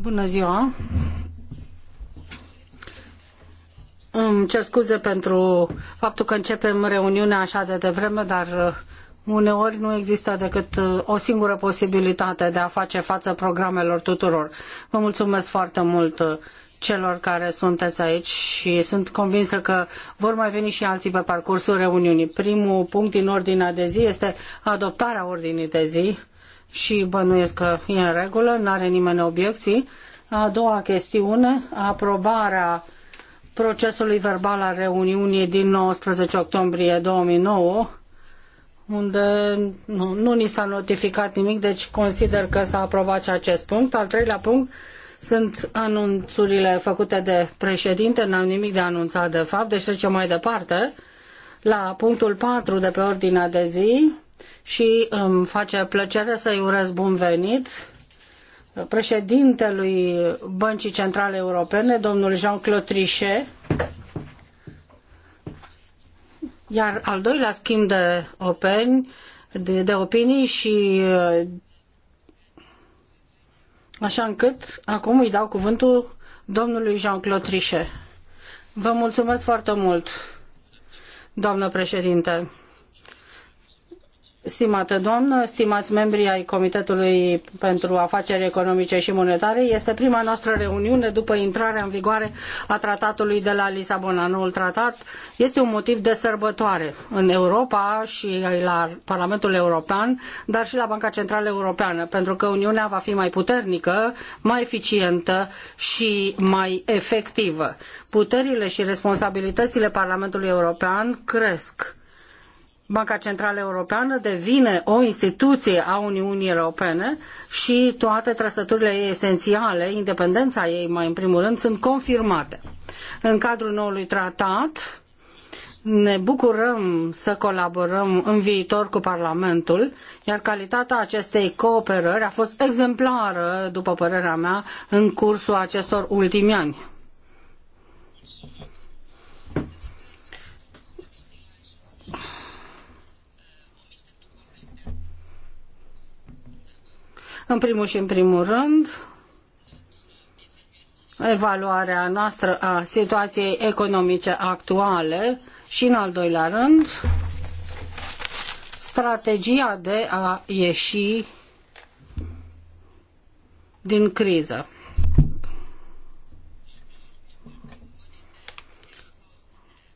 Bună ziua. Îmi cer scuze pentru faptul că începem reuniunea așa de devreme, dar uh, uneori nu există decât uh, o singură posibilitate de a face față programelor tuturor. Vă mulțumesc foarte mult uh, celor care sunteți aici și sunt convinsă că vor mai veni și alții pe parcursul reuniunii. Primul punct din ordinea de zi este adoptarea ordinii de zi și bănuiesc că e în regulă, nu are nimeni obiecții. A doua chestiune, aprobarea procesului verbal al reuniunii din 19 octombrie 2009, unde nu, nu ni s-a notificat nimic, deci consider că s-a aprobat și acest punct. Al treilea punct sunt anunțurile făcute de președinte, n-am nimic de anunțat de fapt, deci trecem mai departe la punctul patru de pe ordinea de zi, și îmi face plăcere să-i urez bun venit președintelui Băncii Centrale Europene, domnul Jean-Claude Trichet, iar al doilea schimb de, opini, de, de opinii și uh, așa încât acum îi dau cuvântul domnului Jean-Claude Trichet. Vă mulțumesc foarte mult, doamnă președinte. Stimată doamnă, stimați membri ai Comitetului pentru Afaceri Economice și Monetare, este prima noastră reuniune după intrarea în vigoare a tratatului de la Lisabona. Noul tratat este un motiv de sărbătoare în Europa și la Parlamentul European, dar și la Banca Centrală Europeană, pentru că Uniunea va fi mai puternică, mai eficientă și mai efectivă. Puterile și responsabilitățile Parlamentului European cresc Banca Centrală Europeană devine o instituție a Uniunii Europene și toate trăsăturile ei esențiale, independența ei mai în primul rând, sunt confirmate. În cadrul noului tratat ne bucurăm să colaborăm în viitor cu Parlamentul, iar calitatea acestei cooperări a fost exemplară, după părerea mea, în cursul acestor ultimi ani. În primul și în primul rând, evaluarea noastră a situației economice actuale și, în al doilea rând, strategia de a ieși din criză.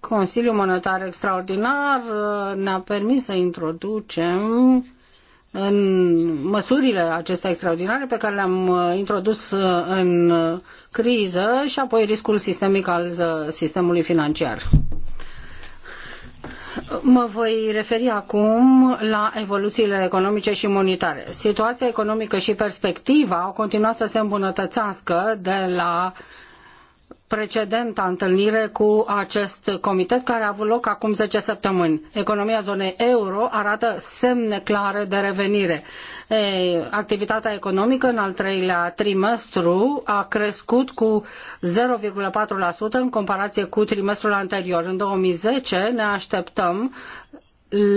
Consiliul Monetar Extraordinar uh, ne-a permis să introducem în măsurile acestea extraordinare pe care le-am uh, introdus uh, în uh, criză și apoi riscul sistemic al sistemului financiar. Mă voi referi acum la evoluțiile economice și monetare. Situația economică și perspectiva au continuat să se îmbunătățească de la precedenta întâlnire cu acest comitet care a avut loc acum zece săptămâni. Economia zonei euro arată semne clare de revenire. activitatea economică în al treilea trimestru a crescut cu 0,4% în comparație cu trimestrul anterior. În 2010 ne așteptăm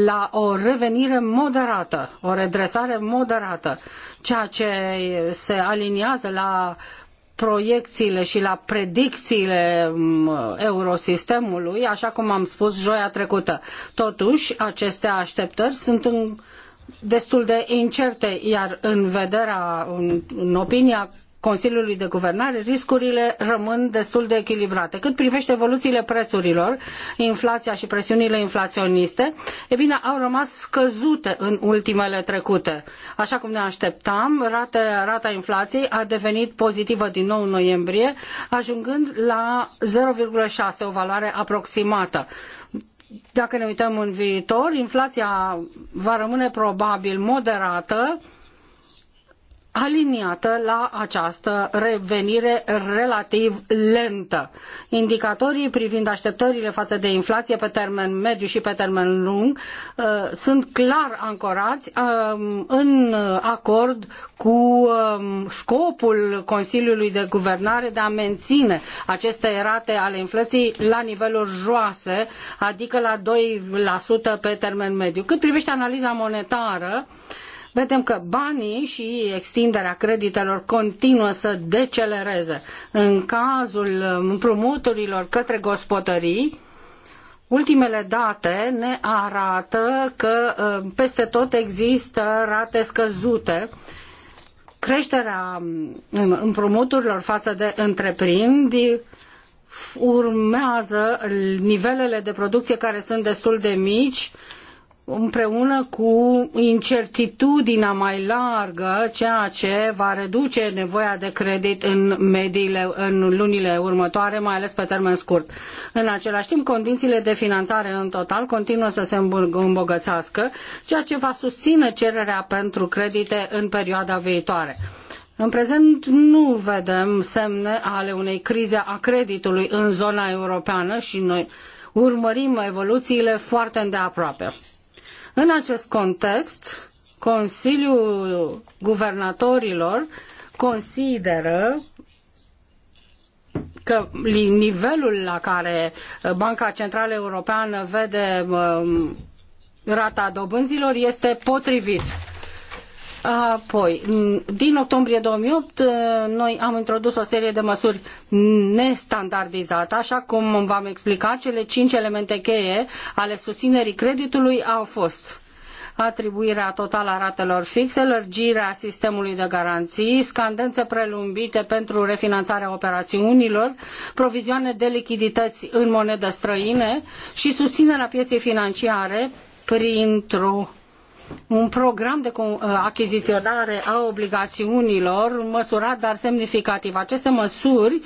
la o revenire moderată, o redresare moderată, ceea ce se aliniază la proiecțiile și la predicțiile mm, eurosistemului, așa cum am spus joia trecută. Totuși, aceste așteptări sunt în destul de incerte, iar în vederea, în, în opinia Consiliului de Guvernare, riscurile rămân destul de echilibrate. Cât privește evoluțiile prețurilor, inflația și presiunile inflaționiste, e bine, au rămas scăzute în ultimele trecute. Așa cum ne așteptam, rate, rata inflației a devenit pozitivă din nou în noiembrie, ajungând la 0,6, o valoare aproximată dacă ne uităm în viitor, inflația va rămâne probabil moderată, aliniată la această revenire relativ lentă. Indicatorii privind așteptările față de inflație pe termen mediu și pe termen lung uh, sunt clar ancorați um, în acord cu um, scopul Consiliului de Guvernare de a menține aceste rate ale inflației la niveluri joase, adică la 2% pe termen mediu. Cât privește analiza monetară, uh, vedem că banii și extinderea creditelor continuă să decelereze. În cazul împrumuturilor către gospodării, Ultimele date ne arată că uh, peste tot există rate scăzute. Creșterea um, împrumuturilor față de întreprinderi urmează nivelele de producție care sunt destul de mici împreună cu incertitudinea mai largă, ceea ce va reduce nevoia de credit în, mediile, în lunile următoare, mai ales pe termen scurt. În același timp, condițiile de finanțare în total continuă să se îmbogățească, ceea ce va susține cererea pentru credite în perioada viitoare. În prezent nu vedem semne ale unei crize a creditului în zona europeană și noi urmărim evoluțiile foarte îndeaproape. În acest context, Consiliul Guvernatorilor consideră că nivelul la care uh, Banca Centrală Europeană vede um, rata dobânzilor este potrivit. Apoi, din octombrie 2008, uh, noi am introdus o serie de măsuri nestandardizate, așa cum v-am explicat, cele cinci elemente cheie ale susținerii creditului au fost atribuirea totală a ratelor fixe, lărgirea sistemului de garanții, scandențe prelungite pentru refinanțarea operațiunilor, provizioane de lichidități în monedă străine și susținerea pieței financiare printr-o un program de uh, achiziționare a obligațiunilor măsurat, dar semnificativ. Aceste măsuri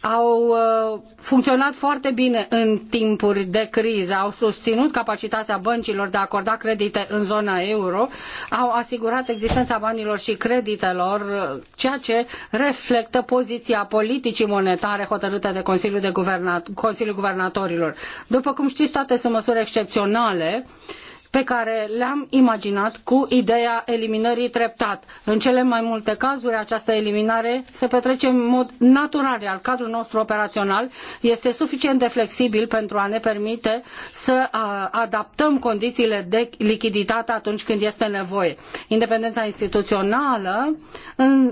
au uh, funcționat foarte bine în timpuri de criză, au susținut capacitatea băncilor de a acorda credite în zona euro, au asigurat existența banilor și creditelor, uh, ceea ce reflectă poziția politicii monetare hotărâtă de Consiliul, de Guvernat Consiliul Guvernatorilor. După cum știți, toate sunt măsuri excepționale uh, pe care le-am imaginat cu ideea eliminării treptat. În cele mai multe cazuri, această eliminare se petrece în mod natural, iar cadrul nostru operațional este suficient de flexibil pentru a ne permite să adaptăm condițiile de lichiditate atunci când este nevoie. Independența instituțională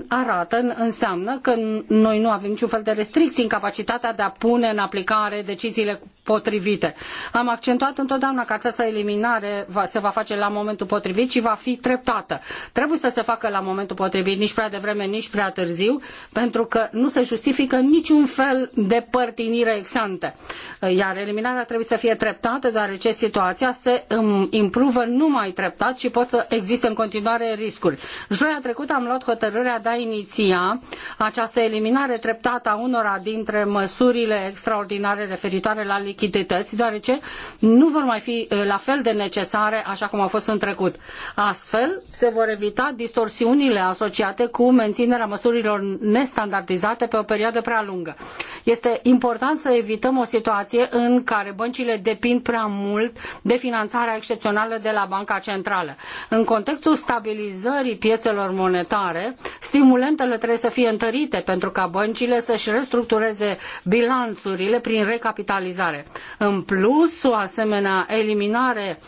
arată, înseamnă că noi nu avem niciun fel de restricții în capacitatea de a pune în aplicare deciziile potrivite. Am accentuat întotdeauna că această eliminare se va face la momentul potrivit, ci va fi treptată. Trebuie să se facă la momentul potrivit, nici prea devreme, nici prea târziu, pentru că nu se justifică niciun fel de părtinire exante. Iar eliminarea trebuie să fie treptată, deoarece situația se um, improvă numai treptat și pot să existe în continuare riscuri. Joia trecută am luat hotărârea de a iniția această eliminare treptată a unora dintre măsurile extraordinare referitoare la lichidități, deoarece nu vor mai fi uh, la fel de necesare necesare așa cum a fost în trecut. Astfel se vor evita distorsiunile asociate cu menținerea măsurilor nestandardizate pe o perioadă prea lungă. Este important să evităm o situație în care băncile depind prea mult de finanțarea excepțională de la Banca Centrală. În contextul stabilizării piețelor monetare, stimulentele trebuie să fie întărite pentru ca băncile să-și restructureze bilanțurile prin recapitalizare. În plus, o asemenea eliminare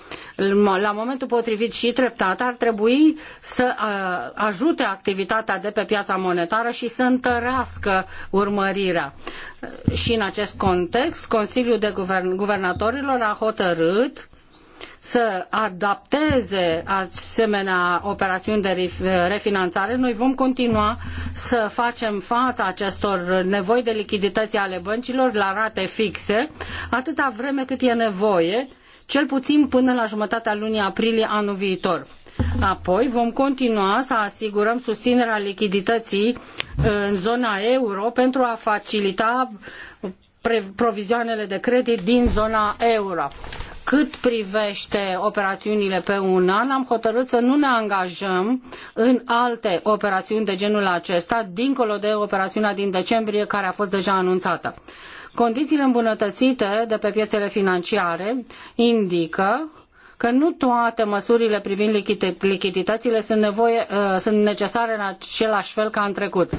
la momentul potrivit și treptat ar trebui să ajute activitatea de pe piața monetară și să întărească urmărirea. Și în acest context, Consiliul de Guvern- Guvernatorilor a hotărât să adapteze asemenea operațiuni de refinanțare, noi vom continua să facem față acestor nevoi de lichidități ale băncilor la rate fixe, atâta vreme cât e nevoie cel puțin până la jumătatea lunii aprilie anul viitor. Apoi vom continua să asigurăm susținerea lichidității uh, în zona euro pentru a facilita provizioanele de credit din zona euro. Cât privește operațiunile pe un an, am hotărât să nu ne angajăm în alte operațiuni de genul acesta, dincolo de operațiunea din decembrie care a fost deja anunțată. Condițiile îmbunătățite de pe piețele financiare indică că nu toate măsurile privind lichiditățile sunt, nevoie, uh, sunt necesare în același fel ca în trecut.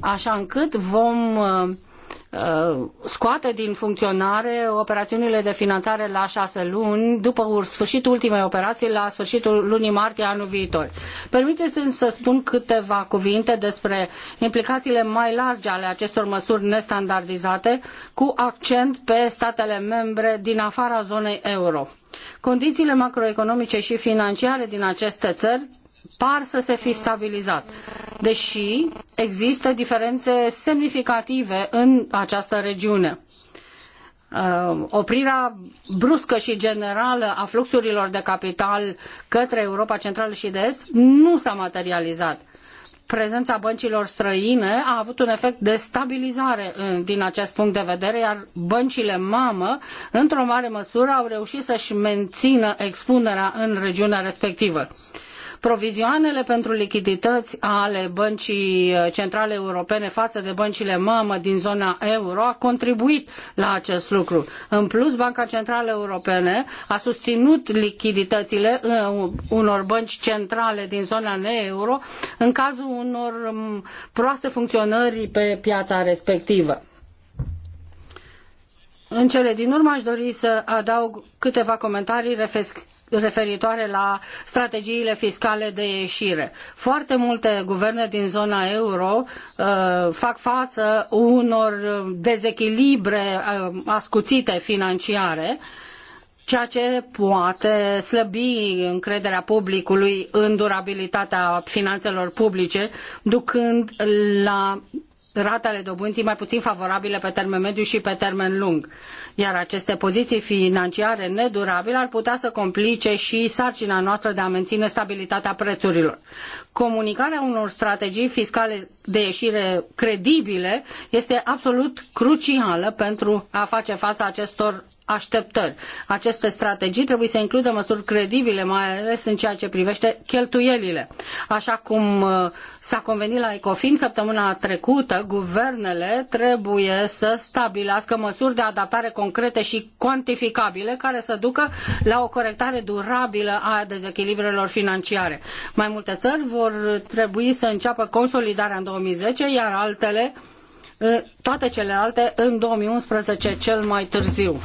Așa încât vom uh, Uh, scoate din funcționare operațiunile de finanțare la șase luni, după sfârșitul ultimei operații, la sfârșitul lunii martie anul viitor. Permiteți-mi să spun câteva cuvinte despre implicațiile mai largi ale acestor măsuri nestandardizate, cu accent pe statele membre din afara zonei euro. Condițiile macroeconomice și financiare din aceste țări par să se fi stabilizat, deși există diferențe semnificative în această regiune. Uh, oprirea bruscă și generală a fluxurilor de capital către Europa Centrală și de Est nu s-a materializat prezența băncilor străine a avut un efect de stabilizare din acest punct de vedere, iar băncile mamă, într-o mare măsură, au reușit să-și mențină expunerea în regiunea respectivă provizioanele pentru lichidități ale Băncii Centrale Europene față de băncile mamă din zona euro a contribuit la acest lucru. În plus, Banca Centrală Europene a susținut lichiditățile uh, unor bănci centrale din zona euro în cazul unor um, proaste funcționări pe piața respectivă. În cele din urmă aș dori să adaug câteva comentarii referitoare la strategiile fiscale de ieșire. Foarte multe guverne din zona euro uh, fac față unor dezechilibre uh, ascuțite financiare ceea ce poate slăbi încrederea publicului în durabilitatea finanțelor publice, ducând la ratele dobânzii mai puțin favorabile pe termen mediu și pe termen lung. Iar aceste poziții financiare nedurabile ar putea să complice și sarcina noastră de a menține stabilitatea prețurilor. Comunicarea unor strategii fiscale de ieșire credibile este absolut crucială pentru a face față acestor așteptări. Aceste strategii trebuie să includă măsuri credibile, mai ales în ceea ce privește cheltuielile. Așa cum uh, s-a convenit la Ecofin săptămâna trecută, guvernele trebuie să stabilească măsuri de adaptare concrete și cuantificabile care să ducă la o corectare durabilă a dezechilibrelor financiare. Mai multe țări vor trebui să înceapă consolidarea în 2010, iar altele uh, toate celelalte în 2011 cel mai târziu.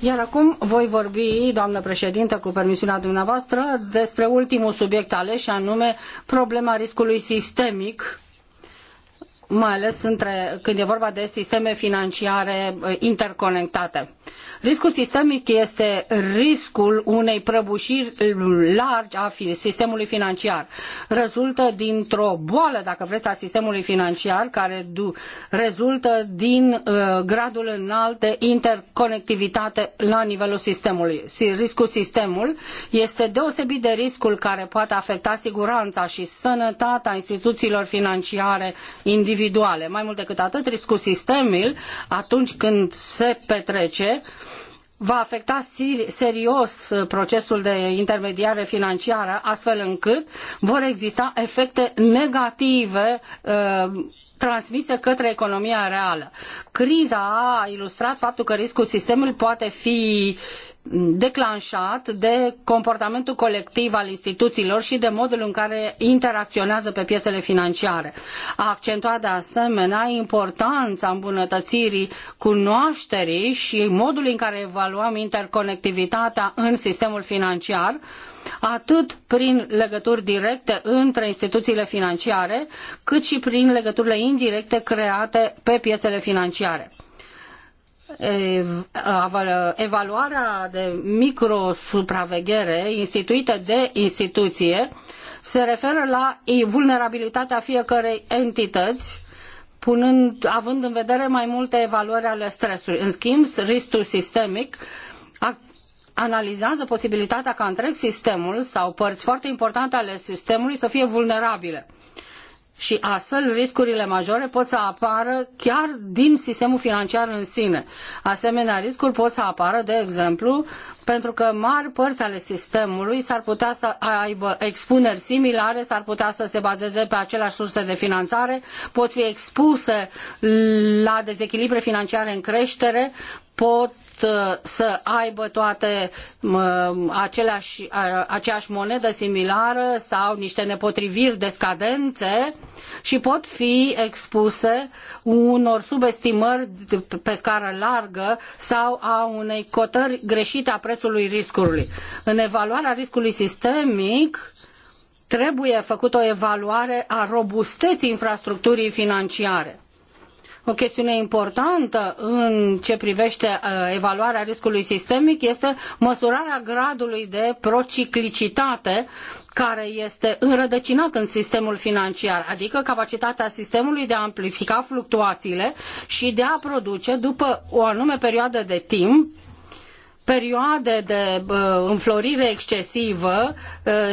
Iar acum voi vorbi, doamnă președintă, cu permisiunea dumneavoastră, despre ultimul subiect ales și anume problema riscului sistemic mai ales între, când e vorba de sisteme financiare eh, interconectate. Riscul sistemic este riscul unei prăbușiri largi a sistemului financiar. Rezultă dintr-o boală, dacă vreți, a sistemului financiar, care rezultă din eh, gradul înalt de interconectivitate la nivelul sistemului. Riscul sistemul este deosebit de riscul care poate afecta siguranța și sănătatea instituțiilor financiare individuale individuale. Mai mult decât atât, riscul sistemic, atunci când se petrece, va afecta serios procesul de intermediare financiară, astfel încât vor exista efecte negative uh, transmise către economia reală. Criza a ilustrat faptul că riscul sistemului poate fi declanșat de comportamentul colectiv al instituțiilor și de modul în care interacționează pe piețele financiare. A accentuat de asemenea importanța îmbunătățirii cunoașterii și modul în care evaluăm interconectivitatea în sistemul financiar, atât prin legături directe între instituțiile financiare, cât și prin legăturile indirecte create pe piețele financiare evaluarea de microsupraveghere instituită de instituție se referă la vulnerabilitatea fiecărei entități punând, având în vedere mai multe evaluări ale stresului. În schimb, riscul sistemic analizează posibilitatea ca întreg sistemul sau părți foarte importante ale sistemului să fie vulnerabile și astfel riscurile majore pot să apară chiar din sistemul financiar în sine. Asemenea, riscuri pot să apară, de exemplu, pentru că mari părți ale sistemului s-ar putea să aibă expuneri similare, s-ar putea să se bazeze pe aceleași surse de finanțare, pot fi expuse la dezechilibre financiare în creștere, pot uh, să aibă toate uh, aceleași, uh, aceeași monedă similară sau niște nepotriviri descadențe și pot fi expuse unor subestimări pe scară largă sau a unei cotări greșite a prețului riscului. În evaluarea riscului sistemic trebuie făcută o evaluare a robusteții infrastructurii financiare. O chestiune importantă în ce privește uh, evaluarea riscului sistemic este măsurarea gradului de prociclicitate care este înrădăcinat în sistemul financiar, adică capacitatea sistemului de a amplifica fluctuațiile și de a produce, după o anume perioadă de timp, perioade de înflorire excesivă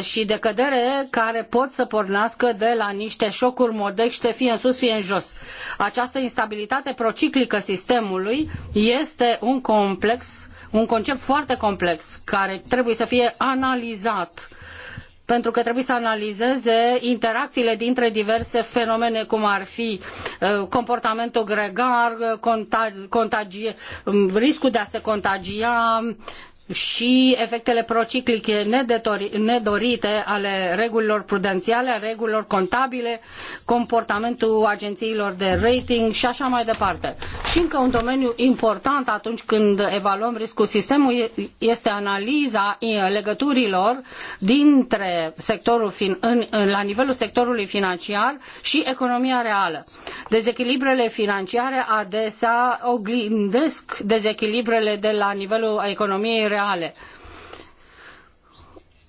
și de cădere care pot să pornească de la niște șocuri modește, fie în sus, fie în jos. Această instabilitate prociclică sistemului este un complex, un concept foarte complex care trebuie să fie analizat uh, pentru că trebuie să analizeze interacțiile dintre diverse fenomene, cum ar fi uh, comportamentul gregar, contagie, riscul de a se contagia, și efectele prociclice nedorite ale regulilor prudențiale, ale regulilor contabile, comportamentul agențiilor de rating și așa mai departe. Și încă un domeniu important atunci când evaluăm riscul sistemului este analiza legăturilor dintre sectorul în, la nivelul sectorului financiar și economia reală. Dezechilibrele financiare adesea oglindesc dezechilibrele de la nivelul economiei reale reale.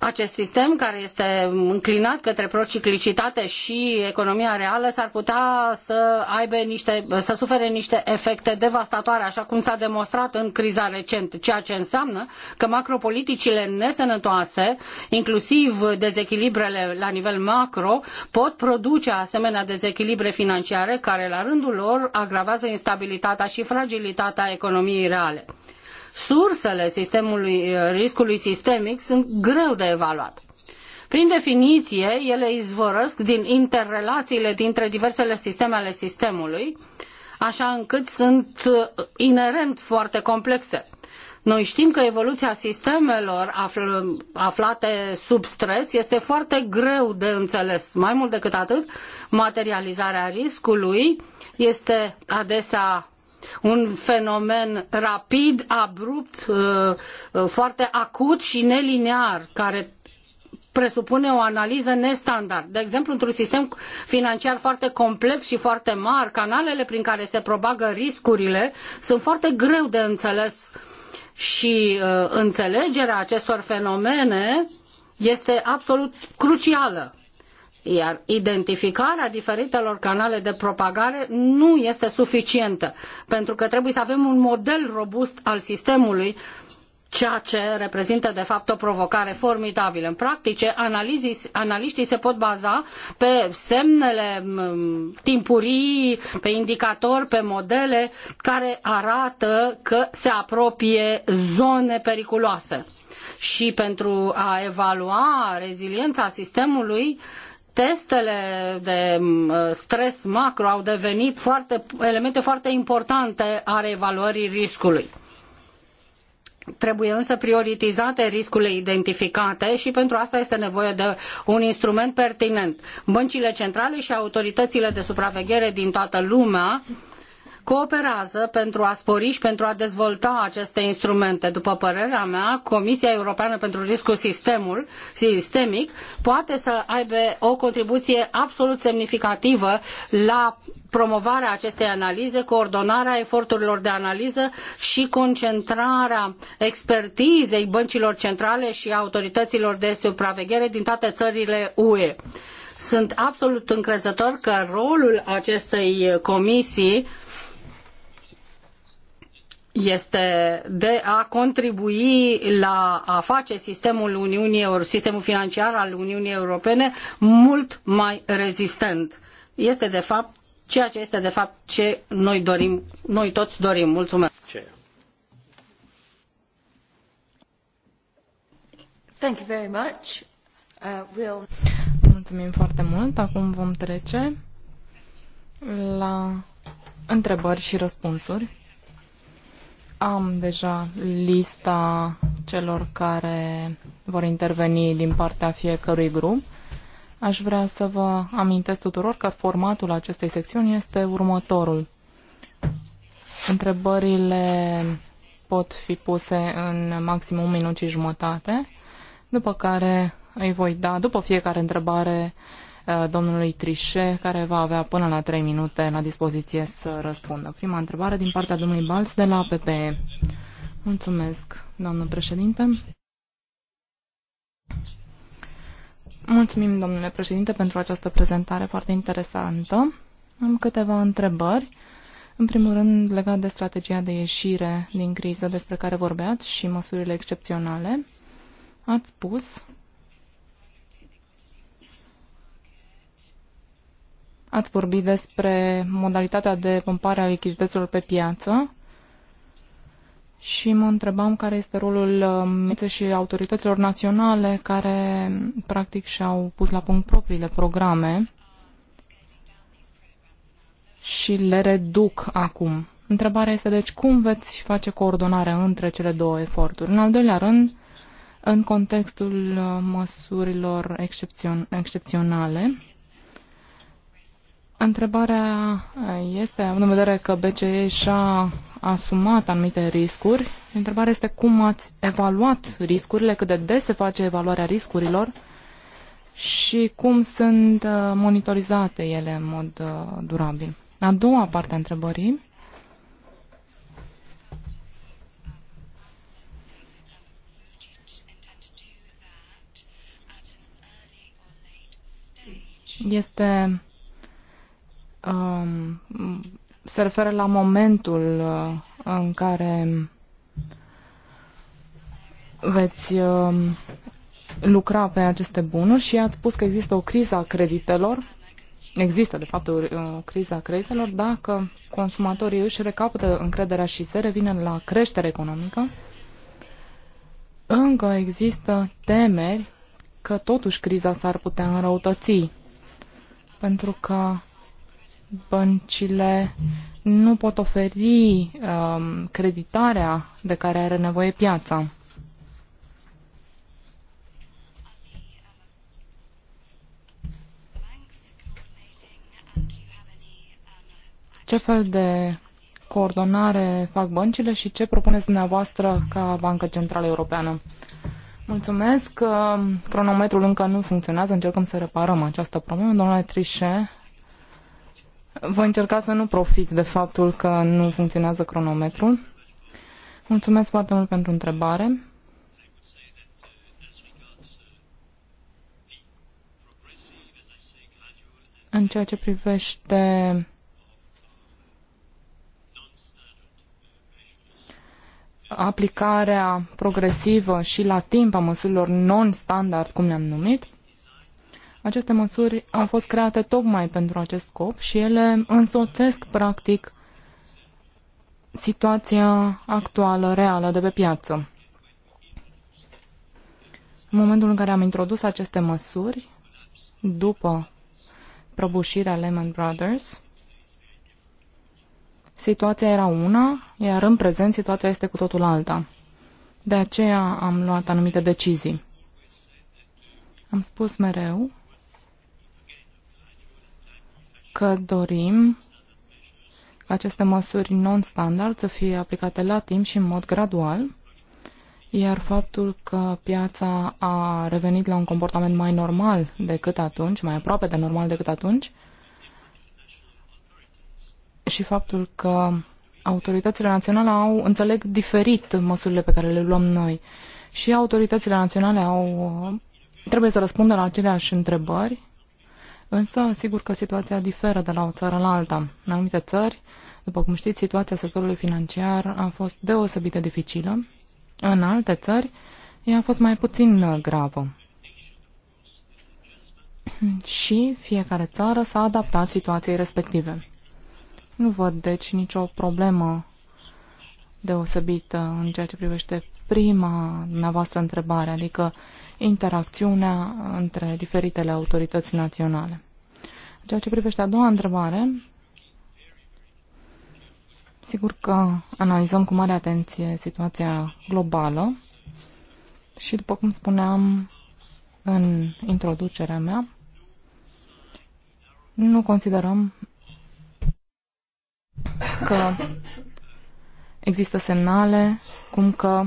Acest sistem care este înclinat către prociclicitate și economia reală s-ar putea să aibă niște, să sufere niște efecte devastatoare, așa cum s-a demonstrat în criza recentă, ceea ce înseamnă că macropoliticile nesănătoase, inclusiv dezechilibrele la nivel macro, pot produce asemenea dezechilibre financiare care la rândul lor agravează instabilitatea și fragilitatea economiei reale sursele sistemului, eh, riscului sistemic sunt greu de evaluat. Prin definiție, ele izvorăsc din interrelațiile dintre diversele sisteme ale sistemului, așa încât sunt eh, inerent foarte complexe. Noi știm că evoluția sistemelor aflate sub stres este foarte greu de înțeles. Mai mult decât atât, materializarea riscului este adesea un fenomen rapid, abrupt, uh, uh, foarte acut și neliniar, care presupune o analiză nestandard. De exemplu, într-un sistem financiar foarte complex și foarte mare, canalele prin care se propagă riscurile sunt foarte greu de înțeles și uh, înțelegerea acestor fenomene este absolut crucială. Iar identificarea diferitelor canale de propagare nu este suficientă, pentru că trebuie să avem un model robust al sistemului ceea ce reprezintă de fapt o provocare formidabilă. În practice, analizii, analiștii se pot baza pe semnele mm, timpurii, pe indicatori, pe modele care arată că se apropie zone periculoase. Și pentru a evalua reziliența sistemului, testele de mm, stres macro au devenit foarte, elemente foarte importante ale evaluării riscului. Trebuie însă prioritizate riscurile identificate și pentru asta este nevoie de un instrument pertinent. Băncile centrale și autoritățile de supraveghere din toată lumea uh, cooperează pentru a spori și pentru a dezvolta aceste instrumente. După părerea mea, Comisia Europeană pentru Riscul Sistemul, Sistemic poate să aibă o contribuție absolut semnificativă la promovarea acestei analize, coordonarea eforturilor de analiză și concentrarea expertizei băncilor centrale și autorităților de supraveghere din toate țările UE. Sunt absolut încrezător că rolul acestei comisii uh, este de a contribui la a face sistemul Uniunii, sistemul financiar al Uniunii Europene mult mai rezistent. Este de fapt ceea ce este de fapt ce noi dorim, noi toți dorim. Mulțumesc. Thank you very much. Uh, we'll... Mulțumim foarte mult. Acum vom trece la întrebări și răspunsuri. Am deja lista celor care vor interveni din partea fiecărui grup. Aș vrea să vă amintesc tuturor că formatul acestei secțiuni este următorul. Întrebările pot fi puse în maxim un minut și jumătate, după care îi voi da, după fiecare întrebare, Uh, domnului Trichet, care va avea până la 3 minute la dispoziție să răspundă. Prima întrebare din partea domnului Balz de la PPE. Mulțumesc, doamnă președinte. Mulțumim, domnule președinte, pentru această prezentare foarte interesantă. Am câteva întrebări. În primul rând, legat de strategia de ieșire din criză despre care vorbeați și măsurile excepționale, ați spus Ați vorbit despre modalitatea de pompare a lichidităților pe piață și mă întrebam care este rolul um, și autorităților naționale care practic și-au pus la punct propriile programe și le reduc acum. Întrebarea este deci cum veți face coordonarea între cele două eforturi. În al doilea rând, în contextul uh, măsurilor excepțion- excepționale, Întrebarea este, având în vedere că BCE și-a asumat anumite riscuri, întrebarea este cum ați evaluat riscurile, cât de des se face evaluarea riscurilor și cum sunt uh, monitorizate ele în mod uh, durabil. A doua parte a întrebării este um, se referă la momentul uh, în care veți um, lucra pe aceste bunuri și ați spus că există o criză a creditelor. Există, de fapt, o uh, criză a creditelor. Dacă consumatorii își recapătă încrederea și se revine la creștere economică, încă există temeri că totuși criza s-ar putea înrăutăți. Pentru că băncile nu pot oferi um, creditarea de care are nevoie piața. Ce fel de coordonare fac băncile și ce propuneți dumneavoastră ca Bancă Centrală Europeană? Mulțumesc. Um, cronometrul încă nu funcționează. Încercăm să reparăm această problemă. Domnule Trișe, voi încerca să nu profit de faptul că nu funcționează cronometrul. Mulțumesc foarte mult pentru întrebare. În ceea ce privește aplicarea progresivă și la timp a măsurilor non-standard, cum le-am numit, aceste măsuri au fost create tocmai pentru acest scop și ele însoțesc, practic, situația actuală, reală, de pe piață. În momentul în care am introdus aceste măsuri, după prăbușirea Lehman Brothers, situația era una, iar în prezent situația este cu totul alta. De aceea am luat anumite decizii. Am spus mereu că dorim aceste măsuri non-standard să fie aplicate la timp și în mod gradual, iar faptul că piața a revenit la un comportament mai normal decât atunci, mai aproape de normal decât atunci, și faptul că autoritățile naționale au înțeleg diferit măsurile pe care le luăm noi și autoritățile naționale au trebuie să răspundă la aceleași întrebări însă sigur că situația diferă de la o țară la alta. În anumite țări, după cum știți, situația sectorului financiar a fost deosebit de dificilă. În alte țări, ea a fost mai puțin uh, gravă. Și fiecare țară s-a adaptat situației respective. Nu văd, deci, nicio problemă deosebită în ceea ce privește prima dumneavoastră întrebare, adică uh, interacțiunea între diferitele autorități naționale. În ceea ce privește a doua întrebare, sigur că analizăm cu mare atenție situația globală și, după cum spuneam în introducerea mea, nu considerăm că există semnale cum că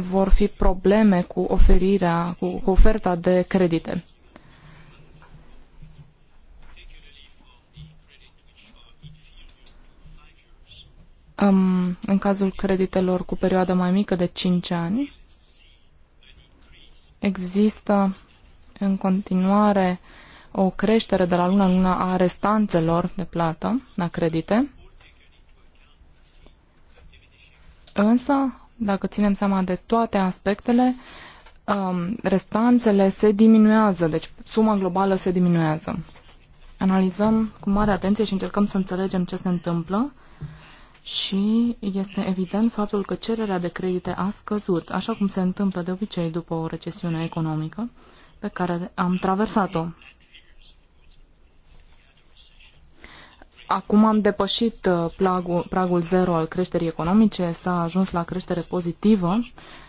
vor fi probleme cu oferirea, cu, cu oferta de credite. Um, în cazul creditelor cu perioada mai mică de 5 ani, există în continuare o creștere de la luna în luna a restanțelor de plată la credite, însă dacă ținem seama de toate aspectele, um, restanțele se diminuează, deci suma globală se diminuează. Analizăm cu mare atenție și încercăm să înțelegem ce se întâmplă și este evident faptul că cererea de credite a scăzut, așa cum se întâmplă de obicei după o recesiune economică pe care am traversat-o. Acum am depășit uh, plagul, pragul zero al creșterii economice, s-a ajuns la creștere pozitivă,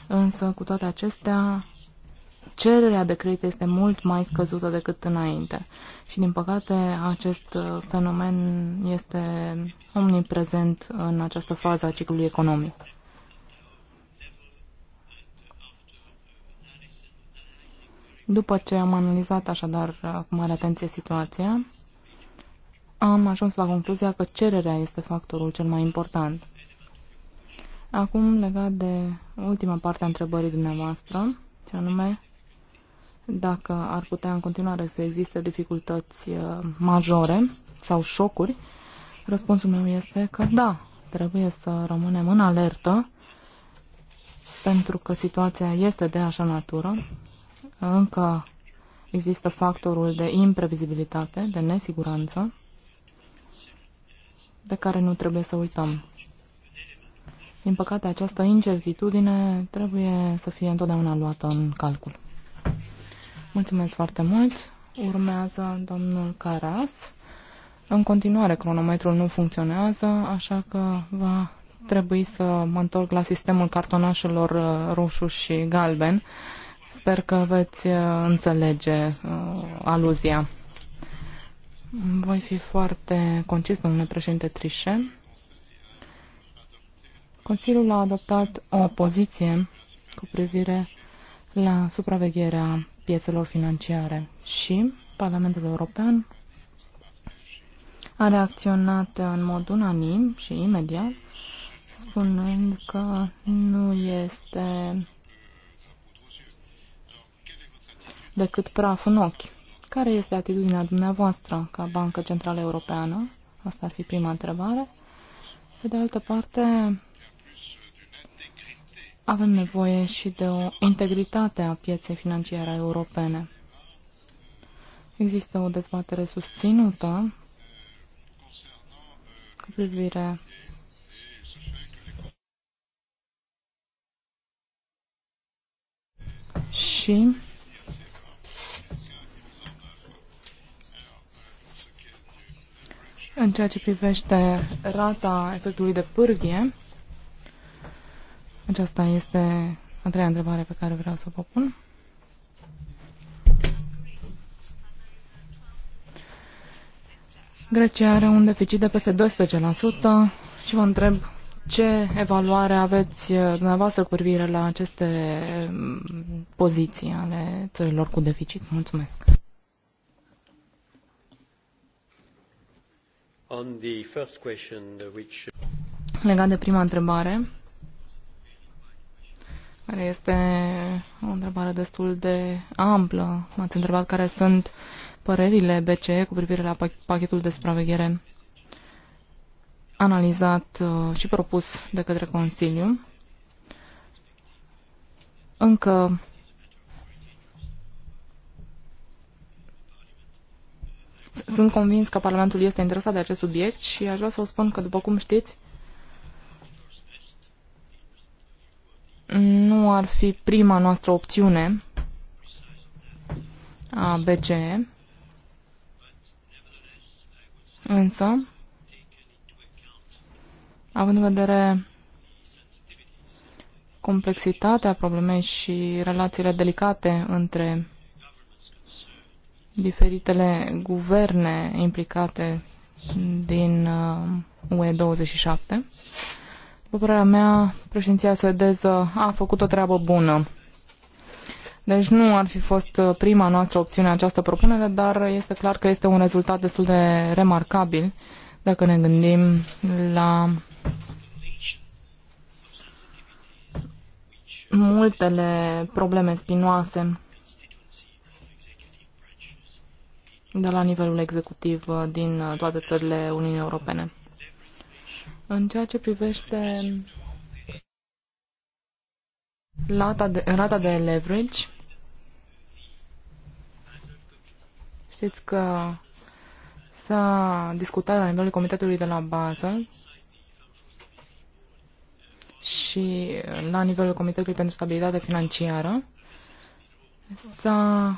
însă cu toate acestea cererea de credit este mult mai scăzută decât înainte. Și din păcate acest uh, fenomen este omniprezent în această fază a ciclului economic. După ce am analizat așadar cu mare atenție situația, am ajuns la concluzia că cererea este factorul cel mai important. Acum, legat de ultima parte a întrebării dumneavoastră, ce anume, dacă ar putea în continuare să existe dificultăți uh, majore sau șocuri, răspunsul meu este că da, trebuie să rămânem în alertă, pentru că situația este de așa natură, încă există factorul de imprevizibilitate, de nesiguranță, de care nu trebuie să uităm. Din păcate, această incertitudine trebuie să fie întotdeauna luată în calcul. Mulțumesc foarte mult. Urmează domnul Caras. În continuare, cronometrul nu funcționează, așa că va trebui să mă întorc la sistemul cartonașelor uh, roșu și galben. Sper că veți uh, înțelege uh, aluzia. Voi fi foarte concis, domnule președinte Trișe. Consiliul a adoptat o poziție cu privire la supravegherea piețelor financiare și Parlamentul European a reacționat în mod unanim și imediat, spunând că nu este decât praf în ochi. Care este atitudinea dumneavoastră ca Bancă Centrală Europeană? Asta ar fi prima întrebare. Pe de altă parte, avem nevoie și de o integritate a pieței financiare europene. Există o dezbatere susținută cu privire și În ceea ce privește rata efectului de pârghie, aceasta este a treia întrebare pe care vreau să o pun. Grecia are un deficit de peste 12% și vă întreb ce evaluare aveți uh, dumneavoastră cu privire la aceste um, poziții ale țărilor cu deficit. Mulțumesc! Uh, uh, Legat de prima întrebare, care este o întrebare destul de amplă, m-ați întrebat care sunt părerile BCE cu privire la pachetul de supraveghere analizat uh, și propus de către Consiliu. Încă Sunt convins că Parlamentul este interesat de acest subiect și aș vrea să vă spun că, după cum știți, nu ar fi prima noastră opțiune a BCE, însă, având în vedere complexitatea problemei și relațiile delicate între diferitele guverne implicate din uh, UE27. După părerea mea, președinția suedeză a făcut o treabă bună. Deci nu ar fi fost uh, prima noastră opțiune această propunere, dar este clar că este un rezultat destul de remarcabil dacă ne gândim la multele probleme spinoase de la nivelul executiv uh, din uh, toate țările Uniunii Europene. În ceea ce privește rata de, rata de leverage, știți că s-a discutat la nivelul Comitetului de la Basel și la nivelul Comitetului pentru Stabilitate Financiară s-a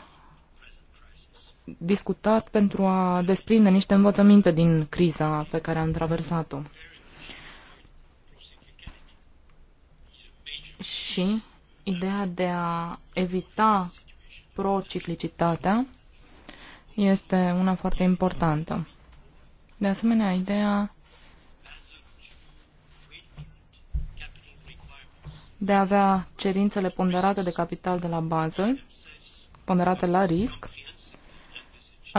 discutat pentru a desprinde niște învățăminte din criza pe care am traversat-o. Și ideea de a evita prociclicitatea este una foarte importantă. De asemenea, ideea de a avea cerințele ponderate de capital de la Basel, ponderate la risc,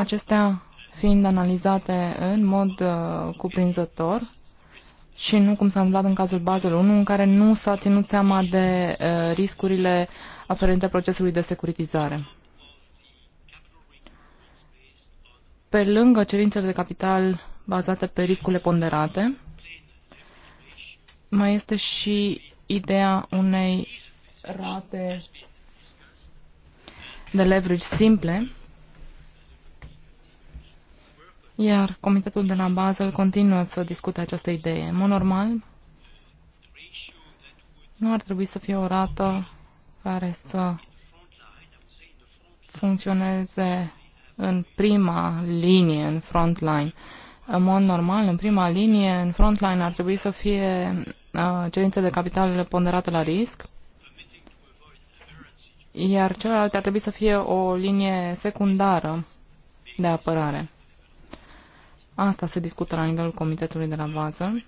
acestea fiind analizate în mod uh, cuprinzător și nu cum s-a întâmplat în cazul Basel 1, în care nu s-a ținut seama de uh, riscurile aferente procesului de securitizare. Pe lângă cerințele de capital bazate pe riscurile ponderate, mai este și ideea unei rate de leverage simple, iar comitetul de la Basel continuă să discute această idee. În mod normal, nu ar trebui să fie o rată care să funcționeze în prima linie, în frontline. În mod normal, în prima linie, în frontline ar trebui să fie uh, cerințe de capital ponderate la risc, iar celelalte ar trebui să fie o linie secundară de apărare. Asta se discută la nivelul comitetului de la bază.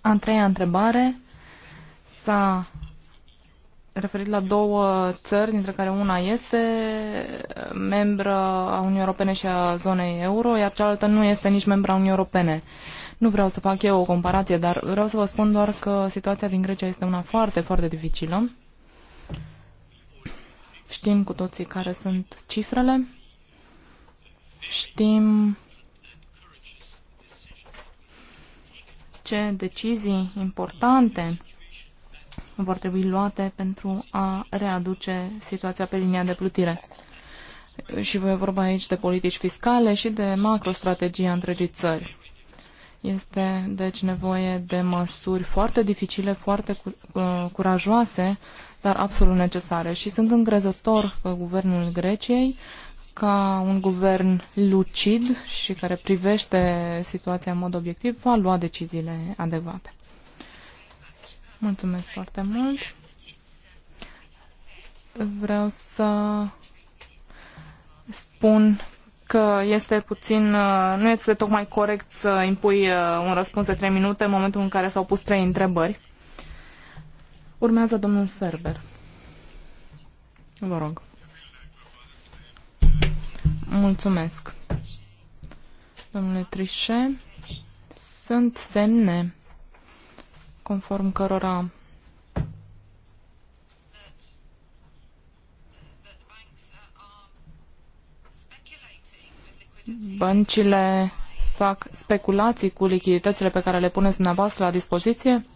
A treia întrebare s-a referit la două țări, dintre care una este membră a Uniunii Europene și a zonei euro, iar cealaltă nu este nici membra a Uniunii Europene. Nu vreau să fac eu o comparație, dar vreau să vă spun doar că situația din Grecia este una foarte, foarte dificilă. Știm cu toții care sunt cifrele. Știm ce decizii importante vor trebui luate pentru a readuce situația pe linia de plutire. Și voi vorba aici de politici fiscale și de macrostrategia întregii țări. Este deci nevoie de măsuri foarte dificile, foarte uh, curajoase, dar absolut necesare. Și sunt îngrezător că guvernul Greciei ca un guvern lucid și care privește situația în mod obiectiv va lua deciziile adecvate. Mulțumesc foarte mult. Vreau să spun că este puțin, uh, nu este tocmai corect să impui uh, un răspuns de 3 minute în momentul în care s-au pus 3 întrebări. Urmează domnul Ferber. Vă rog. Mulțumesc. Domnule Trișe, sunt semne conform cărora băncile fac speculații cu lichiditățile pe care le puneți dumneavoastră la dispoziție?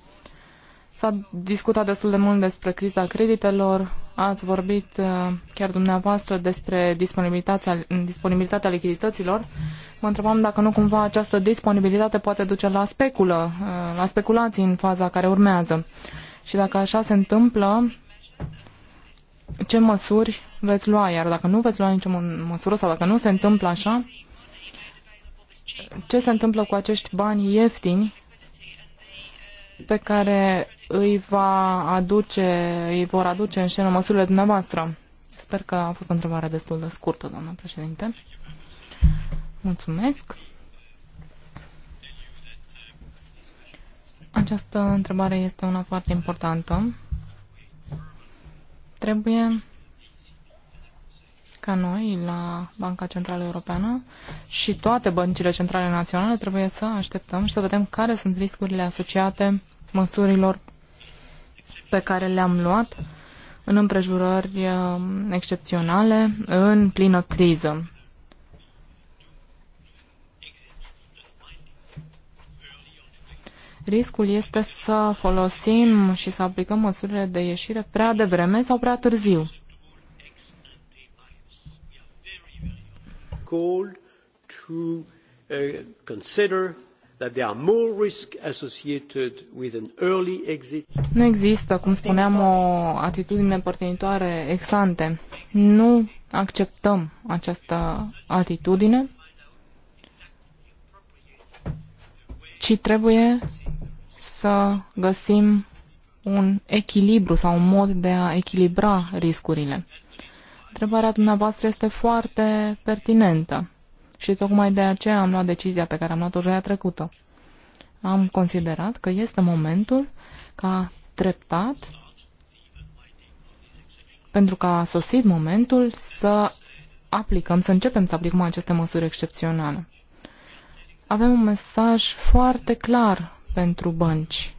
S-a discutat destul de mult despre criza creditelor, ați vorbit uh, chiar dumneavoastră despre disponibilitatea, disponibilitatea lichidităților. Mă întrebam dacă nu cumva această disponibilitate poate duce la speculă, uh, la speculații în faza care urmează. Și dacă așa se întâmplă, ce măsuri veți lua? Iar dacă nu veți lua nicio măsură sau dacă nu se întâmplă așa, ce se întâmplă cu acești bani ieftini pe care îi, va aduce, îi vor aduce în scenă măsurile dumneavoastră? Sper că a fost o întrebare destul de scurtă, doamnă președinte. Mulțumesc. Această întrebare este una foarte importantă. Trebuie ca noi la Banca Centrală Europeană și toate băncile centrale naționale trebuie să așteptăm și să vedem care sunt riscurile asociate măsurilor pe care le-am luat în împrejurări uh, excepționale, în plină criză. Riscul este să folosim și să aplicăm măsurile de ieșire prea devreme sau prea târziu. Call to uh, consider that there are more associated with an early exit. Nu există, cum spuneam, o atitudine părtinitoare ex ante. Nu acceptăm această atitudine, ci trebuie să găsim un echilibru sau un mod de a echilibra riscurile. Întrebarea dumneavoastră este foarte pertinentă. Și tocmai de aceea am luat decizia pe care am luat-o joia trecută. Am considerat că este momentul ca treptat, pentru că a sosit momentul să aplicăm, să începem să aplicăm aceste măsuri excepționale. Avem un mesaj foarte clar pentru bănci.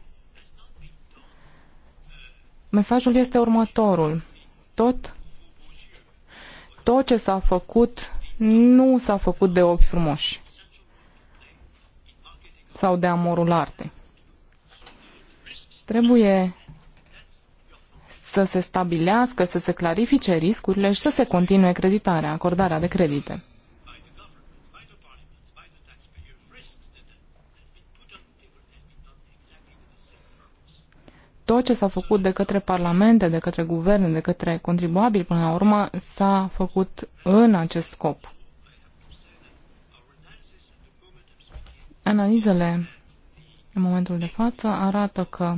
Mesajul este următorul. Tot, tot ce s-a făcut nu s-a făcut de ochi frumoși sau de amorul artei. Trebuie să se stabilească, să se clarifice riscurile și să se continue creditarea, acordarea de credite. tot ce s-a făcut de către parlamente, de către guverne, de către contribuabili până la urmă s-a făcut în acest scop. Analizele în momentul de față arată că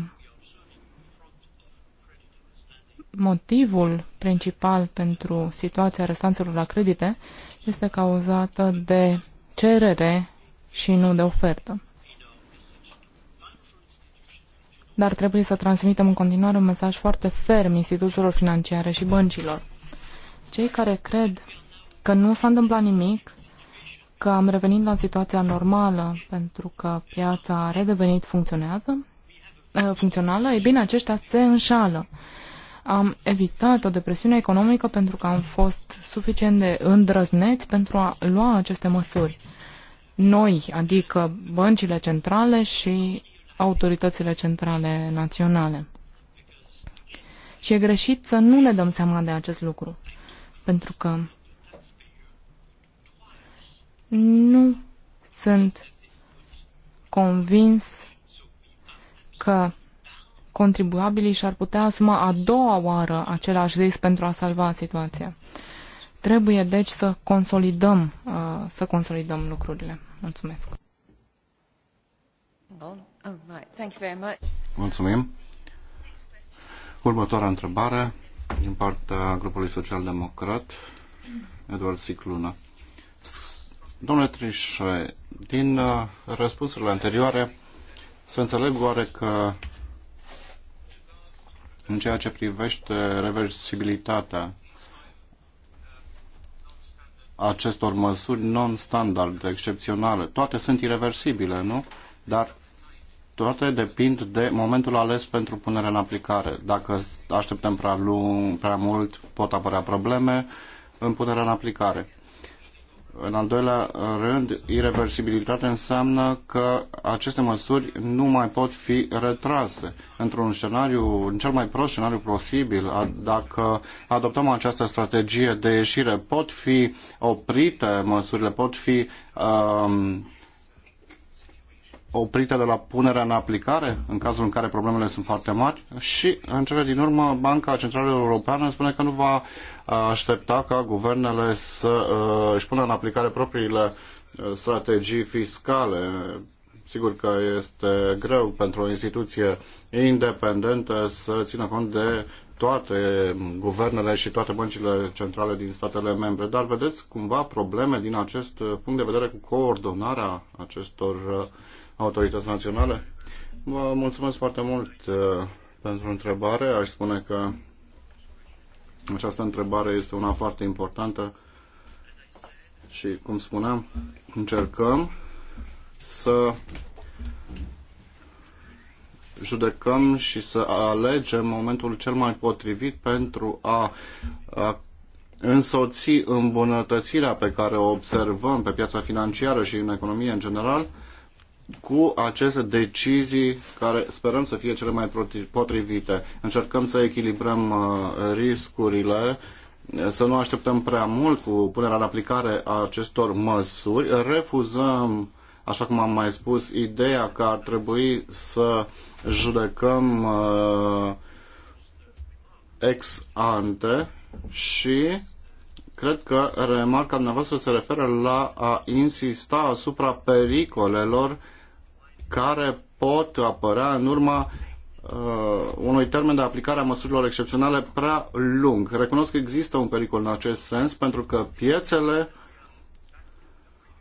motivul principal pentru situația restanțelor la credite este cauzată de cerere și nu de ofertă. dar trebuie să transmitem în continuare un mesaj foarte ferm instituțiilor financiare și băncilor. Cei care cred că nu s-a întâmplat nimic, că am revenit la situația normală pentru că piața a redevenit funcționează, ă, funcțională, e bine, aceștia se înșală. Am evitat o depresiune economică pentru că am fost suficient de îndrăzneți pentru a lua aceste măsuri. Noi, adică băncile centrale și autoritățile centrale naționale. Și e greșit să nu ne dăm seama de acest lucru, pentru că nu sunt convins că contribuabilii și-ar putea asuma a doua oară același risc pentru a salva situația. Trebuie deci să consolidăm, uh, să consolidăm lucrurile. Mulțumesc. Bun. Mulțumim. Următoarea întrebare din partea grupului social-democrat, Eduard Sicluna. Domnule Trișe, din uh, răspunsurile anterioare să înțeleg oare că în ceea ce privește reversibilitatea acestor măsuri non-standard, excepționale, toate sunt irreversibile, nu? Dar toate depind de momentul ales pentru punerea în aplicare. Dacă așteptăm prea, lung, prea mult, pot apărea probleme în punerea în aplicare. În al doilea rând, irreversibilitatea înseamnă că aceste măsuri nu mai pot fi retrase. Într-un scenariu, în cel mai prost scenariu posibil, dacă adoptăm această strategie de ieșire, pot fi oprite măsurile, pot fi um, oprite de la punerea în aplicare, în cazul în care problemele sunt foarte mari, și, în cele din urmă, Banca Centrală Europeană spune că nu va uh, aștepta ca guvernele să uh, își pună în aplicare propriile uh, strategii fiscale. Sigur că este greu pentru o instituție independentă să țină cont de toate guvernele și toate băncile centrale din statele membre, dar vedeți cumva probleme din acest uh, punct de vedere cu coordonarea acestor autorități naționale? Vă mulțumesc foarte mult uh, pentru întrebare. Aș spune că această întrebare este una foarte importantă și, cum spuneam, încercăm să judecăm și să alegem momentul cel mai potrivit pentru a, a însoți îmbunătățirea pe care o observăm pe piața financiară și în economie în general cu aceste decizii care sperăm să fie cele mai potrivite. Încercăm să echilibrăm uh, riscurile, să nu așteptăm prea mult cu punerea în aplicare a acestor măsuri. Refuzăm, așa cum am mai spus, ideea că ar trebui să judecăm uh, ex ante și cred că remarca dumneavoastră se referă la a insista asupra pericolelor uh, care pot apărea în urma uh, unui termen de aplicare a măsurilor excepționale prea lung. Recunosc că există un pericol în acest sens pentru că piețele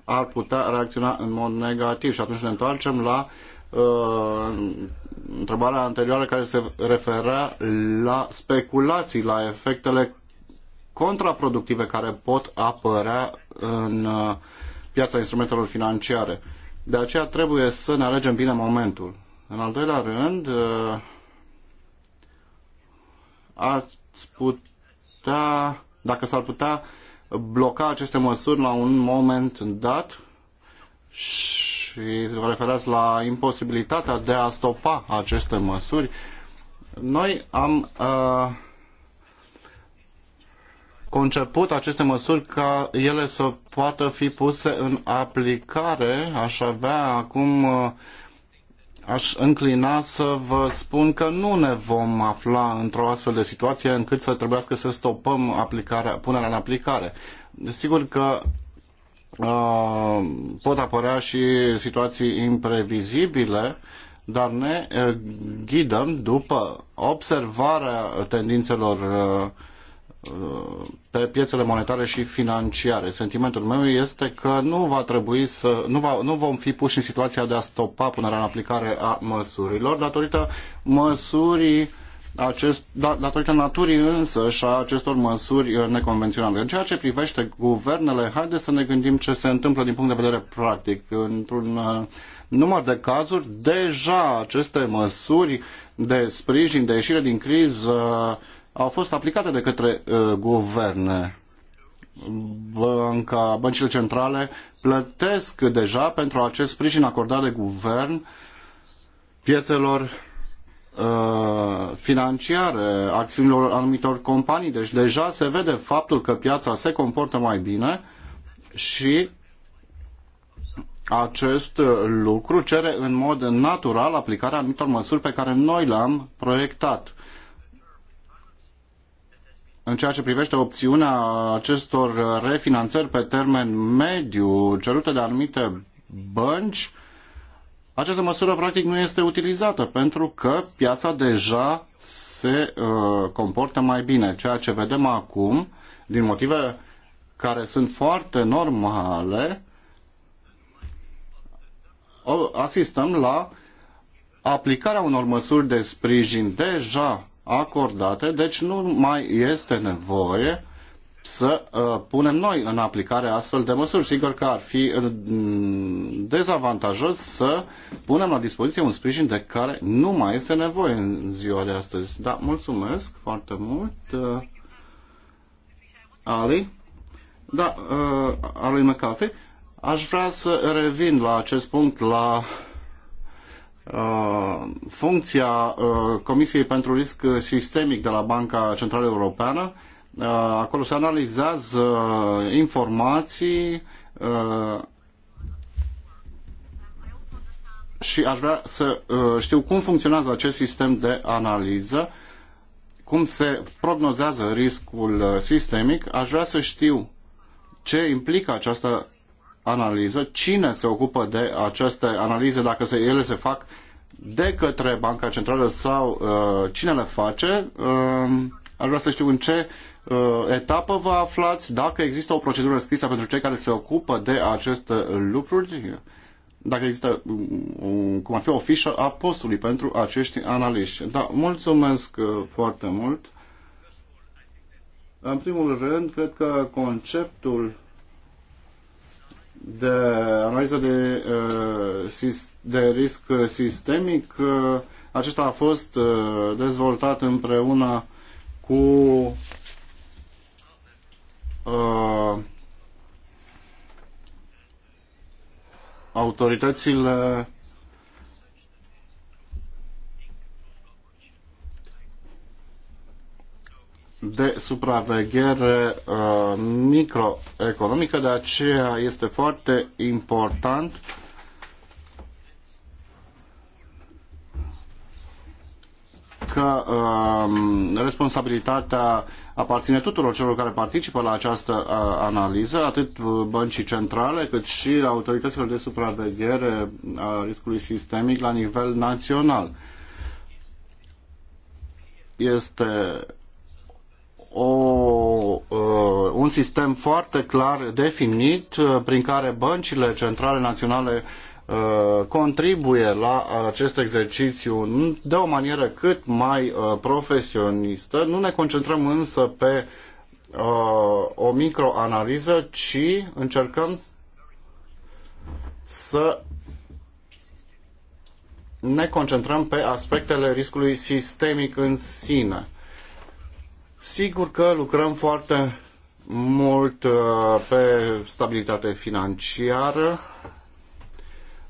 ar putea reacționa în mod negativ și atunci ne întoarcem la uh, întrebarea anterioară care se referea la speculații, la efectele contraproductive care pot apărea în uh, piața instrumentelor financiare. De aceea trebuie să ne alegem bine momentul. În al doilea rând, uh, ați putea, dacă s-ar putea bloca aceste măsuri la un moment dat și vă referați la imposibilitatea de a stopa aceste măsuri, noi am uh, conceput aceste măsuri ca ele să poată fi puse în aplicare, aș avea acum, uh, aș înclina să vă spun că nu ne vom afla într-o astfel de situație încât să trebuiască să stopăm aplicarea, punerea în aplicare. Sigur că uh, pot apărea și situații imprevizibile, dar ne uh, ghidăm după observarea tendințelor uh, pe piețele monetare și financiare. Sentimentul meu este că nu va trebui să nu, va, nu vom fi puși în situația de a stopa punerea în aplicare a măsurilor datorită măsurii acest, da, datorită naturii însă și a acestor măsuri neconvenționale. În ceea ce privește guvernele, haideți să ne gândim ce se întâmplă din punct de vedere practic. Într-un uh, număr de cazuri, deja aceste măsuri de sprijin, de ieșire din criză, au fost aplicate de către uh, guverne. Banca, băncile centrale plătesc deja pentru acest sprijin acordat de guvern piețelor uh, financiare, acțiunilor anumitor companii. Deci deja se vede faptul că piața se comportă mai bine și acest lucru cere în mod natural aplicarea anumitor măsuri pe care noi le-am proiectat în ceea ce privește opțiunea acestor refinanțări pe termen mediu cerute de anumite bănci, această măsură practic nu este utilizată pentru că piața deja se uh, comportă mai bine. Ceea ce vedem acum, din motive care sunt foarte normale, asistăm la aplicarea unor măsuri de sprijin deja acordate, deci nu mai este nevoie să uh, punem noi în aplicare astfel de măsuri. Sigur că ar fi uh, dezavantajos să punem la dispoziție un sprijin de care nu mai este nevoie în ziua de astăzi. Da, mulțumesc foarte mult. Uh, Ali? Da, uh, Ali McAfee. Aș vrea să revin la acest punct, la Uh, funcția uh, Comisiei pentru Risc Sistemic de la Banca Centrală Europeană. Uh, acolo se analizează informații și aș vrea să știu cum funcționează acest sistem de analiză, cum se prognozează riscul sistemic. Aș vrea să știu ce implică această analiză, cine se ocupă de aceste analize, dacă se, ele se fac de către Banca Centrală sau uh, cine le face. Uh, aș vrea să știu în ce uh, etapă vă aflați, dacă există o procedură scrisă pentru cei care se ocupă de aceste lucruri, dacă există, um, cum ar fi, o fișă a postului pentru acești analiști. Da, mulțumesc uh, foarte mult. În primul rând, cred că conceptul de analiză de, uh, de risc sistemic. Uh, acesta a fost uh, dezvoltat împreună cu autoritățile de supraveghere uh, microeconomică, de aceea este foarte important că uh, responsabilitatea aparține tuturor celor care participă la această uh, analiză, atât băncii centrale, cât și autorităților de supraveghere a riscului sistemic la nivel național. Este o, uh, un sistem foarte clar definit uh, prin care băncile centrale naționale uh, contribuie la acest exercițiu de o manieră cât mai profesionistă. Nu ne concentrăm însă pe o microanaliză, ci încercăm să ne concentrăm pe aspectele riscului sistemic în sine. Sigur că lucrăm foarte mult uh, pe stabilitate financiară.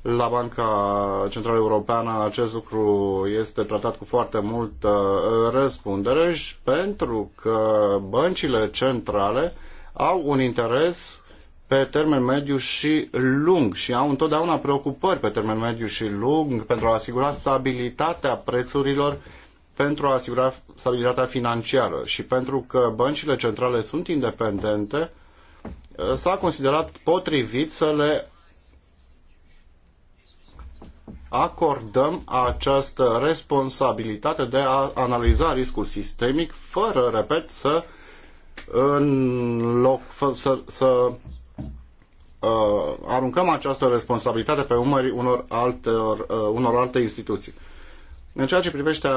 La Banca Centrală Europeană acest lucru este tratat cu foarte multă uh, răspundere și pentru că băncile centrale au un interes pe termen mediu și lung și au întotdeauna preocupări pe termen mediu și lung pentru a asigura stabilitatea prețurilor pentru a asigura stabilitatea financiară și pentru că băncile centrale sunt independente, eh, s-a considerat potrivit să le acordăm această responsabilitate de a analiza riscul sistemic fără, repet, să în loc să, să uh, aruncăm această responsabilitate pe umării unor, altor, uh, unor alte instituții. În ceea ce privește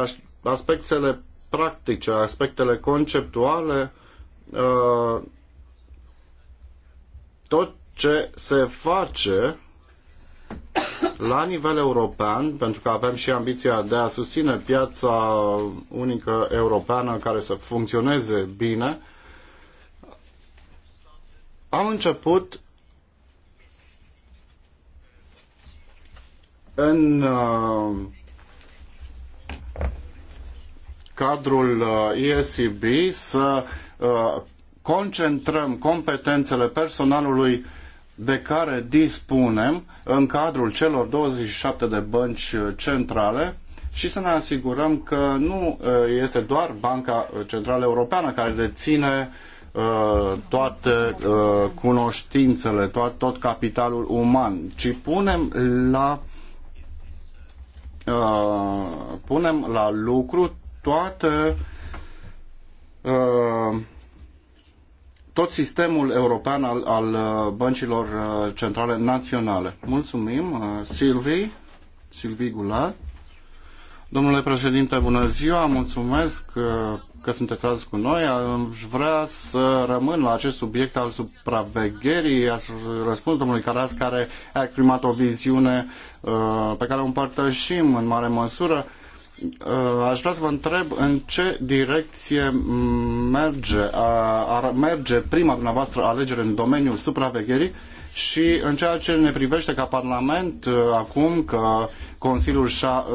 aspectele practice, aspectele conceptuale, uh, tot ce se face la nivel european, pentru că avem și ambiția de a susține piața unică europeană care să funcționeze bine, am început în uh, cadrul uh, ESB să uh, concentrăm competențele personalului de care dispunem în cadrul celor 27 de bănci uh, centrale și să ne asigurăm că nu este doar Banca Centrală Europeană care deține toate cunoștințele, tot, tot capitalul uman, ci punem la punem la lucru toate uh, tot sistemul european al, al uh, băncilor uh, centrale naționale. Mulțumim, Silvii, Silvii Gular. Domnule președinte, bună ziua, mulțumesc că sunteți azi cu noi. Aș vrea să rămân la acest subiect al supravegherii. Aș răspuns domnului Caras, care a exprimat o viziune pe care o împărtășim în mare măsură. Uh, aș vrea să vă întreb în ce direcție merge, ar merge prima dumneavoastră alegere în domeniul supravegherii și în ceea ce ne privește ca Parlament, uh, acum că Consiliul și-a uh,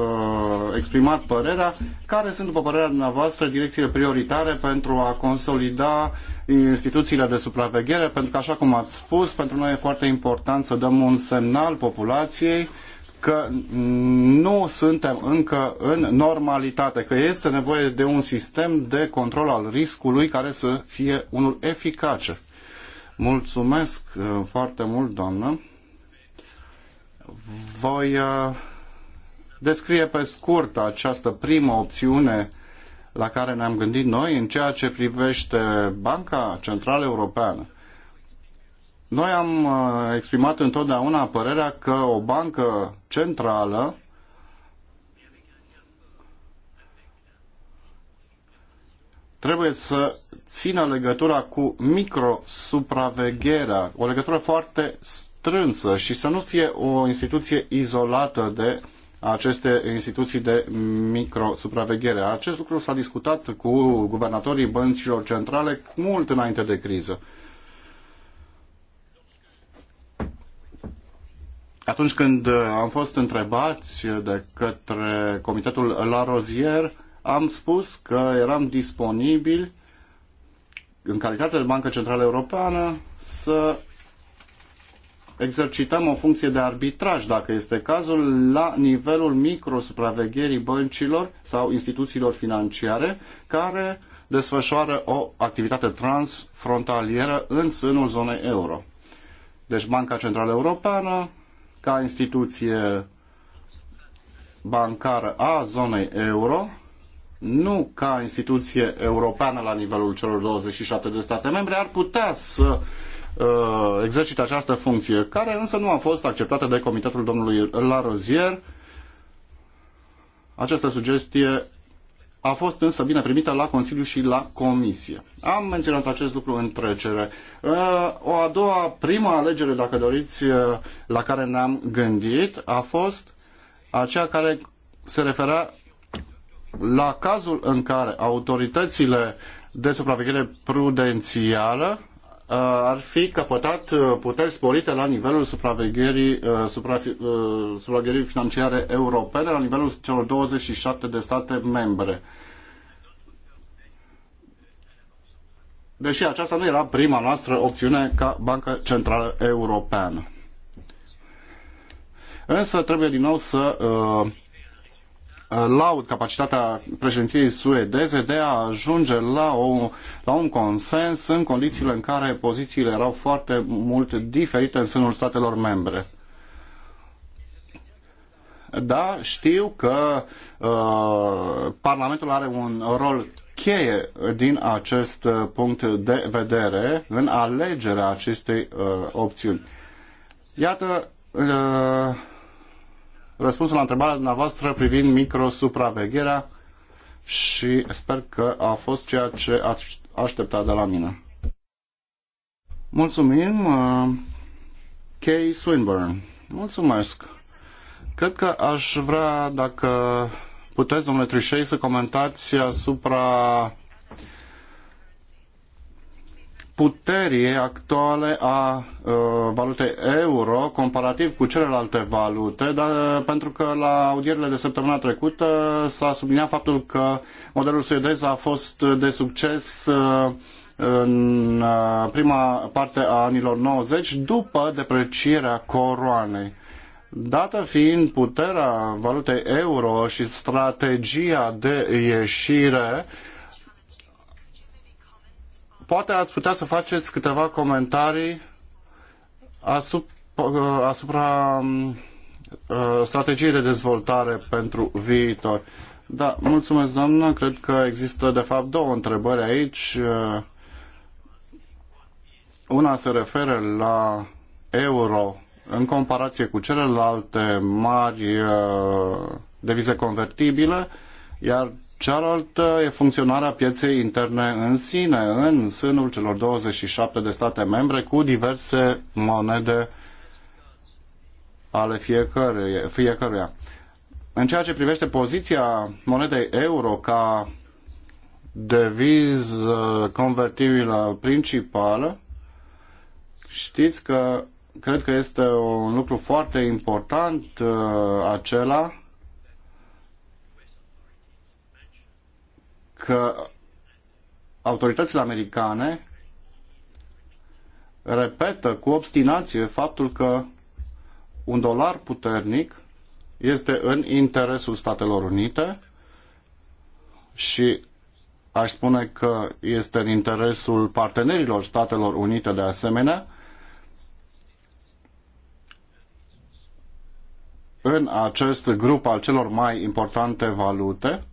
exprimat părerea, care sunt, după părerea dumneavoastră, direcțiile prioritare pentru a consolida instituțiile de supraveghere, pentru că, așa cum ați spus, pentru noi e foarte important să dăm un semnal populației că nu suntem încă în normalitate, că este nevoie de un sistem de control al riscului care să fie unul eficace. Mulțumesc uh, foarte mult, doamnă. Voi uh, descrie pe scurt această primă opțiune la care ne-am gândit noi în ceea ce privește Banca Centrală Europeană. Noi am uh, exprimat întotdeauna părerea că o bancă centrală trebuie să țină legătura cu microsupravegherea, o legătură foarte strânsă și să nu fie o instituție izolată de aceste instituții de microsupraveghere. Acest lucru s-a discutat cu guvernatorii băncilor centrale mult înainte de criză. atunci când uh, am fost întrebați de către Comitetul La Rozier, am spus că eram disponibil, în calitate de Bancă Centrală Europeană, să exercităm o funcție de arbitraj, dacă este cazul, la nivelul microsupravegherii băncilor sau instituțiilor financiare care desfășoară o activitate transfrontalieră în sânul zonei euro. Deci Banca Centrală Europeană ca instituție bancară a zonei euro, nu ca instituție europeană la nivelul celor 27 de state membre, ar putea să uh, exercite această funcție, care însă nu a fost acceptată de comitetul domnului Larozier. Această sugestie a fost însă bine primită la Consiliu și la Comisie. Am menționat acest lucru în trecere. Uh, o a doua, prima alegere, dacă doriți, uh, la care ne-am gândit a fost aceea care se referea la cazul în care autoritățile de supraveghere prudențială Uh, ar fi căpătat uh, puteri sporite la nivelul supravegherii, uh, supravegherii financiare europene, la nivelul celor 27 de state membre. Deși aceasta nu era prima noastră opțiune ca Bancă Centrală Europeană. Însă trebuie din nou să uh, laud capacitatea președinției suedeze de a ajunge la, o, la un consens în condițiile în care pozițiile erau foarte mult diferite în sânul statelor membre. Da, știu că uh, Parlamentul are un rol cheie din acest uh, punct de vedere în alegerea acestei uh, opțiuni. Iată, uh, răspunsul la întrebarea dumneavoastră privind microsupravegherea și sper că a fost ceea ce ați așteptat de la mine. Mulțumim, uh, Kay Swinburne. Mulțumesc. Cred că aș vrea, dacă puteți, domnule Trișei, să comentați asupra puterii actuale a uh, valutei euro comparativ cu celelalte valute, dar, uh, pentru că la audierile de săptămâna trecută s-a subliniat faptul că modelul suedez a fost de succes uh, în uh, prima parte a anilor 90 după deprecierea coroanei. Dată fiind puterea valutei euro și strategia de ieșire, uh, Poate ați putea să faceți câteva comentarii uh, asupra, asupra um, uh, strategiei de dezvoltare pentru viitor. Da, mulțumesc, doamnă. Cred că există, de fapt, două întrebări aici. Uh, una se referă la euro în comparație cu celelalte mari devize convertibile, iar Cealaltă e funcționarea pieței interne în sine, în sânul celor 27 de state membre cu diverse monede ale fiecăruia. În ceea ce privește poziția monedei euro ca deviză convertibilă principală, știți că cred că este un lucru foarte important uh, acela că autoritățile americane repetă cu obstinație faptul că un dolar puternic este în interesul Statelor Unite și aș spune că este în interesul partenerilor Statelor Unite de asemenea în acest grup al celor mai importante valute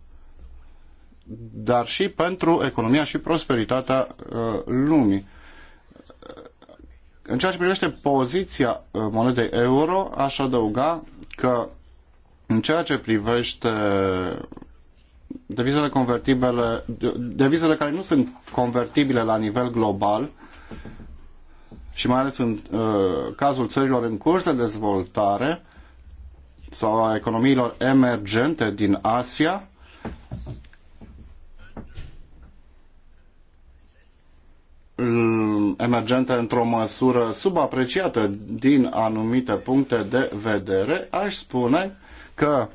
dar și pentru economia și prosperitatea uh, lumii. În ceea ce privește poziția uh, monedei euro, aș adăuga că în ceea ce privește devizele convertibile, devizele care nu sunt convertibile la nivel global și mai ales în uh, cazul țărilor în curs de dezvoltare sau a economiilor emergente din Asia, Mm, emergente într-o măsură subapreciată din anumite puncte de vedere, aș spune că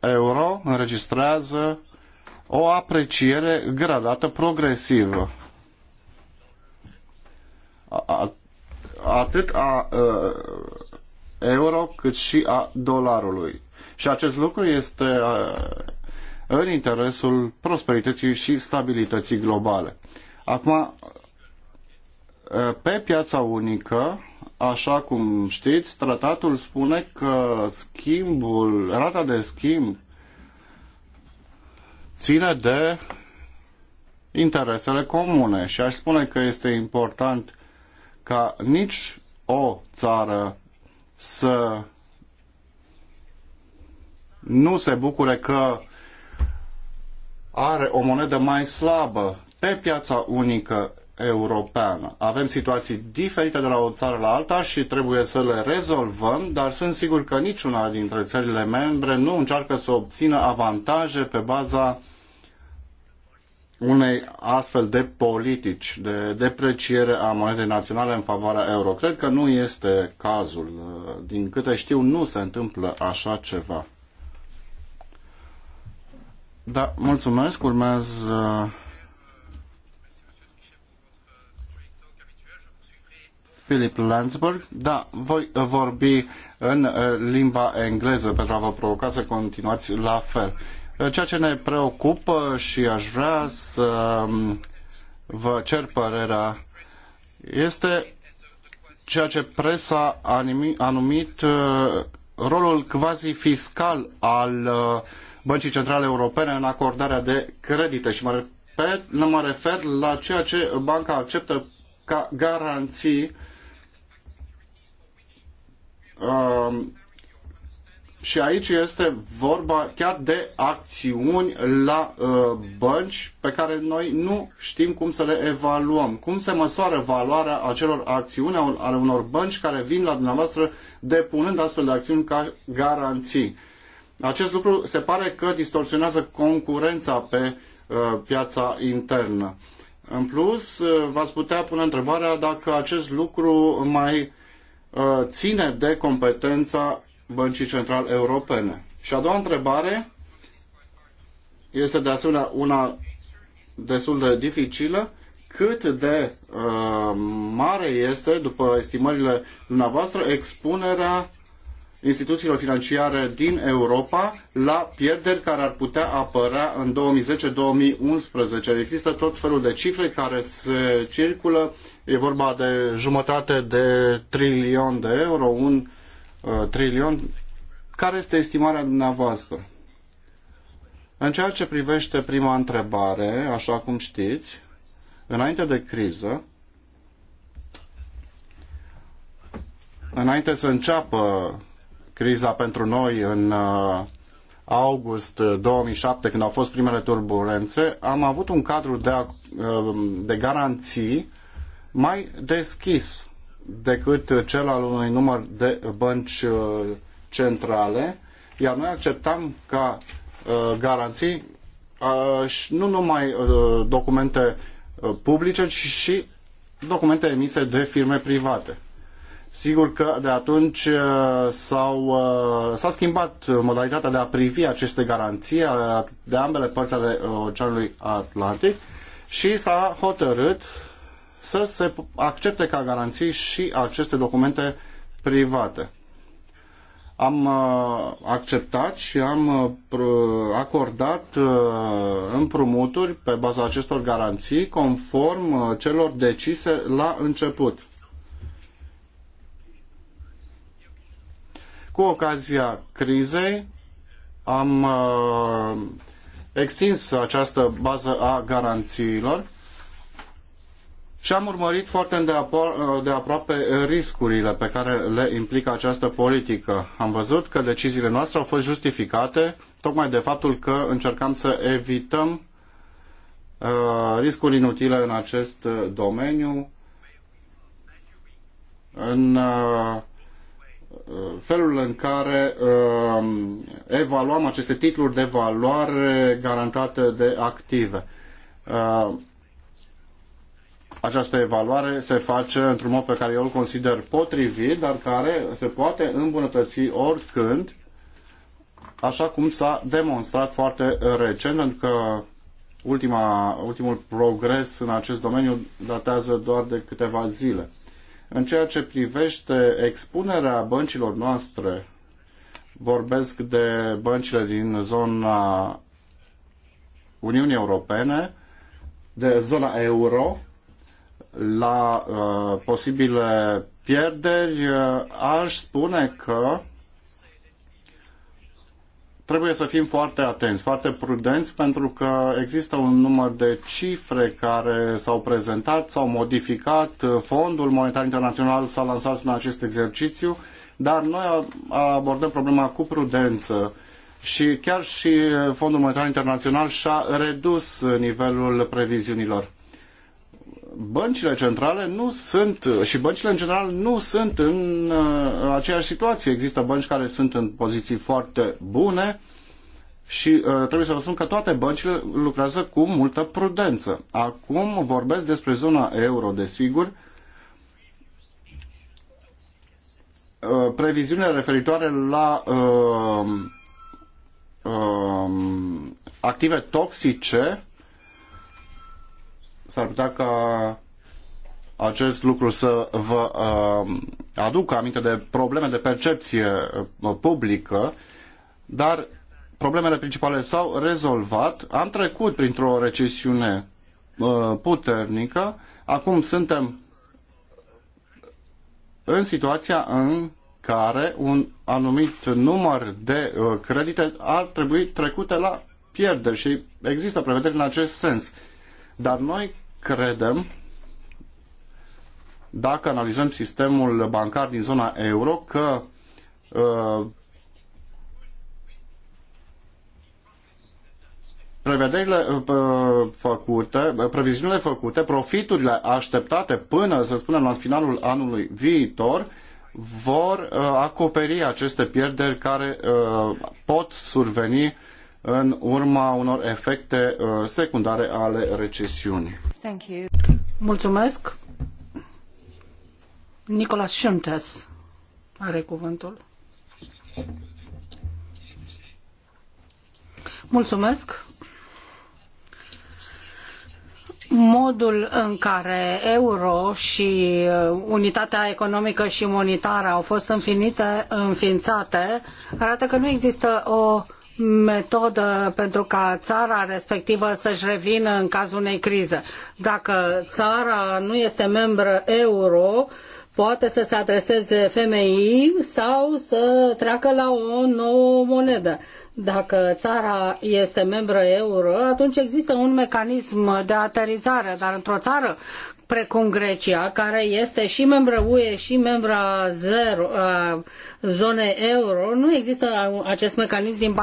euro înregistrează o apreciere gradată progresivă. atât a uh, euro cât și a dolarului. Și acest lucru este uh, în interesul prosperității și stabilității globale. Acum, pe piața unică, așa cum știți, tratatul spune că schimbul, rata de schimb ține de interesele comune și aș spune că este important ca nici o țară să nu se bucure că are o monedă mai slabă pe piața unică europeană. Avem situații diferite de la o țară la alta și trebuie să le rezolvăm, dar sunt sigur că niciuna dintre țările membre nu încearcă să obțină avantaje pe baza unei astfel de politici de depreciere a monedei naționale în favoarea euro. Cred că nu este cazul. Din câte știu, nu se întâmplă așa ceva. Da, mulțumesc. Urmează Philip Landsberg. Da, voi vorbi în uh, limba engleză pentru a vă provoca să continuați la fel. Uh, ceea ce ne preocupă și aș vrea să um, vă cer părerea este ceea ce presa a numit uh, rolul quasi fiscal al Băncii Centrale Europene în acordarea de credite și mă refer, mă refer la ceea ce banca acceptă ca garanții Um, și aici este vorba chiar de acțiuni la uh, bănci pe care noi nu știm cum să le evaluăm. Cum se măsoară valoarea acelor acțiuni ale unor bănci care vin la dumneavoastră depunând astfel de acțiuni ca garanții. Acest lucru se pare că distorsionează concurența pe uh, piața internă. În plus, uh, v-ați putea pune întrebarea dacă acest lucru mai Uh, ține de competența Băncii Central Europene. Și a doua întrebare este de asemenea una destul de dificilă. Cât de uh, mare este, după estimările dumneavoastră, expunerea instituțiilor financiare din Europa la pierderi care ar putea apărea în 2010-2011. Există tot felul de cifre care se circulă E vorba de jumătate de trilion de euro, un uh, trilion. Care este estimarea dumneavoastră? În ceea ce privește prima întrebare, așa cum știți, înainte de criză, înainte să înceapă criza pentru noi în uh, august 2007, uh, când au fost primele turbulențe, am avut un cadru de, uh, de garanții mai deschis decât cel al unui număr de bănci uh, centrale, iar noi acceptam ca uh, garanții uh, nu numai documente publice, ci și documente emise de firme private. Sigur că de atunci s-au, s-a schimbat modalitatea de a privi aceste garanții de ambele părți ale Oceanului Atlantic și s-a hotărât să se accepte ca garanții și aceste documente private. Am uh, acceptat și am uh, acordat uh, împrumuturi pe baza acestor garanții conform celor decise la început. Cu ocazia crizei am extins această bază a garanțiilor și am urmărit foarte de aproape riscurile pe care le implică această politică. Am văzut că deciziile noastre au fost justificate tocmai de faptul că încercam să evităm uh, riscuri inutile în acest uh, domeniu, în uh, felul în care evaluam aceste titluri de valoare garantate de active această evaluare se face într-un mod pe care eu îl consider potrivit, dar care se poate îmbunătăți oricând, așa cum s-a demonstrat foarte recent, pentru că ultima, ultimul progres în acest domeniu datează doar de câteva zile. În ceea ce privește expunerea băncilor noastre, vorbesc de băncile din zona Uniunii Europene, de zona euro, la uh, posibile pierderi, uh, aș spune că trebuie să fim foarte atenți, foarte prudenți, pentru că există un număr de cifre care s-au prezentat, s-au modificat, Fondul Monetar Internațional s-a lansat în acest exercițiu, dar noi abordăm problema cu prudență și chiar și Fondul Monetar Internațional și-a redus nivelul previziunilor băncile centrale nu sunt și băncile în general nu sunt în uh, aceeași situație. Există bănci care sunt în poziții foarte bune și uh, trebuie să vă spun că toate băncile lucrează cu multă prudență. Acum vorbesc despre zona euro, desigur. Uh, previziunile referitoare la uh, um, active toxice s-ar putea ca acest lucru să vă uh, aducă aminte de probleme de percepție uh, publică, dar problemele principale s-au rezolvat. Am trecut printr-o recesiune uh, puternică. Acum suntem în situația în care un anumit număr de credite ar trebui trecute la pierderi și există prevederi în acest sens. Dar noi credem, dacă analizăm sistemul bancar din zona euro, că uh, prevederile uh, făcute, uh, previziunile făcute, profiturile așteptate până, să spunem, la finalul anului viitor, vor acoperi aceste pierderi care pot surveni în urma unor efecte secundare ale recesiunii. Mulțumesc. are cuvântul. Mulțumesc. Modul în care euro și uh, unitatea economică și monetară au fost înfinite, înființate arată că nu există o metodă pentru ca țara respectivă să-și revină în cazul unei crize. Dacă țara nu este membră euro, poate să se adreseze FMI sau să treacă la o nouă monedă. Dacă țara este membră euro, atunci există un mecanism de aterizare, dar într-o țară precum Grecia, care este și membră UE și membra zero, a zonei euro, nu există acest mecanism din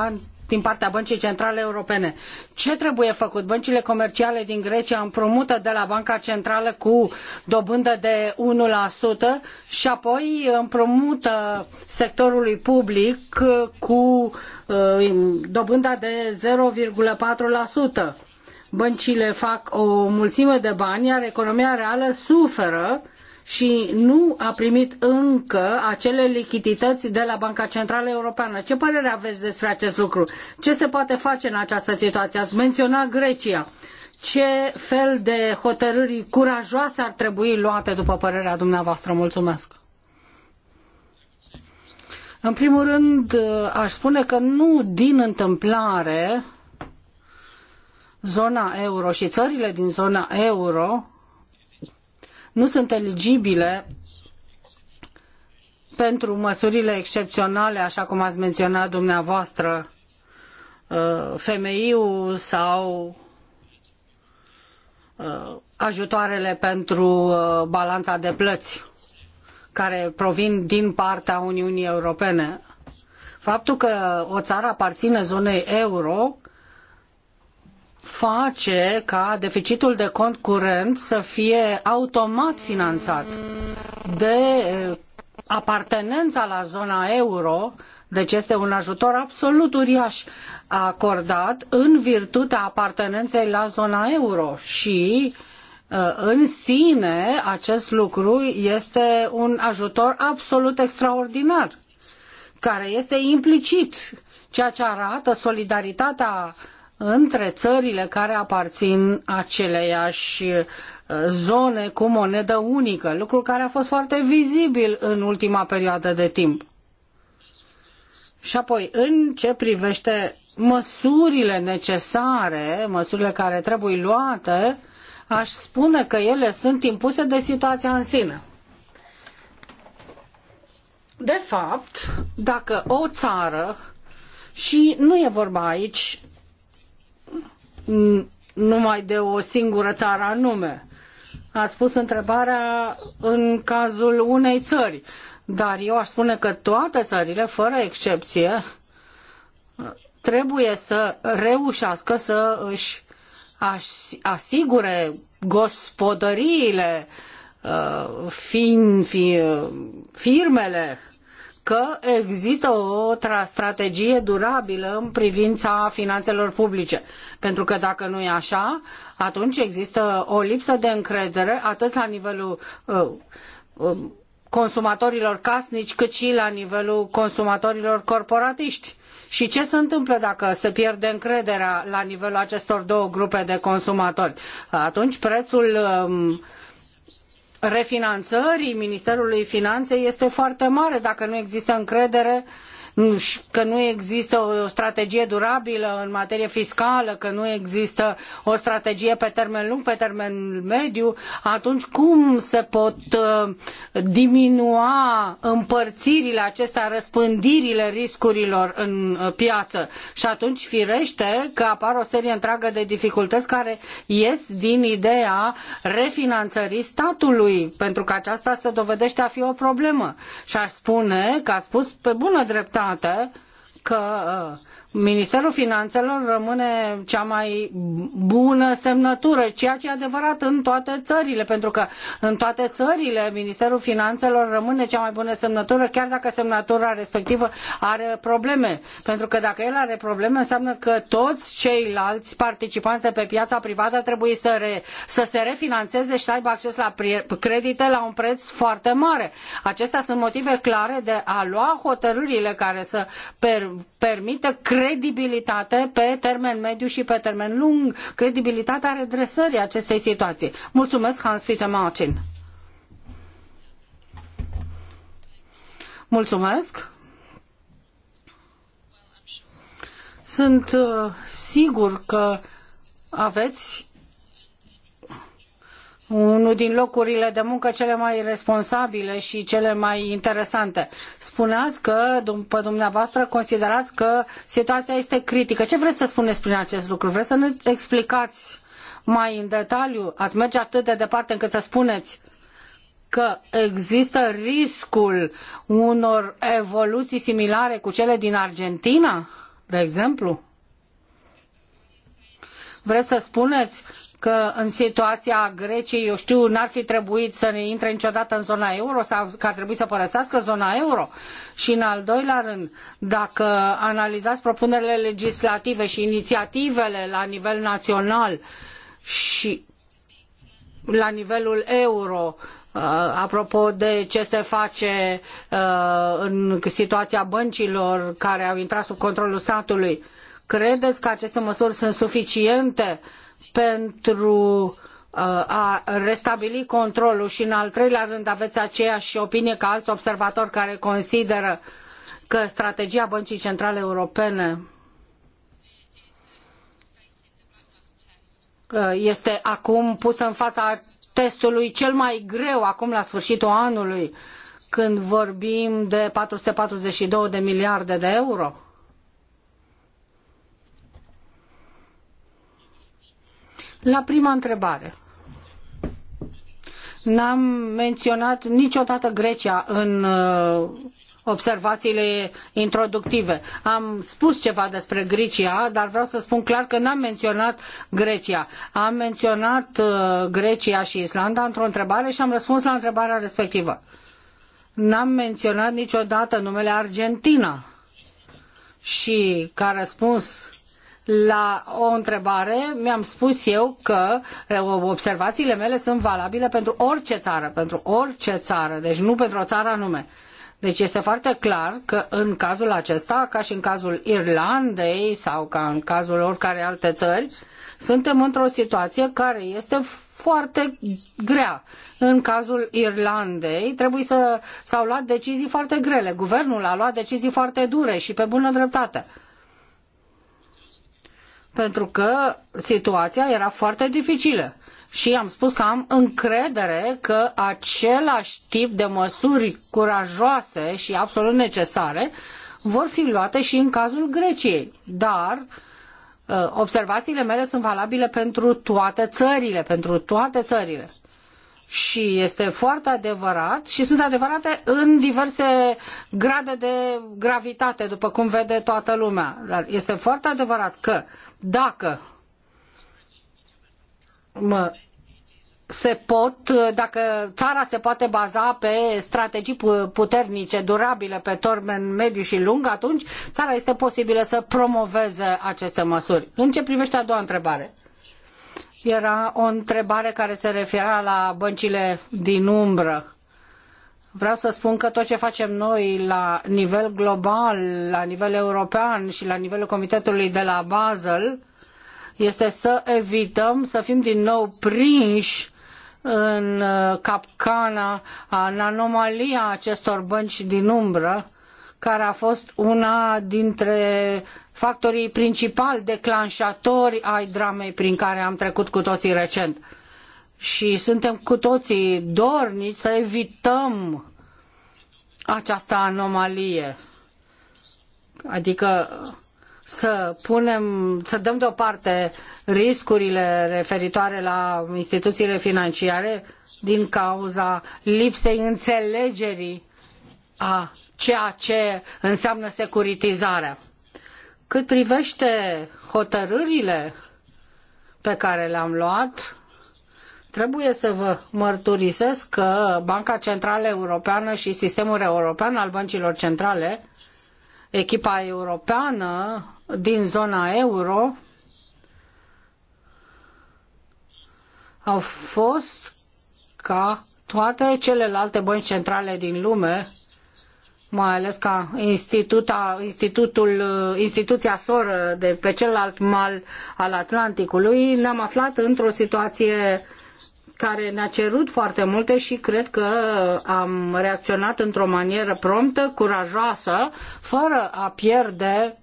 din partea Băncii Centrale Europene. Ce trebuie făcut? Băncile comerciale din Grecia împrumută de la Banca Centrală cu dobândă de 1% și apoi împrumută sectorului public cu dobânda de 0,4%. Băncile fac o mulțime de bani, iar economia reală suferă și nu a primit încă acele lichidități de la Banca Centrală Europeană. Ce părere aveți despre acest lucru? Ce se poate face în această situație? Ați menționat Grecia. Ce fel de hotărâri curajoase ar trebui luate, după părerea dumneavoastră? Mulțumesc! În primul rând, aș spune că nu din întâmplare zona euro și țările din zona euro nu sunt eligibile pentru măsurile excepționale, așa cum ați menționat dumneavoastră, uh, femeiul sau uh, ajutoarele pentru uh, balanța de plăți care provin din partea Uniunii Europene. Faptul că o țară aparține zonei euro face ca deficitul de cont curent să fie automat finanțat de apartenența la zona euro, deci este un ajutor absolut uriaș acordat în virtutea apartenenței la zona euro și în sine acest lucru este un ajutor absolut extraordinar care este implicit, ceea ce arată solidaritatea între țările care aparțin aceleiași uh, zone cu monedă unică, lucru care a fost foarte vizibil în ultima perioadă de timp. Și apoi, în ce privește măsurile necesare, măsurile care trebuie luate, aș spune că ele sunt impuse de situația în sine. De fapt, dacă o țară și nu e vorba aici numai de o singură țară anume. a spus întrebarea în cazul unei țări, dar eu aș spune că toate țările, fără excepție, trebuie să reușească să își asigure gospodăriile, uh, fiind fi, firmele, că există o strategie durabilă în privința finanțelor publice. Pentru că dacă nu e așa, atunci există o lipsă de încredere atât la nivelul uh, uh, consumatorilor casnici, cât și la nivelul consumatorilor corporatiști. Și ce se întâmplă dacă se pierde încrederea la nivelul acestor două grupe de consumatori? Atunci prețul um, refinanțării Ministerului Finanței este foarte mare dacă nu există încredere uh, că nu există o strategie durabilă în materie fiscală, că nu există o strategie pe termen lung, pe termen mediu, atunci cum se pot uh, diminua împărțirile acestea, răspândirile riscurilor în uh, piață? Și atunci firește că apar o serie întreagă de dificultăți care ies din ideea refinanțării statului, pentru că aceasta se dovedește a fi o problemă. Și aș spune că ați spus pe bună dreptate arată că uh, Ministerul Finanțelor rămâne cea mai bună semnătură, ceea ce e adevărat în toate țările, pentru că în toate țările Ministerul Finanțelor rămâne cea mai bună semnătură, chiar dacă semnătura respectivă are probleme. Pentru că dacă el are probleme, înseamnă că toți ceilalți participanți de pe piața privată trebuie să, re, să se refinanțeze și să aibă acces la credite la un preț foarte mare. Acestea sunt motive clare de a lua hotărârile care să per, permită creditele credibilitate pe termen mediu și pe termen lung, credibilitatea redresării acestei situații. Mulțumesc, Hans-Peter Martin. Mulțumesc. Sunt uh, sigur că aveți unul din locurile de muncă cele mai responsabile și cele mai interesante. Spuneați că, după dumneavoastră, considerați că situația este critică. Ce vreți să spuneți prin acest lucru? Vreți să ne explicați mai în detaliu? Ați merge atât de departe încât să spuneți că există riscul unor evoluții similare cu cele din Argentina, de exemplu? Vreți să spuneți că în situația Greciei, eu știu, n-ar fi trebuit să ne intre niciodată în zona euro sau că ar trebui să părăsească zona euro. Și în al doilea rând, dacă analizați propunerile legislative și inițiativele la nivel național și la nivelul euro, uh, apropo de ce se face uh, în situația băncilor care au intrat sub controlul statului, credeți că aceste măsuri sunt suficiente pentru uh, a restabili controlul și în al treilea rând aveți aceeași opinie ca alți observatori care consideră că strategia Băncii Centrale Europene uh, este acum pusă în fața testului cel mai greu acum la sfârșitul anului când vorbim de 442 de miliarde de euro? La prima întrebare. N-am menționat niciodată Grecia în uh, observațiile introductive. Am spus ceva despre Grecia, dar vreau să spun clar că n-am menționat Grecia. Am menționat uh, Grecia și Islanda într-o întrebare și am răspuns la întrebarea respectivă. N-am menționat niciodată numele Argentina. Și ca răspuns la o întrebare, mi-am spus eu că uh, observațiile mele sunt valabile pentru orice țară, pentru orice țară, deci nu pentru o țară anume. Deci este foarte clar că în cazul acesta, ca și în cazul Irlandei sau ca în cazul oricare alte țări, suntem într-o situație care este foarte grea. În cazul Irlandei trebuie să s-au luat decizii foarte grele. Guvernul a luat decizii foarte dure și pe bună dreptate pentru că situația era foarte dificilă. Și am spus că am încredere că același tip de măsuri curajoase și absolut necesare vor fi luate și în cazul Greciei. Dar uh, observațiile mele sunt valabile pentru toate țările, pentru toate țările și este foarte adevărat și sunt adevărate în diverse grade de gravitate, după cum vede toată lumea. Dar este foarte adevărat că dacă mă, se pot, dacă țara se poate baza pe strategii puternice, durabile, pe termen mediu și lung, atunci țara este posibilă să promoveze aceste măsuri. În ce privește a doua întrebare? Era o întrebare care se referea la băncile din umbră. Vreau să spun că tot ce facem noi la nivel global, la nivel european și la nivelul comitetului de la Basel este să evităm să fim din nou prinși în capcana, în anomalia acestor bănci din umbră care a fost una dintre factorii principali declanșatori ai dramei prin care am trecut cu toții recent. Și suntem cu toții dornici să evităm această anomalie. Adică să punem, să dăm deoparte riscurile referitoare la instituțiile financiare din cauza lipsei înțelegerii a ceea ce înseamnă securitizarea. Cât privește hotărârile pe care le-am luat, trebuie să vă mărturisesc că Banca Centrală Europeană și sistemul european al băncilor centrale, echipa europeană din zona euro, au fost ca toate celelalte bănci centrale din lume mai ales ca instituta, institutul, instituția soră de pe celălalt mal al Atlanticului, ne-am aflat într-o situație care ne-a cerut foarte multe și cred că am reacționat într-o manieră promptă, curajoasă, fără a pierde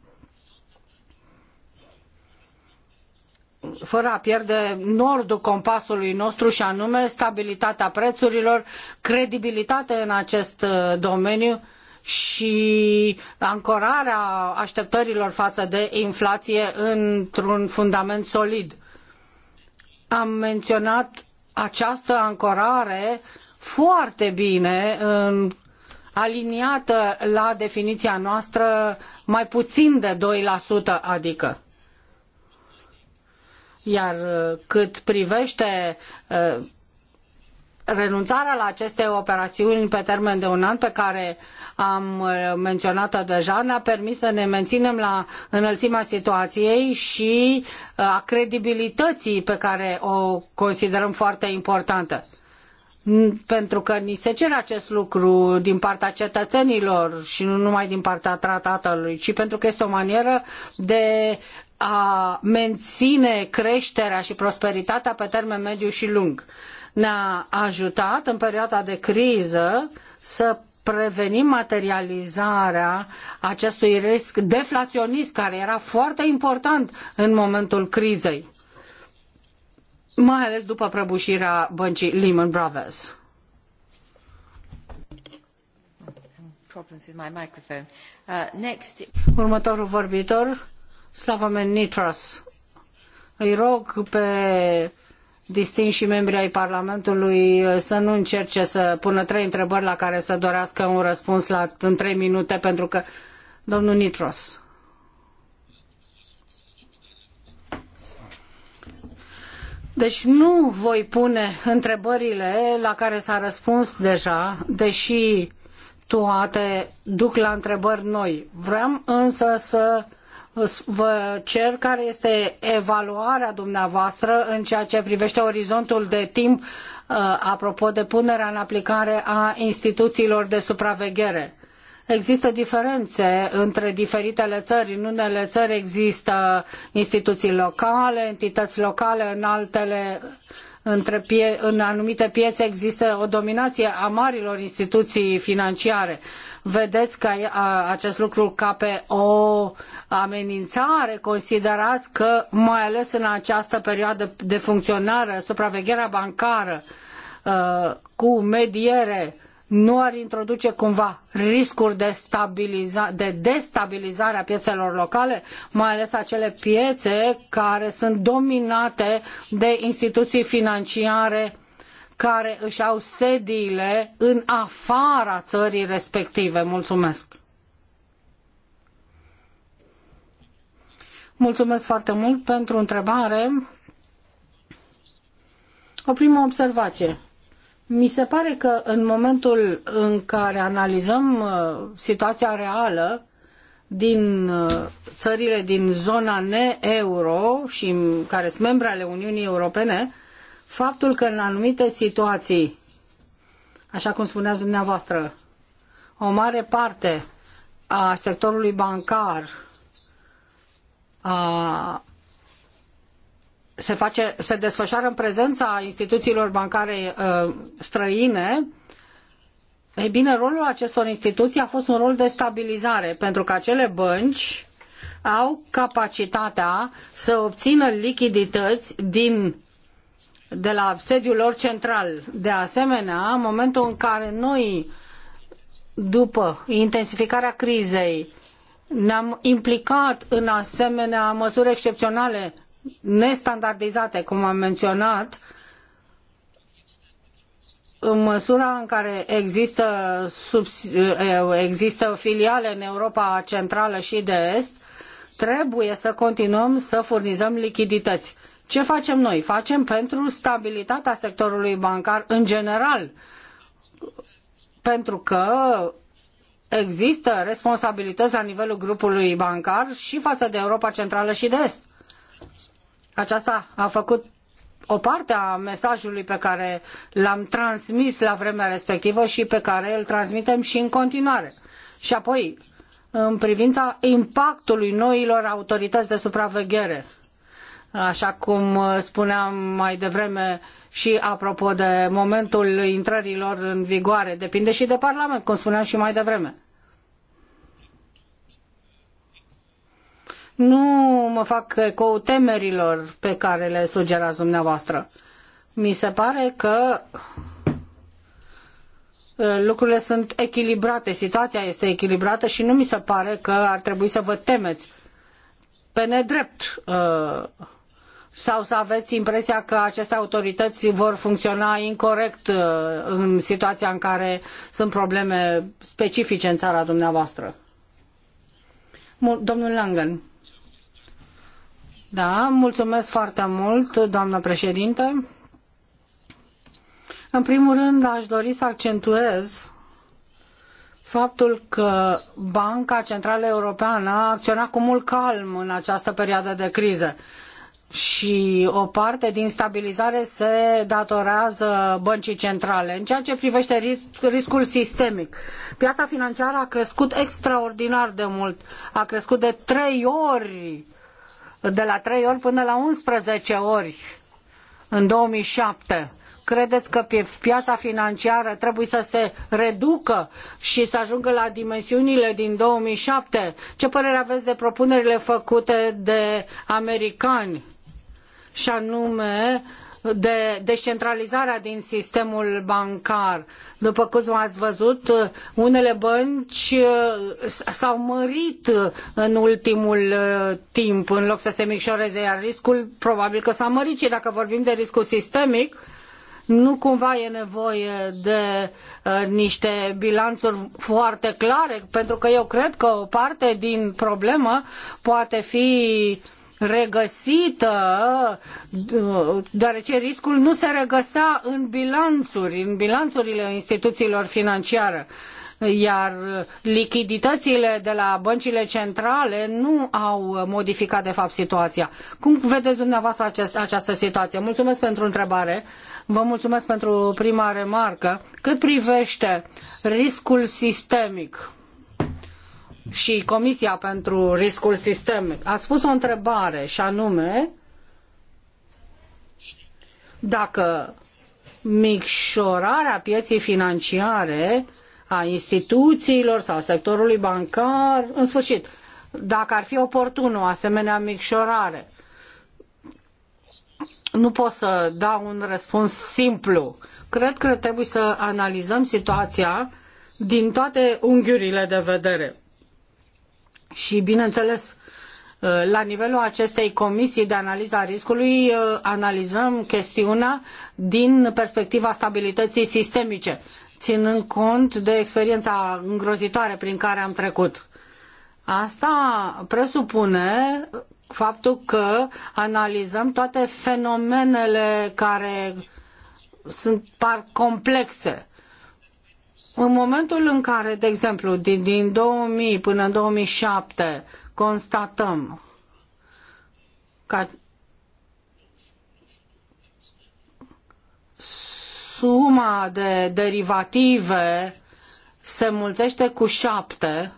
fără a pierde nordul compasului nostru și anume stabilitatea prețurilor, credibilitate în acest domeniu uh, și ancorarea așteptărilor față de inflație într-un fundament solid. Am menționat această ancorare foarte bine în aliniată la definiția noastră mai puțin de 2%, adică. Iar cât privește uh, renunțarea la aceste operațiuni pe termen de un an pe care am uh, menționat-o deja ne-a permis să ne menținem la înălțimea situației și uh, a credibilității pe care o considerăm foarte importantă pentru că ni se cere acest lucru din partea cetățenilor și nu numai din partea tratatului, ci pentru că este o manieră de a menține creșterea și prosperitatea pe termen mediu și lung ne-a ajutat în perioada de criză să prevenim materializarea acestui risc deflaționist care era foarte important în momentul crizei, mai ales după prăbușirea băncii Lehman Brothers. Uh, Următorul vorbitor, Slavomen Nitras. Îi rog pe distinși membri ai Parlamentului uh, să nu încerce să pună trei întrebări la care să dorească un răspuns la, în trei minute, pentru că domnul Nitros. Deci nu voi pune întrebările la care s-a răspuns deja, deși toate duc la întrebări noi. Vreau însă să vă cer care este evaluarea dumneavoastră în ceea ce privește orizontul de timp uh, apropo de punerea în aplicare a instituțiilor de supraveghere Există diferențe între diferitele țări. În unele țări există instituții locale, entități locale, în altele între pie, în anumite piețe există o dominație a marilor instituții financiare. Vedeți că acest lucru ca pe o amenințare, considerați că mai ales în această perioadă de funcționare, supravegherea bancară uh, cu mediere nu ar introduce cumva riscuri de, de destabilizare a piețelor locale, mai ales acele piețe care sunt dominate de instituții financiare care își au sediile în afara țării respective. Mulțumesc! Mulțumesc foarte mult pentru întrebare. O primă observație. Mi se pare că în momentul în care analizăm uh, situația reală din uh, țările din zona ne-euro și care sunt membre ale Uniunii Europene, faptul că în anumite situații, așa cum spuneați dumneavoastră, o mare parte a sectorului bancar a se, face, se desfășoară în prezența instituțiilor bancare uh, străine, E bine, rolul acestor instituții a fost un rol de stabilizare, pentru că acele bănci au capacitatea să obțină lichidități din de la sediul lor central. De asemenea, în momentul în care noi, după intensificarea crizei, ne-am implicat în asemenea măsuri excepționale nestandardizate, cum am menționat, în măsura în care există, există filiale în Europa Centrală și de Est, trebuie să continuăm să furnizăm lichidități. Ce facem noi? Facem pentru stabilitatea sectorului bancar în general, pentru că există responsabilități la nivelul grupului bancar și față de Europa Centrală și de Est. Aceasta a făcut o parte a mesajului pe care l-am transmis la vremea respectivă și pe care îl transmitem și în continuare. Și apoi, în privința impactului noilor autorități de supraveghere, așa cum spuneam mai devreme și apropo de momentul intrărilor în vigoare, depinde și de Parlament, cum spuneam și mai devreme. Nu mă fac cu temerilor pe care le sugerați dumneavoastră. Mi se pare că lucrurile sunt echilibrate, situația este echilibrată și nu mi se pare că ar trebui să vă temeți pe nedrept sau să aveți impresia că aceste autorități vor funcționa incorrect în situația în care sunt probleme specifice în țara dumneavoastră. Domnul Langen. Da, mulțumesc foarte mult, doamnă președinte. În primul rând, aș dori să accentuez faptul că Banca Centrală Europeană a acționat cu mult calm în această perioadă de criză și o parte din stabilizare se datorează băncii centrale. În ceea ce privește risc, riscul sistemic, piața financiară a crescut extraordinar de mult, a crescut de trei ori de la 3 ori până la 11 ori în 2007. Credeți că piața financiară trebuie să se reducă și să ajungă la dimensiunile din 2007? Ce părere aveți de propunerile făcute de americani? Și anume, de descentralizarea din sistemul bancar. După cum ați văzut, unele bănci uh, s-au mărit în ultimul uh, timp, în loc să se micșoreze, iar riscul probabil că s-a mărit și dacă vorbim de riscul sistemic, nu cumva e nevoie de uh, niște bilanțuri foarte clare, pentru că eu cred că o parte din problemă poate fi uh, regăsită, deoarece riscul nu se regăsa în bilanțuri, în bilanțurile instituțiilor financiare iar lichiditățile de la băncile centrale nu au modificat de fapt situația. Cum vedeți dumneavoastră acest, această situație? Mulțumesc pentru întrebare, vă mulțumesc pentru prima remarcă. Cât privește riscul sistemic, și Comisia pentru Riscul Sistemic. Ați spus o întrebare și anume dacă micșorarea pieții financiare a instituțiilor sau sectorului bancar, în sfârșit, dacă ar fi oportun o asemenea micșorare. Nu pot să dau un răspuns simplu. Cred că trebuie să analizăm situația din toate unghiurile de vedere. Și, bineînțeles, uh, la nivelul acestei comisii de analiză a riscului uh, analizăm chestiunea din perspectiva stabilității sistemice, ținând cont de experiența îngrozitoare prin care am trecut. Asta presupune faptul că analizăm toate fenomenele care sunt par complexe în momentul în care, de exemplu, din, din 2000 până în 2007 constatăm că suma de derivative se mulțește cu șapte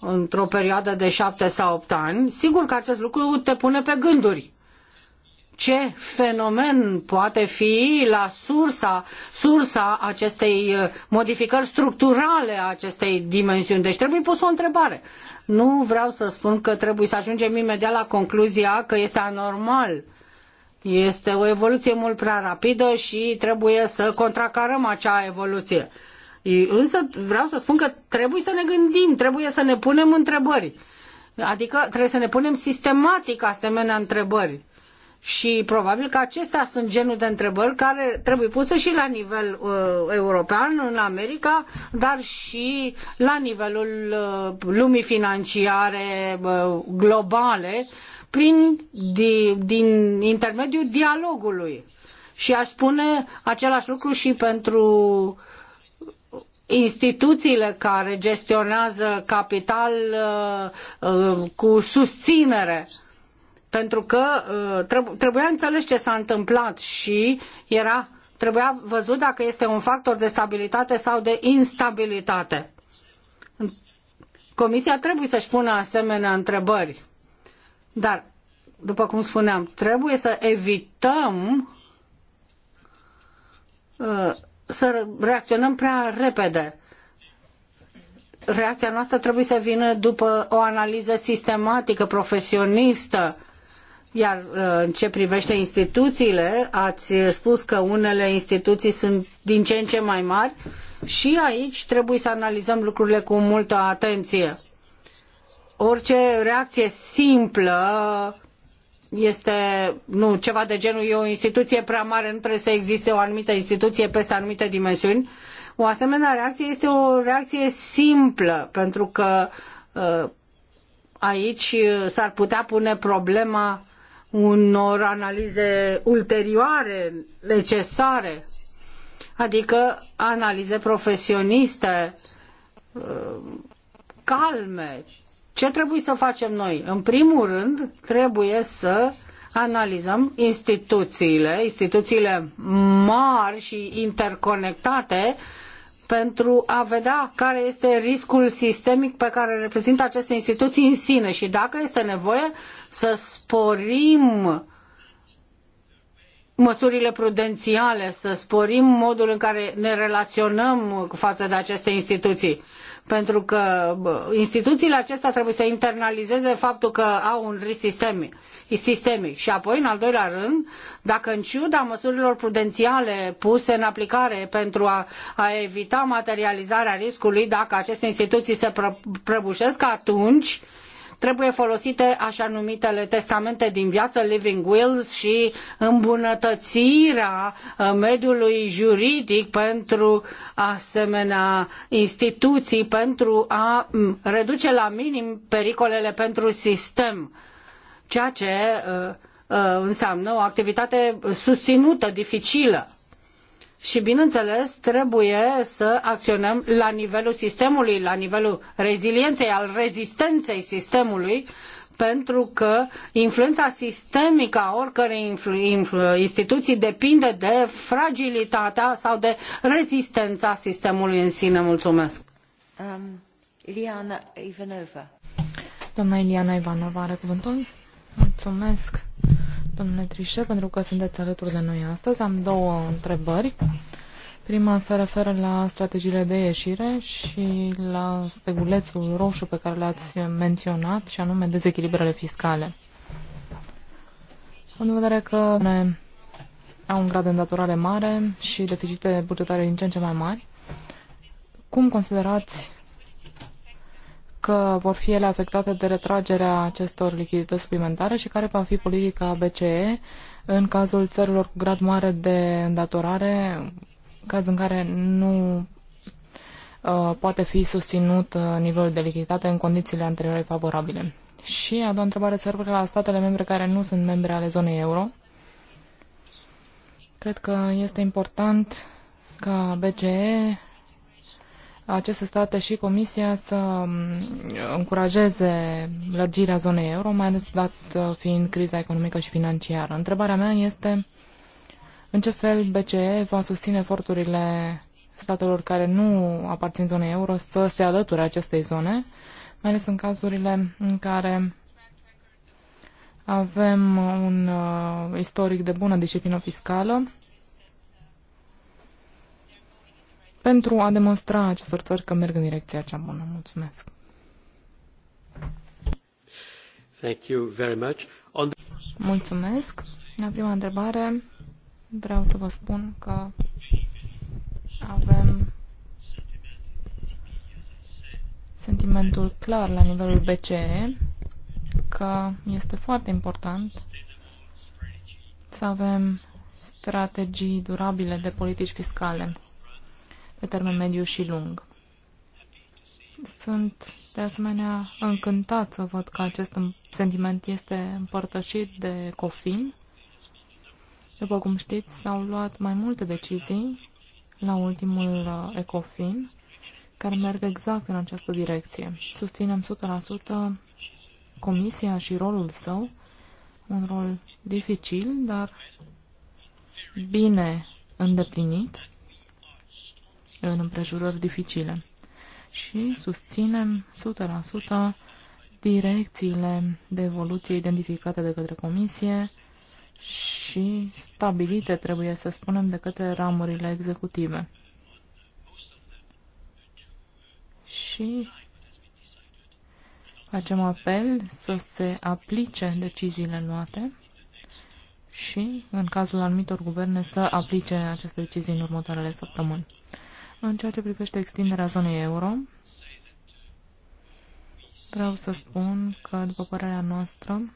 într-o perioadă de șapte sau opt ani, sigur că acest lucru te pune pe gânduri ce fenomen poate fi la sursa, sursa acestei uh, modificări structurale a acestei dimensiuni. Deci trebuie pus o întrebare. Nu vreau să spun că trebuie să ajungem imediat la concluzia că este anormal. Este o evoluție mult prea rapidă și trebuie să contracarăm acea evoluție. Însă vreau să spun că trebuie să ne gândim, trebuie să ne punem întrebări. Adică trebuie să ne punem sistematic asemenea întrebări și probabil că acestea sunt genul de întrebări care trebuie puse și la nivel uh, european, în America, dar și la nivelul uh, lumii financiare uh, globale, prin, di, din intermediul dialogului. Și aș spune același lucru și pentru instituțiile care gestionează capital uh, uh cu susținere. Uh, pentru că uh, trebuia înțeles ce s-a întâmplat și era, trebuia văzut dacă este un factor de stabilitate sau de instabilitate. Comisia trebuie să-și pună asemenea întrebări. Dar, după cum spuneam, trebuie să evităm uh, să reacționăm prea repede reacția noastră trebuie să vină după o analiză sistematică, profesionistă, iar uh, în ce privește instituțiile, ați spus că unele instituții sunt din ce în ce mai mari și aici trebuie să analizăm lucrurile cu multă atenție. Orice reacție simplă este nu, ceva de genul e o instituție prea mare, nu trebuie să existe o anumită instituție peste anumite dimensiuni. O asemenea reacție este o reacție simplă, pentru că uh, aici s-ar putea pune problema unor analize ulterioare necesare, adică analize profesioniste, uh, calme. Ce trebuie să facem noi? În primul rând, trebuie să analizăm instituțiile, instituțiile mari și interconectate pentru a vedea care este riscul sistemic pe care îl reprezintă aceste instituții în sine și dacă este nevoie să sporim măsurile prudențiale, să sporim modul în care ne relaționăm față de aceste instituții pentru că instituțiile acestea trebuie să internalizeze faptul că au un risc sistemic. sistemic. Și apoi, în al doilea rând, dacă în ciuda măsurilor prudențiale puse în aplicare pentru a, a evita materializarea riscului, dacă aceste instituții se prăbușesc, atunci uh, trebuie folosite așa numitele testamente din viață, living wills și îmbunătățirea uh, mediului juridic pentru asemenea instituții, pentru a mm, reduce la minim pericolele pentru sistem, ceea ce uh, uh, înseamnă o activitate susținută, dificilă și, bineînțeles, trebuie să acționăm la nivelul sistemului, la nivelul rezilienței, al rezistenței sistemului, pentru că influența sistemică a oricărei instituții depinde de fragilitatea sau de rezistența sistemului în sine. Mulțumesc! Um, Iliana Ivanova. Doamna Iliana Ivanova are cuvântul. Mulțumesc! domnule Trișe, pentru că sunteți alături de noi astăzi. Am două întrebări. Prima se referă la strategiile de ieșire și la stegulețul roșu pe care l-ați menționat, și anume dezechilibrele fiscale. În vedere că ne au un grad de îndatorare mare și deficite bugetare din ce în ce mai mari, cum considerați că vor fi ele afectate de retragerea acestor lichidități suplimentare și care va fi politica BCE în cazul țărilor cu grad mare de îndatorare, caz în care nu uh, poate fi susținut uh, nivelul de lichiditate în condițiile anterioare favorabile. Și a doua întrebare se referă la statele membre care nu sunt membre ale zonei euro. Cred că este important ca BCE aceste state și Comisia să mm, încurajeze lărgirea zonei euro, mai ales dat uh, fiind criza economică și financiară. Întrebarea mea este în ce fel BCE va susține eforturile statelor care nu aparțin zonei euro să se alăture acestei zone, mai ales în cazurile în care avem un uh, istoric de bună disciplină fiscală pentru a demonstra acestor țări că merg în direcția cea bună. Mulțumesc! Thank you very much. On the... Mulțumesc! La prima întrebare vreau să vă spun că avem sentimentul clar la nivelul BCE că este foarte important să avem strategii durabile de politici fiscale pe termen mediu și lung. Sunt de asemenea încântat să văd că acest sentiment este împărtășit de COFIN. După cum știți, s-au luat mai multe decizii la ultimul uh, ECOFIN care merg exact în această direcție. Susținem 100% comisia și rolul său, un rol dificil, dar bine îndeplinit în împrejurări dificile. Și susținem 100% direcțiile de evoluție identificate de către Comisie și stabilite, trebuie să spunem, de către ramurile executive. Și facem apel să se aplice deciziile luate și, în cazul anumitor guverne, să aplice aceste decizii în următoarele săptămâni. În ceea ce privește extinderea zonei euro, vreau să spun că, după părerea noastră,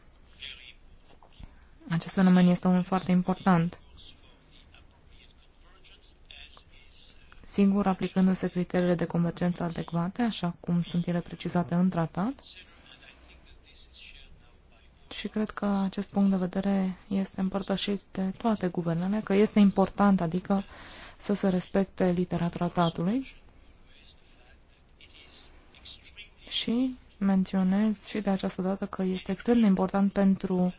acest fenomen este unul foarte important. Singur, aplicându-se criteriile de convergență adecvate, așa cum sunt ele precizate în tratat, și cred că acest punct de vedere este împărtășit de toate guvernele, că este important, adică, să se respecte litera tratatului și menționez și de această dată că este extrem de important pentru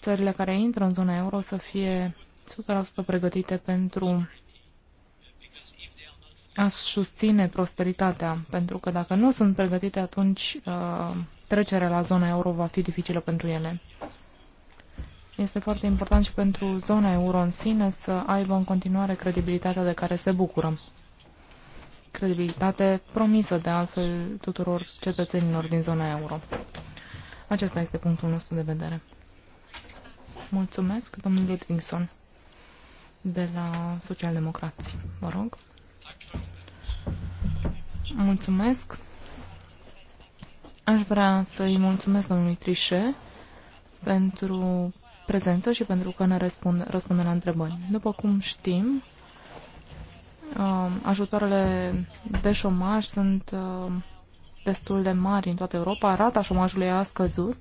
țările care intră în zona euro să fie 100% pregătite pentru a susține prosperitatea, pentru că dacă nu sunt pregătite, atunci uh, trecerea la zona euro va fi dificilă pentru ele. Este foarte important și pentru zona euro în sine să aibă în continuare credibilitatea de care se bucură. Credibilitate promisă de altfel tuturor cetățenilor din zona euro. Acesta este punctul nostru de vedere. Mulțumesc, domnul Ludvigson, de la Socialdemocrații. Vă rog. Mulțumesc. Aș vrea să-i mulțumesc domnului Trișe pentru prezență și pentru că ne răspunde, răspunde la întrebări. După cum știm, um, ajutoarele de șomaj sunt um, destul de mari în toată Europa, rata șomajului a scăzut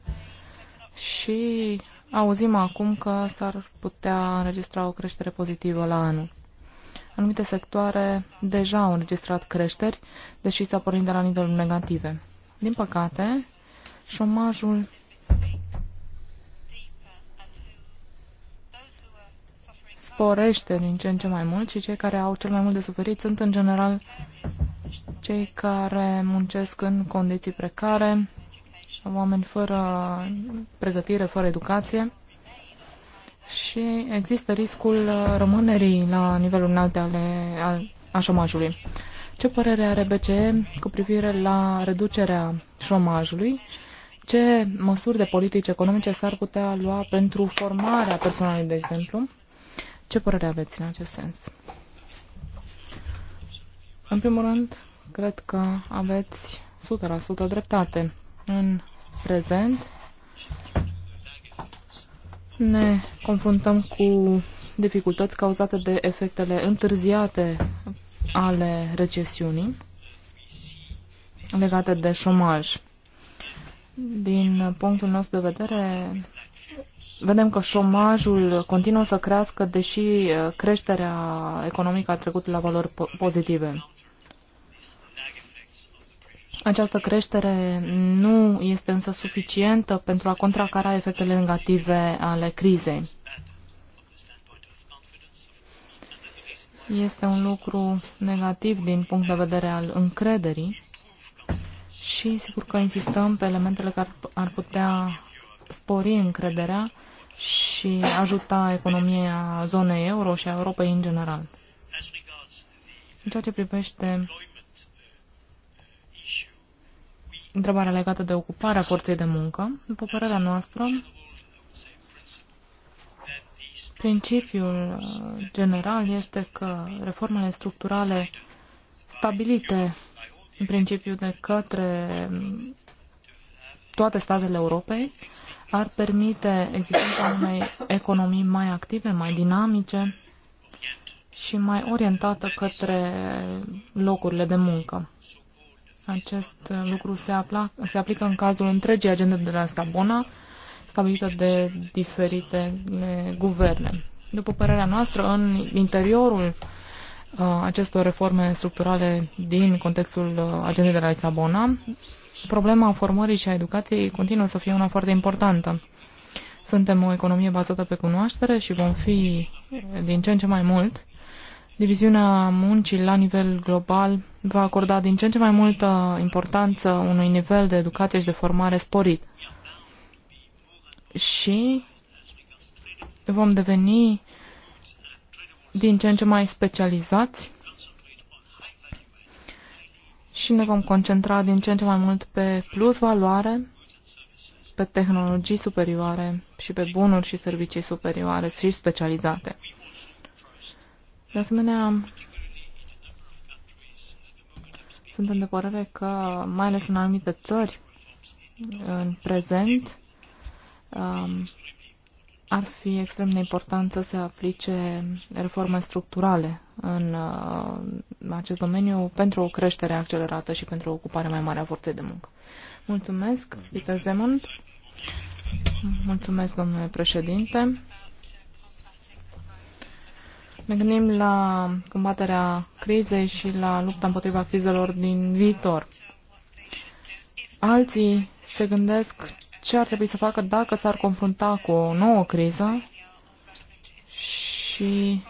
și auzim acum că s-ar putea înregistra o creștere pozitivă la anul. Anumite sectoare deja au înregistrat creșteri, deși s-a pornit de la niveluri negative. Din păcate, șomajul sporește din ce în ce mai mult și cei care au cel mai mult de suferit sunt în general cei care muncesc în condiții precare, oameni fără pregătire, fără educație și există riscul rămânerii la nivelul înalt ale, al, a șomajului. Ce părere are BCE cu privire la reducerea șomajului? Ce măsuri de politici economice s-ar putea lua pentru formarea personalului, de exemplu? Ce părere aveți în acest sens? În primul rând, cred că aveți 100% dreptate. În prezent ne confruntăm cu dificultăți cauzate de efectele întârziate ale recesiunii legate de șomaj. Din punctul nostru de vedere, vedem că șomajul continuă să crească, deși uh, creșterea economică a trecut la valori pozitive. Această creștere nu este însă suficientă pentru a contracara efectele negative ale crizei. este un lucru negativ din punct de vedere al încrederii și sigur că insistăm pe elementele care ar putea spori încrederea și ajuta economia zonei euro și a Europei în general. În ceea ce privește întrebarea legată de ocuparea forței de muncă, după părerea noastră, Principiul uh, general este că reformele structurale stabilite în principiu de către um, toate statele Europei ar permite existența unei economii mai active, mai dinamice și mai orientată către locurile de muncă. Acest uh, lucru se, apla, se aplică în cazul întregii agende de la Sabona, stabilită de diferite guverne. După părerea noastră, în interiorul uh, acestor reforme structurale din contextul uh, agendei de la Lisabona, problema formării și a educației continuă să fie una foarte importantă. Suntem o economie bazată pe cunoaștere și vom fi din ce în ce mai mult. Diviziunea muncii la nivel global va acorda din ce în ce mai multă importanță unui nivel de educație și de formare sporit și vom deveni din ce în ce mai specializați și ne vom concentra din ce în ce mai mult pe plus valoare, pe tehnologii superioare și pe bunuri și servicii superioare și specializate. De asemenea, suntem de părere că, mai ales în anumite țări, în prezent, um, ar fi extrem de important să se aplice reforme structurale în uh, acest domeniu pentru o creștere accelerată și pentru o ocupare mai mare a forței de muncă. Mulțumesc, Peter Zemund. Mulțumesc, domnule președinte. Ne gândim la combaterea crizei și la lupta împotriva crizelor din viitor. Alții se gândesc ce ar trebui să facă dacă s-ar confrunta cu o nouă criză și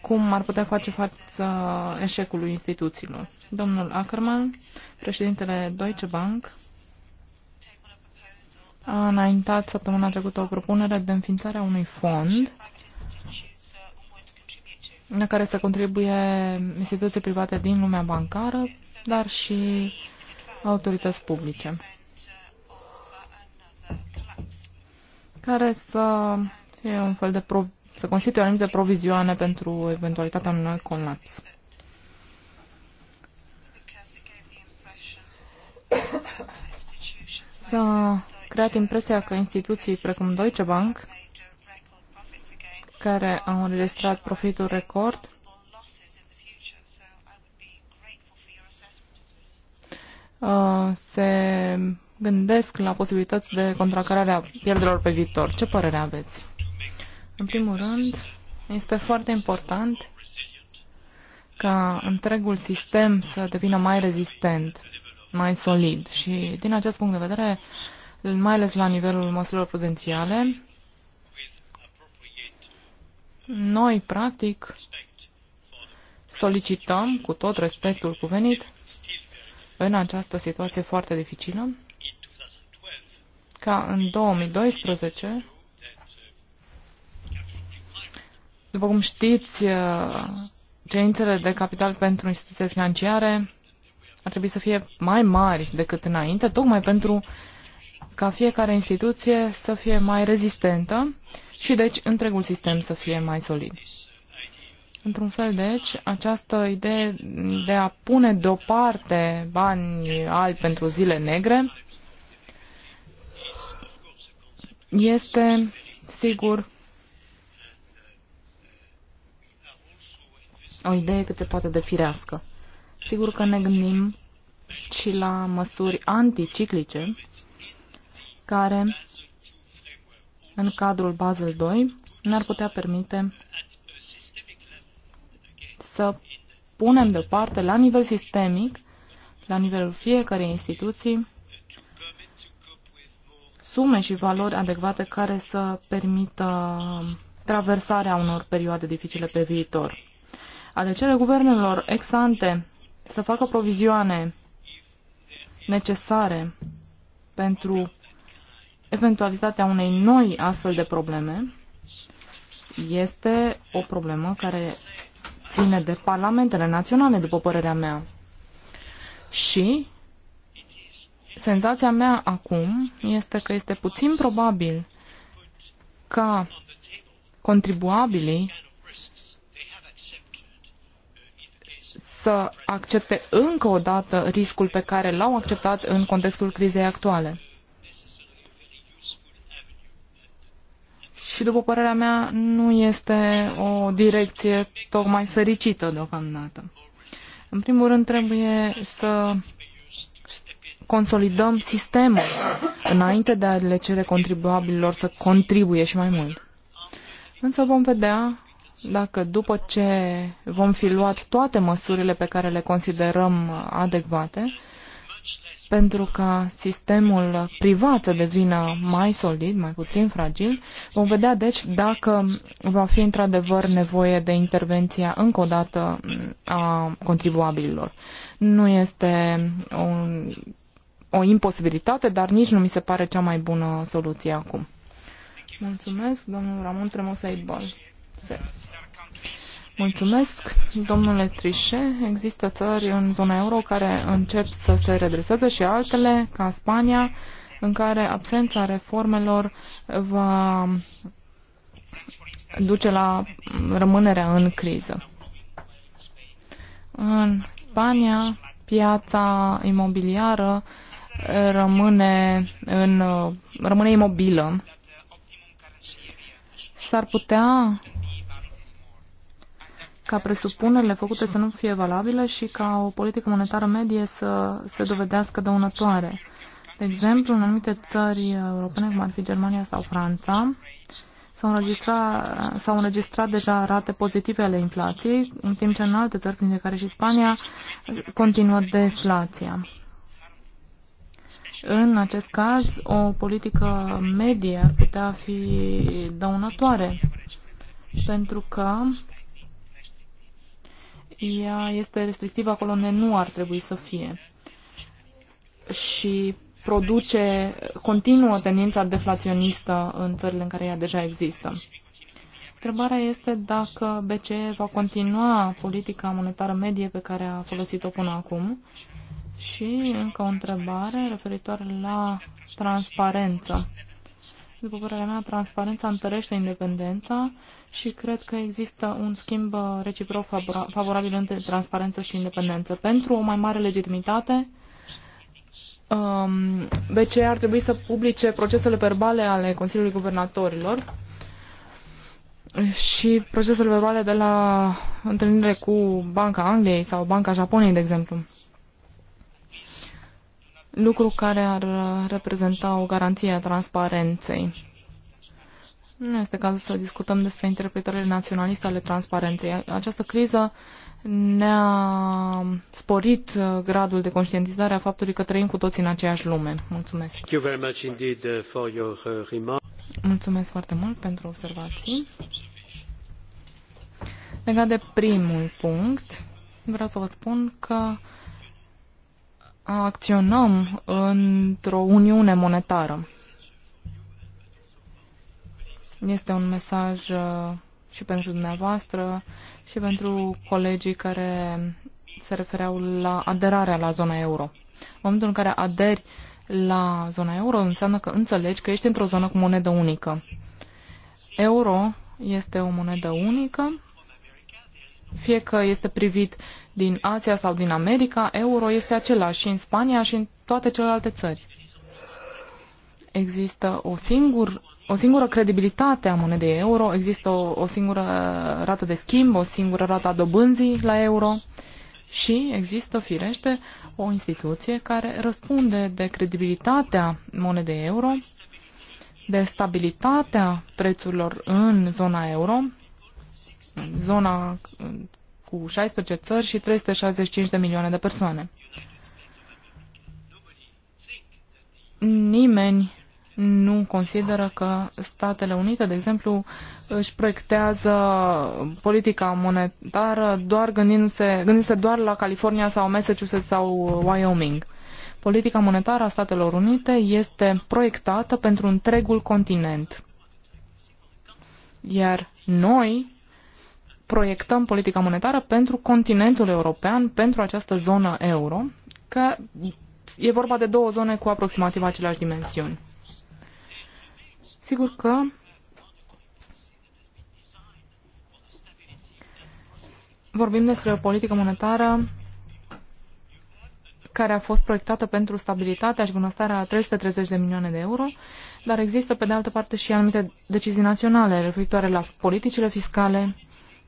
cum ar putea face față eșecului instituțiilor. Domnul Ackerman, președintele Deutsche Bank, a înaintat săptămâna trecută o propunere de înființare a unui fond la care să contribuie instituții private din lumea bancară, dar și autorități publice. care să fie un fel de pro- să constituie anumite provizioane pentru eventualitatea unui colaps. S-a creat impresia că instituții precum Deutsche Bank, care au înregistrat profitul record, uh, se gândesc la posibilități de contracarare a pierderilor pe viitor. Ce părere aveți? În primul rând, este foarte important ca întregul sistem să devină mai rezistent, mai solid și din acest punct de vedere, mai ales la nivelul măsurilor prudențiale, noi, practic, solicităm cu tot respectul cuvenit în această situație foarte dificilă ca în 2012, după cum știți, uh, cerințele de capital pentru instituțiile financiare ar trebui să fie mai mari decât înainte, tocmai pentru ca fiecare instituție să fie mai rezistentă și deci întregul sistem să fie mai solid. Într-un fel, deci, această idee de a pune deoparte bani albi pentru zile negre este, sigur, o idee cât se poate de firească. Sigur că ne gândim și la măsuri anticiclice care, în cadrul Basel II, ne-ar putea permite să punem deoparte la nivel sistemic, la nivelul fiecarei instituții, sume și valori adecvate care să permită traversarea unor perioade dificile pe viitor. Ale cele guvernelor ex ante să facă provizioane necesare pentru eventualitatea unei noi astfel de probleme este o problemă care ține de parlamentele naționale, după părerea mea. Și Senzația mea acum este că este puțin probabil ca contribuabilii să accepte încă o dată riscul pe care l-au acceptat în contextul crizei actuale. Și după părerea mea, nu este o direcție tocmai fericită deocamdată. În primul rând, trebuie să consolidăm sistemul înainte de a le cere contribuabililor să contribuie și mai mult. Însă vom vedea dacă după ce vom fi luat toate măsurile pe care le considerăm adecvate, pentru ca sistemul privat să devină mai solid, mai puțin fragil. Vom vedea, deci, dacă va fi într-adevăr nevoie de intervenția încă o dată a contribuabililor. Nu este un o imposibilitate, dar nici nu mi se pare cea mai bună soluție acum. Mulțumesc, domnul Ramon Tremosa Ibal. Mulțumesc, domnule Trișe. Există țări în zona euro care încep să se redreseze și altele, ca Spania, în care absența reformelor va duce la rămânerea în criză. În Spania, piața imobiliară rămâne, în, rămâne imobilă, s-ar putea ca presupunerile făcute să nu fie valabile și ca o politică monetară medie să se dovedească dăunătoare. De exemplu, în anumite țări europene, cum ar fi Germania sau Franța, s-au înregistrat, s-au înregistrat deja rate pozitive ale inflației, în timp ce în alte țări, printre care și Spania, continuă deflația. Deci, în acest caz, o politică medie ar putea fi dăunătoare, pentru că ea este restrictivă acolo unde nu ar trebui să fie și produce, continuă tendința deflaționistă în țările în care ea deja există. Întrebarea este dacă BCE va continua politica monetară medie pe care a folosit-o până acum și încă o întrebare referitoare la transparență. După părerea mea, transparența întărește independența și cred că există un schimb reciproc favorabil între transparență și independență. Pentru o mai mare legitimitate, um, BCE ar trebui să publice procesele verbale ale Consiliului Guvernatorilor și procesele verbale de la întâlnire cu Banca Angliei sau Banca Japoniei, de exemplu lucru care ar uh, reprezenta o garanție a transparenței. Nu este cazul să discutăm despre interpretările naționaliste ale transparenței. Această criză ne-a sporit uh, gradul de conștientizare a faptului că trăim cu toții în aceeași lume. Mulțumesc. Thank you very much indeed uh, for your Mulțumesc foarte mult pentru observații. Legat de primul punct, vreau să vă spun că acționăm într-o uniune monetară. Este un mesaj uh, și pentru dumneavoastră și pentru colegii care se refereau la aderarea la zona euro. În momentul în care aderi la zona euro, înseamnă că înțelegi că ești într-o zonă cu monedă unică. Euro este o monedă unică fie că este privit din Asia sau din America, euro este același și în Spania și în toate celelalte țări. Există o, singur, o singură credibilitate a monedei euro, există o, o singură rată de schimb, o singură rată a dobânzii la euro și există, firește, o instituție care răspunde de credibilitatea monedei euro, de stabilitatea prețurilor în zona euro zona uh, cu 16 țări și 365 de milioane de persoane. Nimeni nu consideră că Statele Unite, de exemplu, își proiectează politica monetară doar gândindu-se, gândindu-se doar la California sau Massachusetts sau Wyoming. Politica monetară a Statelor Unite este proiectată pentru întregul continent. Iar noi proiectăm politica monetară pentru continentul european, pentru această zonă euro, că e vorba de două zone cu aproximativ aceleași dimensiuni. Sigur că vorbim despre o politică monetară care a fost proiectată pentru stabilitatea și bunăstarea a 330 de milioane de euro, dar există pe de altă parte și anumite decizii naționale referitoare la politicile fiscale,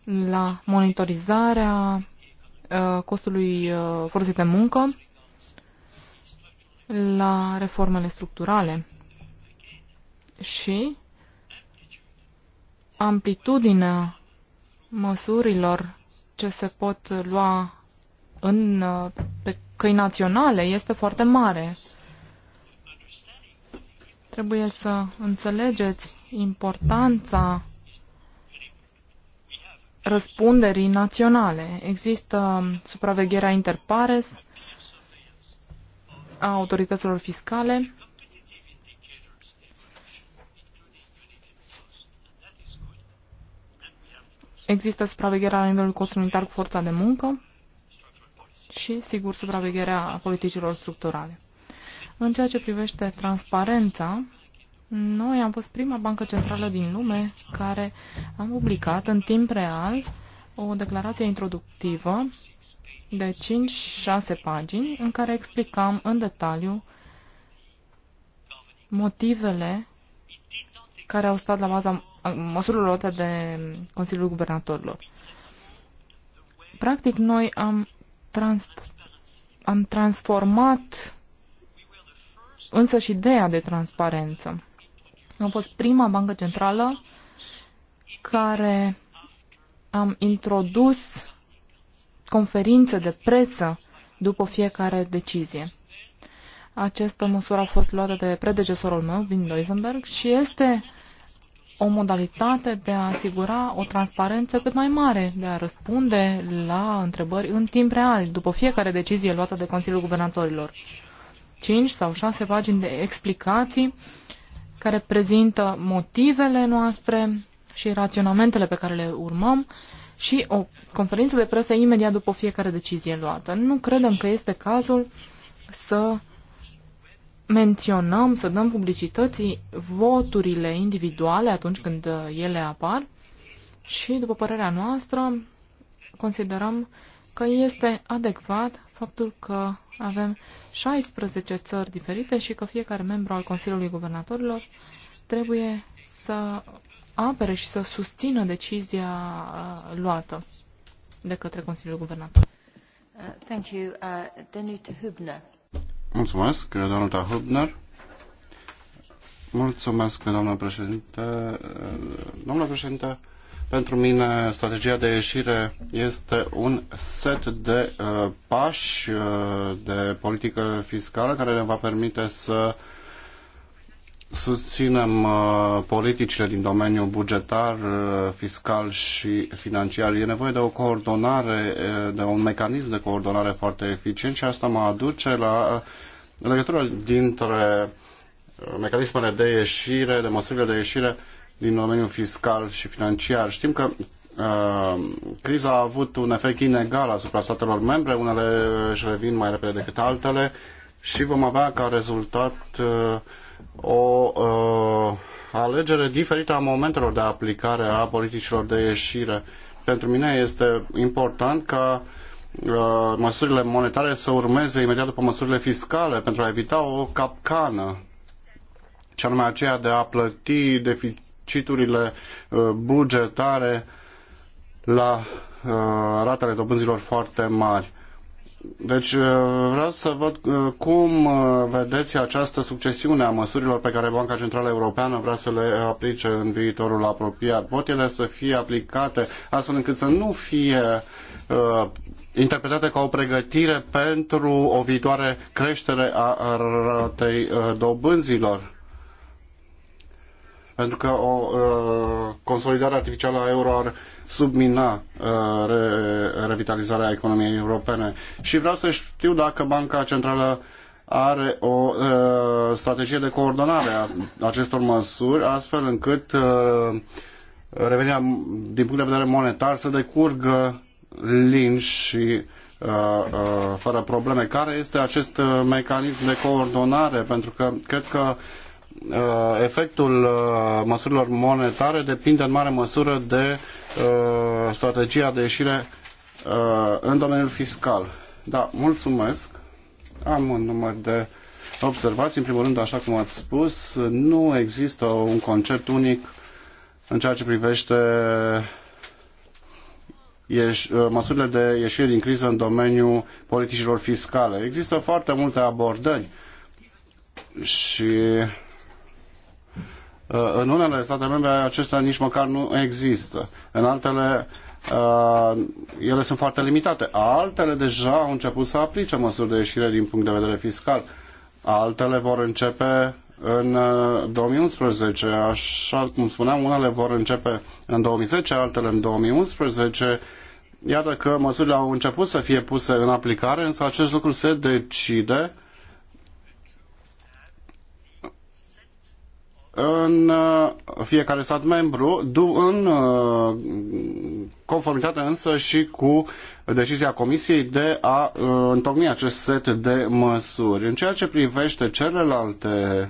la monitorizarea uh, costului uh, forței de muncă, la reformele structurale și amplitudinea măsurilor ce se pot lua în, uh, pe căi naționale este foarte mare. Trebuie să înțelegeți importanța răspunderii naționale. Există supravegherea interpares a autorităților fiscale Există supravegherea la nivelul costului unitar cu forța de muncă și, sigur, supravegherea politicilor structurale. În ceea ce privește transparența, noi am fost prima bancă centrală din lume care am publicat în timp real o declarație introductivă de 5-6 pagini în care explicam în detaliu motivele care au stat la baza măsurilor luate de Consiliul Guvernatorilor. Practic, noi am, trans am transformat însă și ideea de transparență. Am fost prima bancă centrală care am introdus conferințe de presă după fiecare decizie. Această măsură a fost luată de predecesorul meu, Vin Duisenberg, și este o modalitate de a asigura o transparență cât mai mare, de a răspunde la întrebări în timp real, după fiecare decizie luată de Consiliul Guvernatorilor. 5 sau 6 pagini de explicații care prezintă motivele noastre și raționamentele pe care le urmăm și o conferință de presă imediat după fiecare decizie luată. Nu credem că este cazul să menționăm, să dăm publicității voturile individuale atunci când uh, ele apar și, după părerea noastră, considerăm că este adecvat faptul că avem 16 țări diferite și că fiecare membru al Consiliului Guvernatorilor trebuie să apere și să susțină decizia uh, luată de către Consiliul Guvernator. Uh, thank you. Uh, Danuta Hubner. Mulțumesc, Danuta Hubner. Mulțumesc, doamna președinte. Uh, doamna președinte, pentru mine, strategia de ieșire este un set de uh, pași uh, de politică fiscală care ne va permite să susținem uh, politicile din domeniul bugetar, uh, fiscal și financiar. E nevoie de o coordonare, uh, de un mecanism de coordonare foarte eficient și asta mă aduce la uh, legătura dintre uh, mecanismele de ieșire, de măsurile de ieșire uh, din domeniul fiscal și financiar. Știm că uh, criza a avut un efect inegal asupra statelor membre, unele își revin mai repede decât altele și vom avea ca rezultat uh, o uh, alegere diferită a momentelor de aplicare a politicilor de ieșire. Pentru mine este important ca uh, măsurile monetare să urmeze imediat după măsurile fiscale pentru a evita o capcană, și anume aceea de a plăti deficit deficiturile uh, bugetare la uh, ratele dobânzilor foarte mari. Deci uh, vreau să văd cum vedeți această succesiune a măsurilor pe care Banca Centrală Europeană vrea să le aplice în viitorul apropiat. Pot ele să fie aplicate astfel încât să nu fie uh, interpretate ca o pregătire pentru o viitoare creștere a ratei dobânzilor? pentru că o uh, consolidare artificială a euro ar submina uh, re, revitalizarea economiei europene. Și vreau să știu dacă Banca Centrală are o uh, strategie de coordonare a acestor măsuri, astfel încât uh, revenirea din punct de vedere monetar să decurgă lin și uh, uh, fără probleme. Care este acest uh, mecanism de coordonare? Pentru că cred că Uh, efectul uh, măsurilor monetare depinde în mare măsură de uh, strategia de ieșire în domeniul fiscal. Da, mulțumesc. Am un număr de observații. În primul rând, așa cum ați spus, nu există un concept unic în ceea ce privește măsurile de ieșire din criză în domeniul politicilor fiscale. Există foarte multe abordări și Uh, în unele state membre acestea nici măcar nu există. În altele uh, ele sunt foarte limitate. Altele deja au început să aplice măsuri de ieșire din punct de vedere fiscal. Altele vor începe în 2011. Uh, așa cum spuneam, unele vor începe în 2010, altele în 2011. Iată că măsurile au început să fie puse în aplicare, însă acest lucru se decide în uh, fiecare stat membru, în uh, conformitate însă și cu decizia Comisiei de a uh, întocmi acest set de măsuri. În ceea ce privește celelalte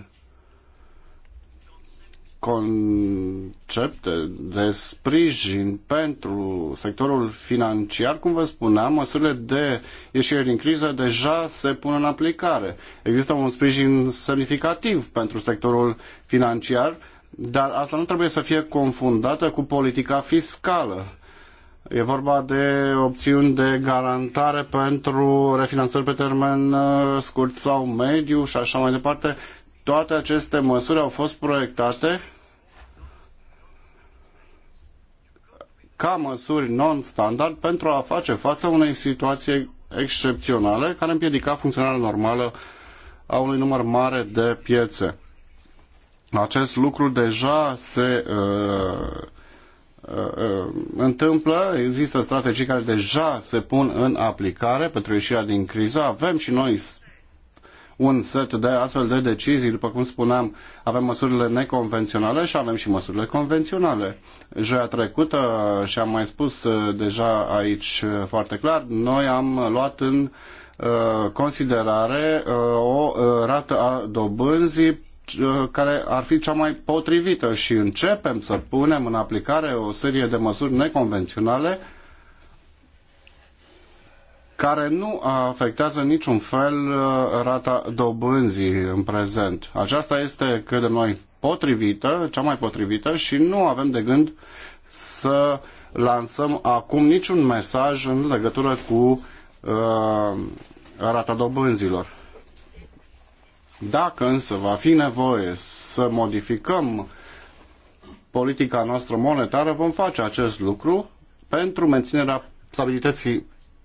concepte de sprijin pentru sectorul financiar, cum vă spuneam, măsurile de ieșire din criză deja se pun în aplicare. Există un sprijin semnificativ pentru sectorul financiar, dar asta nu trebuie să fie confundată cu politica fiscală. E vorba de opțiuni de garantare pentru refinanțări pe termen uh, scurt sau mediu și așa mai departe. Toate aceste măsuri au fost proiectate ca măsuri non-standard pentru a face față unei situații excepționale care împiedica funcționarea normală a unui număr mare de piețe. Acest lucru deja se uh, uh, uh întâmplă, există strategii care deja se pun în aplicare pentru ieșirea din criză. Avem și noi un set de astfel de decizii. După cum spuneam, avem măsurile neconvenționale și avem și măsurile convenționale. Joia trecută, și am mai spus uh, deja aici uh, foarte clar, noi am luat în uh, considerare o rată a dobânzii care ar fi cea mai potrivită și începem să punem în aplicare o serie de măsuri neconvenționale care nu afectează în niciun fel uh, rata dobânzii în prezent. Aceasta este, credem noi, potrivită, cea mai potrivită și nu avem de gând să lansăm acum niciun mesaj în legătură cu uh, rata dobânzilor. Dacă însă va fi nevoie să modificăm politica noastră monetară, vom face acest lucru pentru menținerea stabilității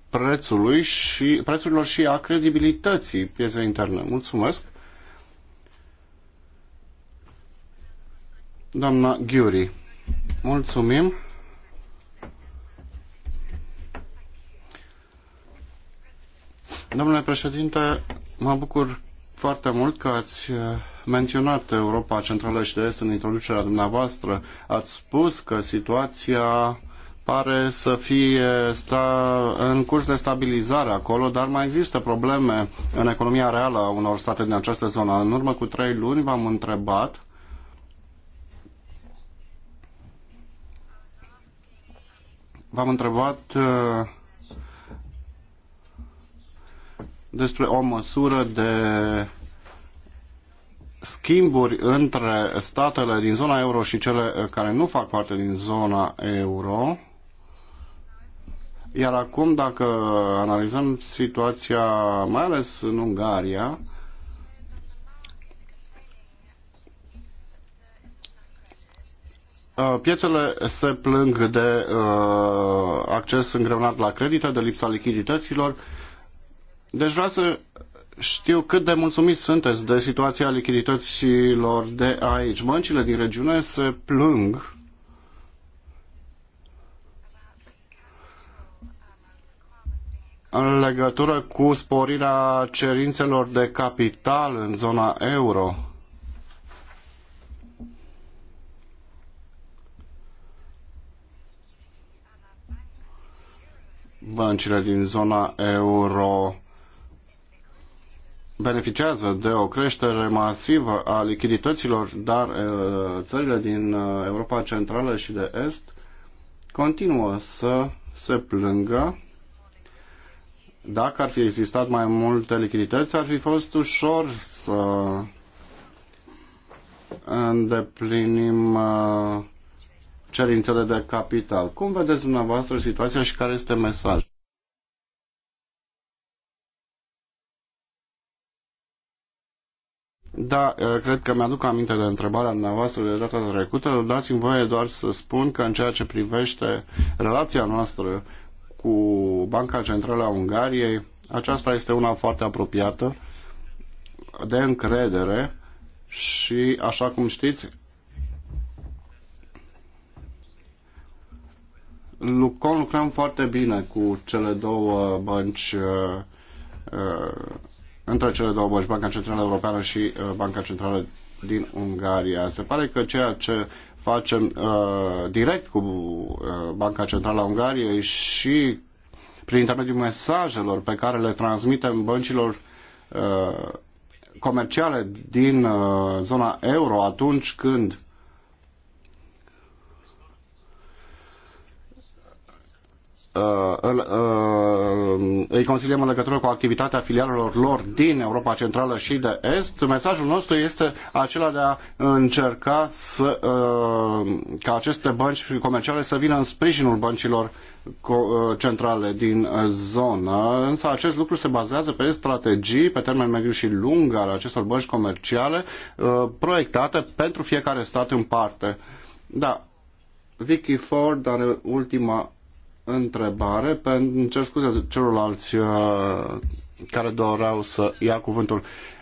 prețului și, prețurilor și a credibilității pieței interne. Mulțumesc! Doamna Ghiuri, mulțumim! Domnule președinte, mă bucur foarte mult că ați menționat Europa Centrală și de Est în introducerea dumneavoastră. Ați spus că situația pare să fie sta, în curs de stabilizare acolo, dar mai există probleme în economia reală a unor state din această zonă. În urmă cu trei luni v-am întrebat v-am întrebat uh, despre o măsură de schimburi între statele din zona euro și cele care nu fac parte din zona euro. Iar acum, dacă analizăm situația, mai ales în Ungaria, uh, Piețele se plâng de uh, acces îngreunat la credite, de lipsa lichidităților. Deci vreau să știu cât de mulțumiți sunteți de situația lichidităților de aici. Băncile din regiune se plâng în legătură cu sporirea cerințelor de capital în zona euro. Băncile din zona euro beneficiază de o creștere masivă a lichidităților, dar eh, țările din eh, Europa Centrală și de Est continuă să se plângă dacă ar fi existat mai multe lichidități, ar fi fost ușor să îndeplinim uh, cerințele de capital. Cum vedeți dumneavoastră situația și care este mesajul? Da, uh, cred că mi-aduc aminte de întrebarea dumneavoastră de data trecută. Dați-mi voie doar să spun că în ceea ce privește relația noastră cu Banca Centrală a Ungariei. Aceasta este una foarte apropiată de încredere și, așa cum știți, lucrăm foarte bine cu cele două bănci uh, uh, între cele două bănci, Banca Centrală Europeană și uh, Banca Centrală din Ungaria. Se pare că ceea ce facem uh, direct cu uh, Banca Centrală a Ungariei și prin intermediul mesajelor pe care le transmitem băncilor uh, comerciale din uh, zona euro atunci când Uh, îl, uh, îi consiliem în legătură cu activitatea filialelor lor din Europa Centrală și de Est, mesajul nostru este acela de a încerca să, uh, ca aceste bănci comerciale să vină în sprijinul băncilor centrale din zonă, însă acest lucru se bazează pe strategii pe termen mediu și lung ale acestor bănci comerciale proiectate pentru fiecare stat în parte. Da, Vicky Ford are ultima întrebare, pentru cer scuze celorlalți uh, care doreau să ia cuvântul.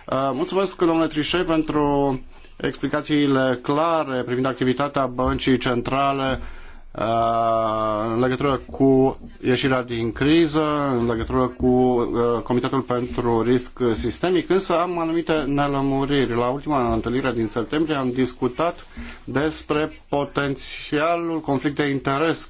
Uh, mulțumesc, domnule Trișei, pentru explicațiile clare privind activitatea băncii centrale Uh, în legătură cu ieșirea din criză, în legătură cu uh, Comitetul pentru Risc Sistemic, însă am anumite nelămuriri. La ultima întâlnire din septembrie am discutat despre potențialul conflict de interes,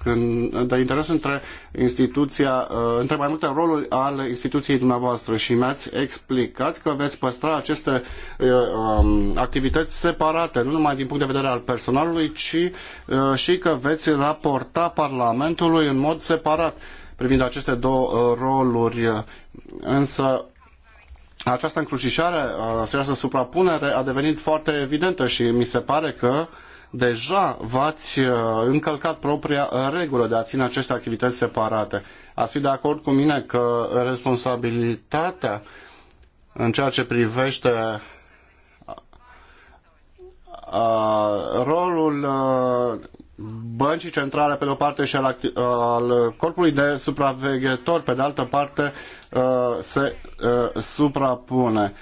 de interes între, instituția, uh, între mai multe roluri ale instituției dumneavoastră și mi-ați explicat că veți păstra aceste um, activități separate, nu numai din punct de vedere al personalului, ci și că veți la raporta Parlamentului în mod separat privind aceste două uh, roluri. Însă această încrucișare, uh, această suprapunere a devenit foarte evidentă și mi se pare că deja v-ați uh, încălcat propria regulă de a ține aceste activități separate. Ați fi de acord cu mine că responsabilitatea în ceea ce privește rolul băncii centrale pe de o parte și al, al corpului de supraveghetori pe de altă parte uh, se uh, suprapune.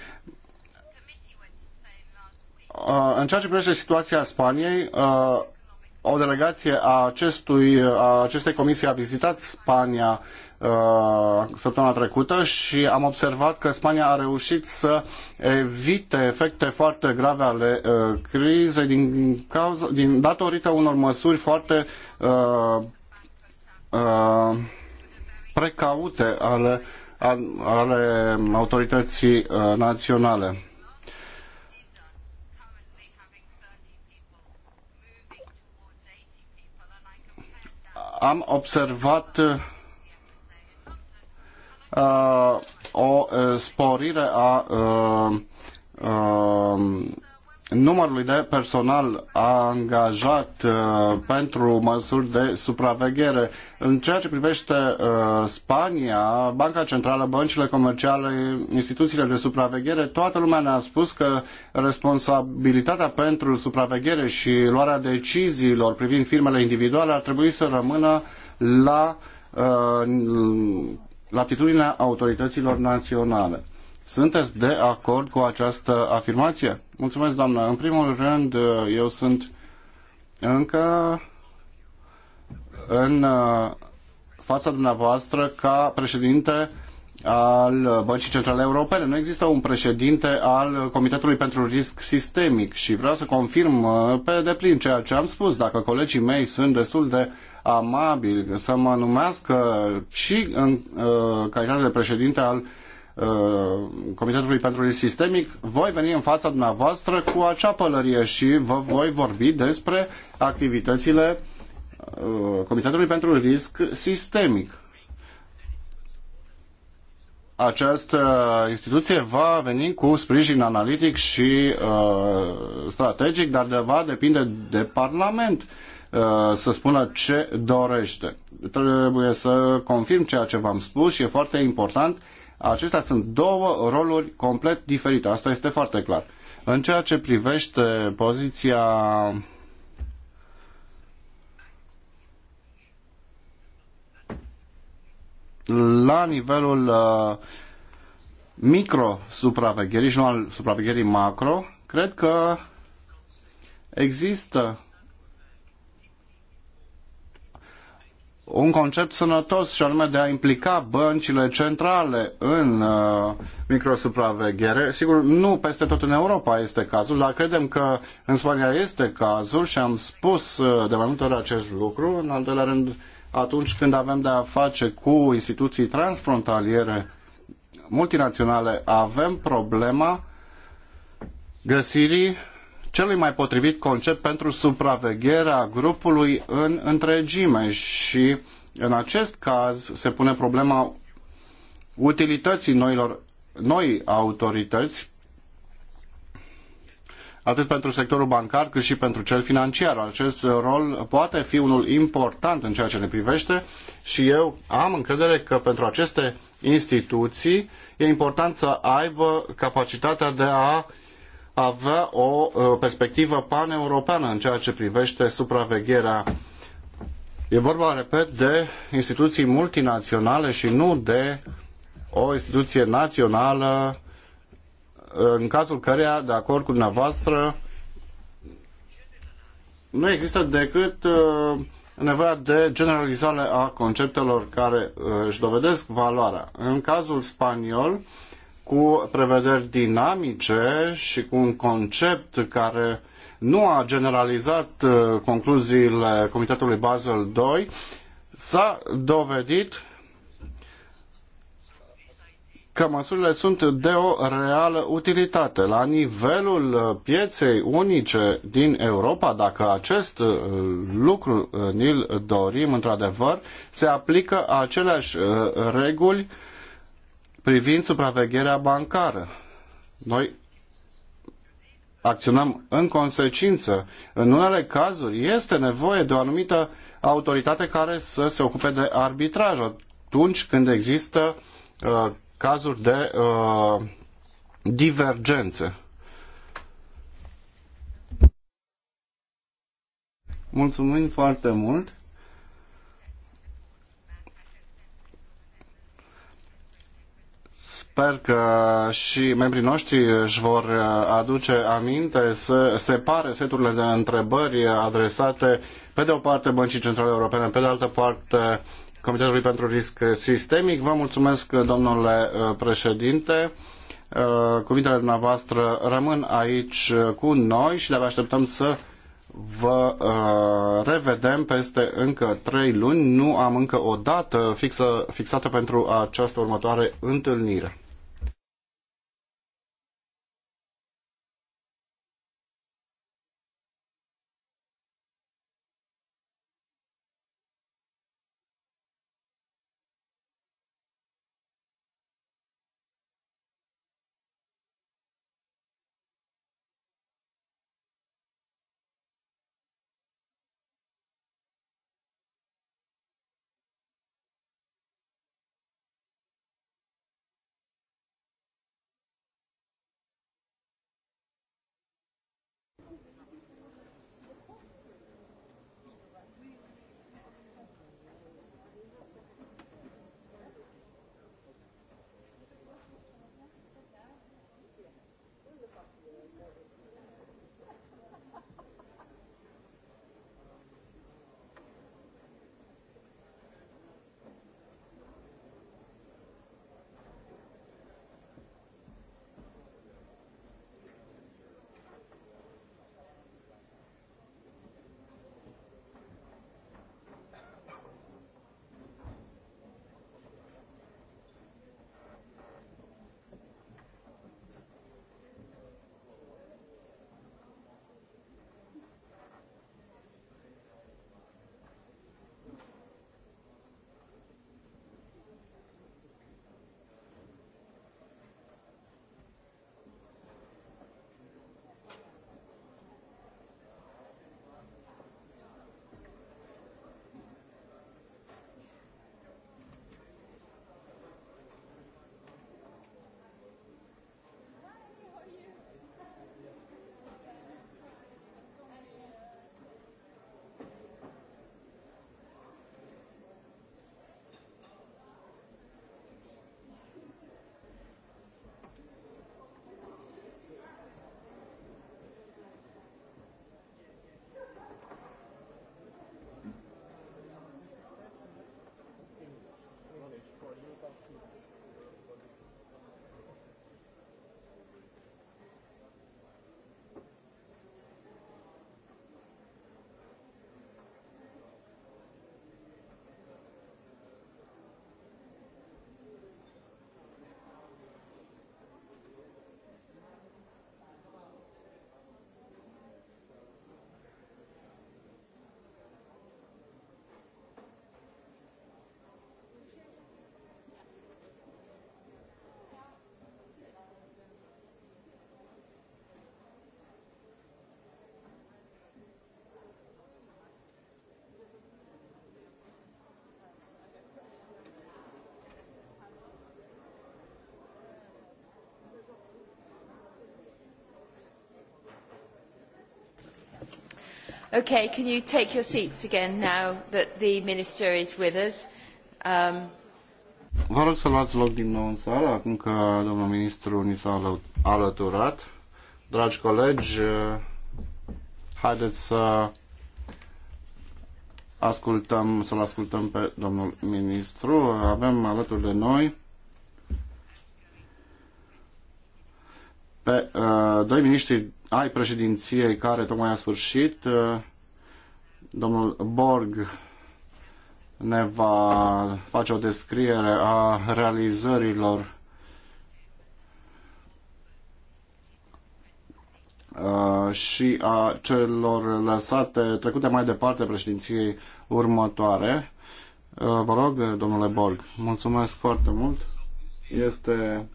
Uh, în ceea ce privește situația Spaniei, o delegație a, acestui, a acestei comisii a vizitat Spania uh, Uh, săptămâna trecută și am observat că Spania a reușit să evite efecte foarte grave ale uh, crizei din cauza, din, datorită unor măsuri foarte uh, uh, precaute ale, ale autorității uh, naționale. Am observat o sporire a numărului de personal angajat pentru măsuri de supraveghere. În ceea ce privește Spania, Banca Centrală, băncile comerciale, instituțiile de supraveghere, toată lumea ne-a spus că responsabilitatea pentru supraveghere și luarea deciziilor privind firmele individuale ar trebui să rămână la latitudinea autorităților naționale. Sunteți de acord cu această afirmație? Mulțumesc, doamnă. În primul rând, eu sunt încă în uh, fața dumneavoastră ca președinte al Băncii Centrale Europene. Nu există un președinte al Comitetului pentru Risc Sistemic și vreau să confirm uh, pe deplin ceea ce am spus. Dacă colegii mei sunt destul de amabil să mă numească și în uh, calitate de președinte al uh, Comitetului pentru Risc Sistemic, voi veni în fața dumneavoastră cu acea pălărie și vă voi vorbi despre activitățile uh, Comitetului pentru Risc Sistemic această instituție va veni cu sprijin analitic și uh, strategic, dar de va depinde de Parlament. Uh, să spună ce dorește. Trebuie să confirm ceea ce v-am spus și e foarte important. Acestea sunt două roluri complet diferite. Asta este foarte clar. În ceea ce privește poziția la nivelul uh, micro-supravegherii și nu al supravegherii macro, cred că există un concept sănătos și anume de a implica băncile centrale în uh, microsupraveghere. Sigur, nu peste tot în Europa este cazul, dar credem că în Spania este cazul și am spus uh, de mai multe ori acest lucru. În al doilea rând, atunci când avem de a face cu instituții transfrontaliere multinaționale, avem problema găsirii celui mai potrivit concept pentru supravegherea grupului în întregime și în acest caz se pune problema utilității noilor, noi autorități atât pentru sectorul bancar cât și pentru cel financiar. Acest rol poate fi unul important în ceea ce ne privește și eu am încredere că pentru aceste instituții e important să aibă capacitatea de a avea o perspectivă paneuropeană în ceea ce privește supravegherea. E vorba, repet, de instituții multinaționale și nu de o instituție națională în cazul căreia, de acord cu dumneavoastră, nu există decât nevoia de generalizare a conceptelor care își dovedesc valoarea. În cazul spaniol, cu prevederi dinamice și cu un concept care nu a generalizat uh, concluziile Comitetului Basel II, s-a dovedit că măsurile sunt de o reală utilitate. La nivelul uh, pieței unice din Europa, dacă acest uh, lucru ni-l dorim într-adevăr, se aplică aceleași reguli uh, privind supravegherea bancară. Noi acționăm în consecință. În unele cazuri este nevoie de o anumită autoritate care să se ocupe de arbitraj atunci când există uh, cazuri de uh, divergențe. Mulțumim foarte mult. Sper că și membrii noștri își vor uh, aduce aminte să separe seturile de întrebări adresate pe de o parte Băncii Centrale Europene, pe de altă parte Comitetului pentru Risc Sistemic. Vă mulțumesc, domnule uh, președinte. Uh, cuvintele dumneavoastră rămân aici cu noi și le așteptăm să vă uh, revedem peste încă trei luni. Nu am încă o dată fixă, fixată pentru această următoare întâlnire. Okay, can you take your seats again now that the minister is with us? Um... Vă rog să luați loc din nou în sală, acum că domnul ministru ni s-a alăturat. Dragi colegi, haideți să ascultăm, să-l ascultăm pe domnul ministru. Avem alături de noi doi miniștri ai președinției care tocmai a sfârșit. Uh, domnul Borg ne va face o descriere a realizărilor uh, și a celor lăsate, trecute mai departe președinției următoare. Uh, vă rog, domnule Borg, mulțumesc foarte mult. Este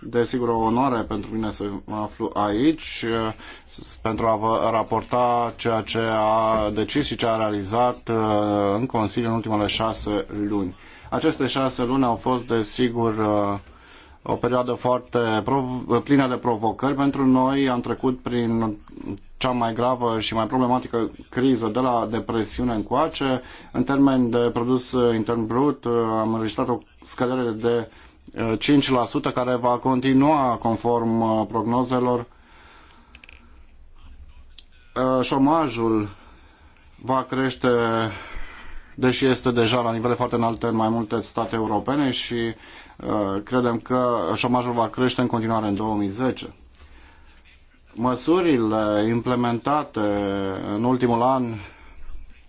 Desigur, o onoare pentru mine să mă aflu aici pentru a vă raporta ceea ce a decis și ce a realizat uh, în Consiliu în ultimele șase luni. Aceste șase luni au fost, desigur, uh, o perioadă foarte plină de provocări pentru noi. Am trecut prin cea mai gravă și mai problematică criză de la depresiune încoace. În termen de produs intern brut uh, am înregistrat o scădere de 5% care va continua conform uh, prognozelor. Uh, șomajul va crește, deși este deja la nivele foarte înalte în mai multe state europene și uh, credem că șomajul va crește în continuare în 2010. Măsurile implementate în ultimul an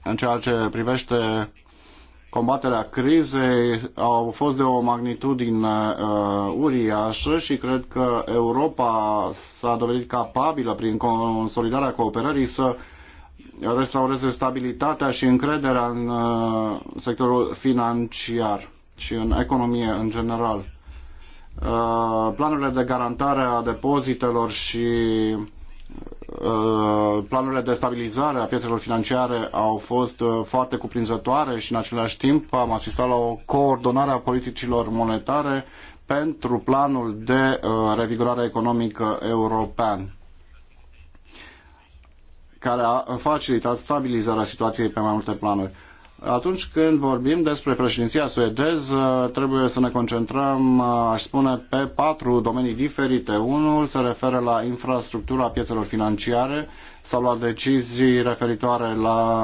în ceea ce privește combaterea crizei au fost de o magnitudine uh, uriașă și cred că Europa s-a dovedit capabilă prin consolidarea cooperării să restaureze stabilitatea și încrederea în uh, sectorul financiar și în economie în general. Uh, planurile de garantare a depozitelor și Uh, planurile de stabilizare a piețelor financiare au fost uh, foarte cuprinzătoare și în același timp am asistat la o coordonare a politicilor monetare pentru planul de uh, revigorare economică european care a facilitat stabilizarea situației pe mai multe planuri. Atunci când vorbim despre președinția suedeză, trebuie să ne concentrăm, aș spune, pe patru domenii diferite. Unul se referă la infrastructura piețelor financiare, s-au luat decizii referitoare la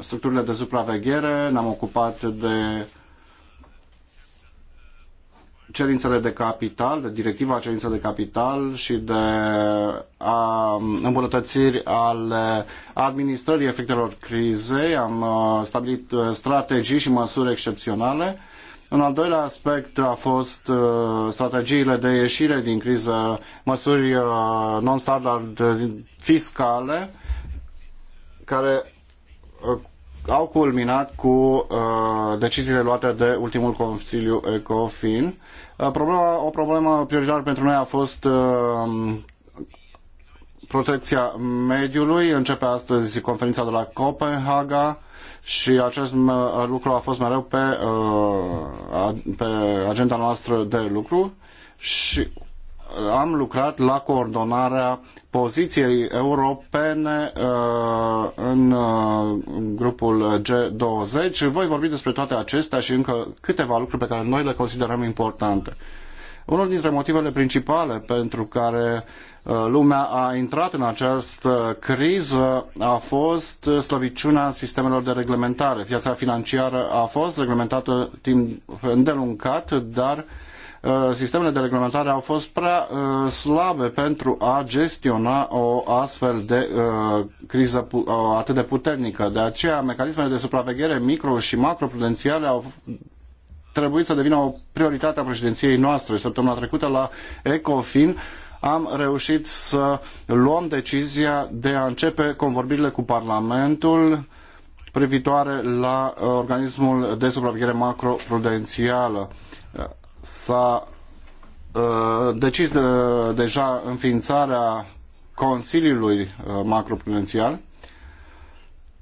structurile de supraveghere, ne-am ocupat de cerințele de capital, de directiva cerințe de capital și de a, îmbunătățiri ale administrării efectelor crizei. Am uh, stabilit uh, strategii și măsuri excepționale. Un al doilea aspect a fost uh, strategiile de ieșire din criză, măsuri non-standard fiscale care au culminat cu uh, deciziile luate de ultimul Consiliu ECOFIN. Uh, problema, o problemă prioritară pentru noi a fost uh, protecția mediului. Începe astăzi conferința de la Copenhaga și acest uh, lucru a fost mereu pe, uh, pe agenda noastră de lucru și am lucrat la coordonarea poziției europene uh, uh, în grupul G20. Voi vorbi despre toate acestea și încă câteva lucruri pe care noi le considerăm importante. Unul dintre motivele principale pentru care uh, lumea a intrat în această criză a fost slăbiciunea sistemelor de reglementare. Piața financiară a fost reglementată timp îndelungat, dar Uh, sistemele de reglementare au fost prea uh, slabe pentru a gestiona o astfel de uh, criză atât de puternică. De aceea, mecanismele de supraveghere micro și macroprudențiale au trebuit să devină o prioritate a președinției noastre. Săptămâna trecută la Ecofin am reușit să luăm decizia de a începe convorbirile cu Parlamentul privitoare la organismul de supraveghere macroprudențială. S-a uh, decis de, deja înființarea Consiliului uh, Macroprudențial.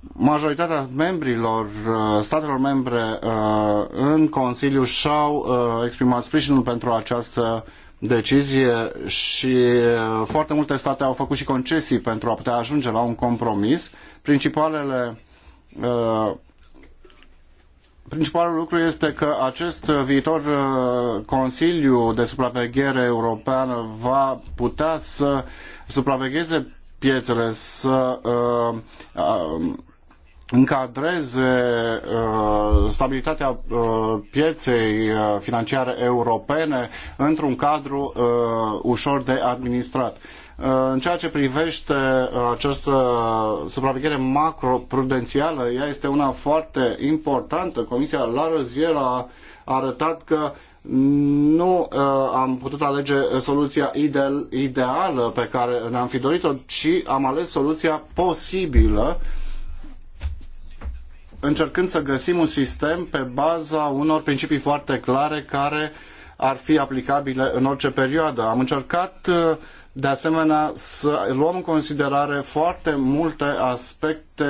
Majoritatea membrilor, uh, statelor membre uh, în Consiliu și-au exprimat sprijinul pentru această decizie și foarte multe state au făcut și concesii pentru a putea ajunge la un compromis. Principalele uh, Principalul lucru este că acest viitor uh, Consiliu de Supraveghere european va putea să supravegheze piețele, să uh, uh, încadreze uh, stabilitatea uh, pieței uh, financiare europene într-un cadru ușor de administrat. În ceea ce privește această supraveghere macroprudențială, ea este una foarte importantă. Comisia la răzier a arătat că nu am putut alege soluția ideală pe care ne-am fi dorit-o, ci am ales soluția posibilă încercând să găsim un sistem pe baza unor principii foarte clare care ar fi aplicabile în orice perioadă. Am încercat uh, de asemenea să luăm în considerare foarte multe aspecte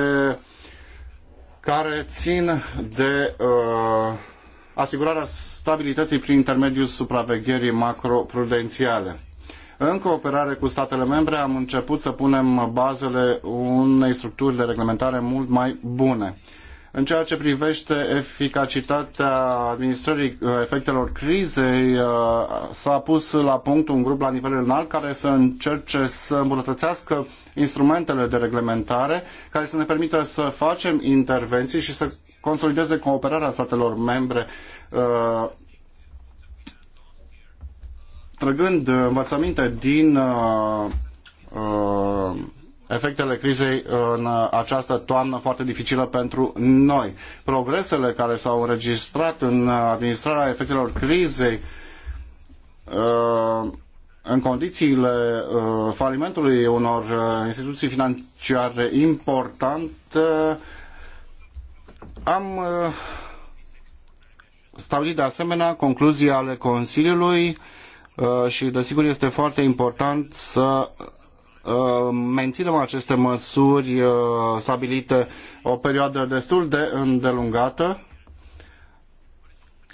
care țin de uh, asigurarea stabilității prin intermediul supravegherii macroprudențiale. În cooperare cu statele membre am început să punem bazele unei structuri de reglementare mult mai bune. În ceea ce privește eficacitatea administrării uh, efectelor crizei, uh, s-a pus la punct un grup la nivel înalt care să încerce să îmbunătățească instrumentele de reglementare care să ne permită să facem intervenții și să consolideze cooperarea statelor membre uh, trăgând învățăminte din uh, uh, efectele crizei în această toamnă foarte dificilă pentru noi. Progresele care s-au înregistrat în administrarea efectelor crizei uh, în condițiile uh, falimentului unor uh, instituții financiare importante am stabilit de asemenea concluzii ale Consiliului și desigur este foarte important să Uh, menținem aceste măsuri uh, stabilite o perioadă destul de îndelungată,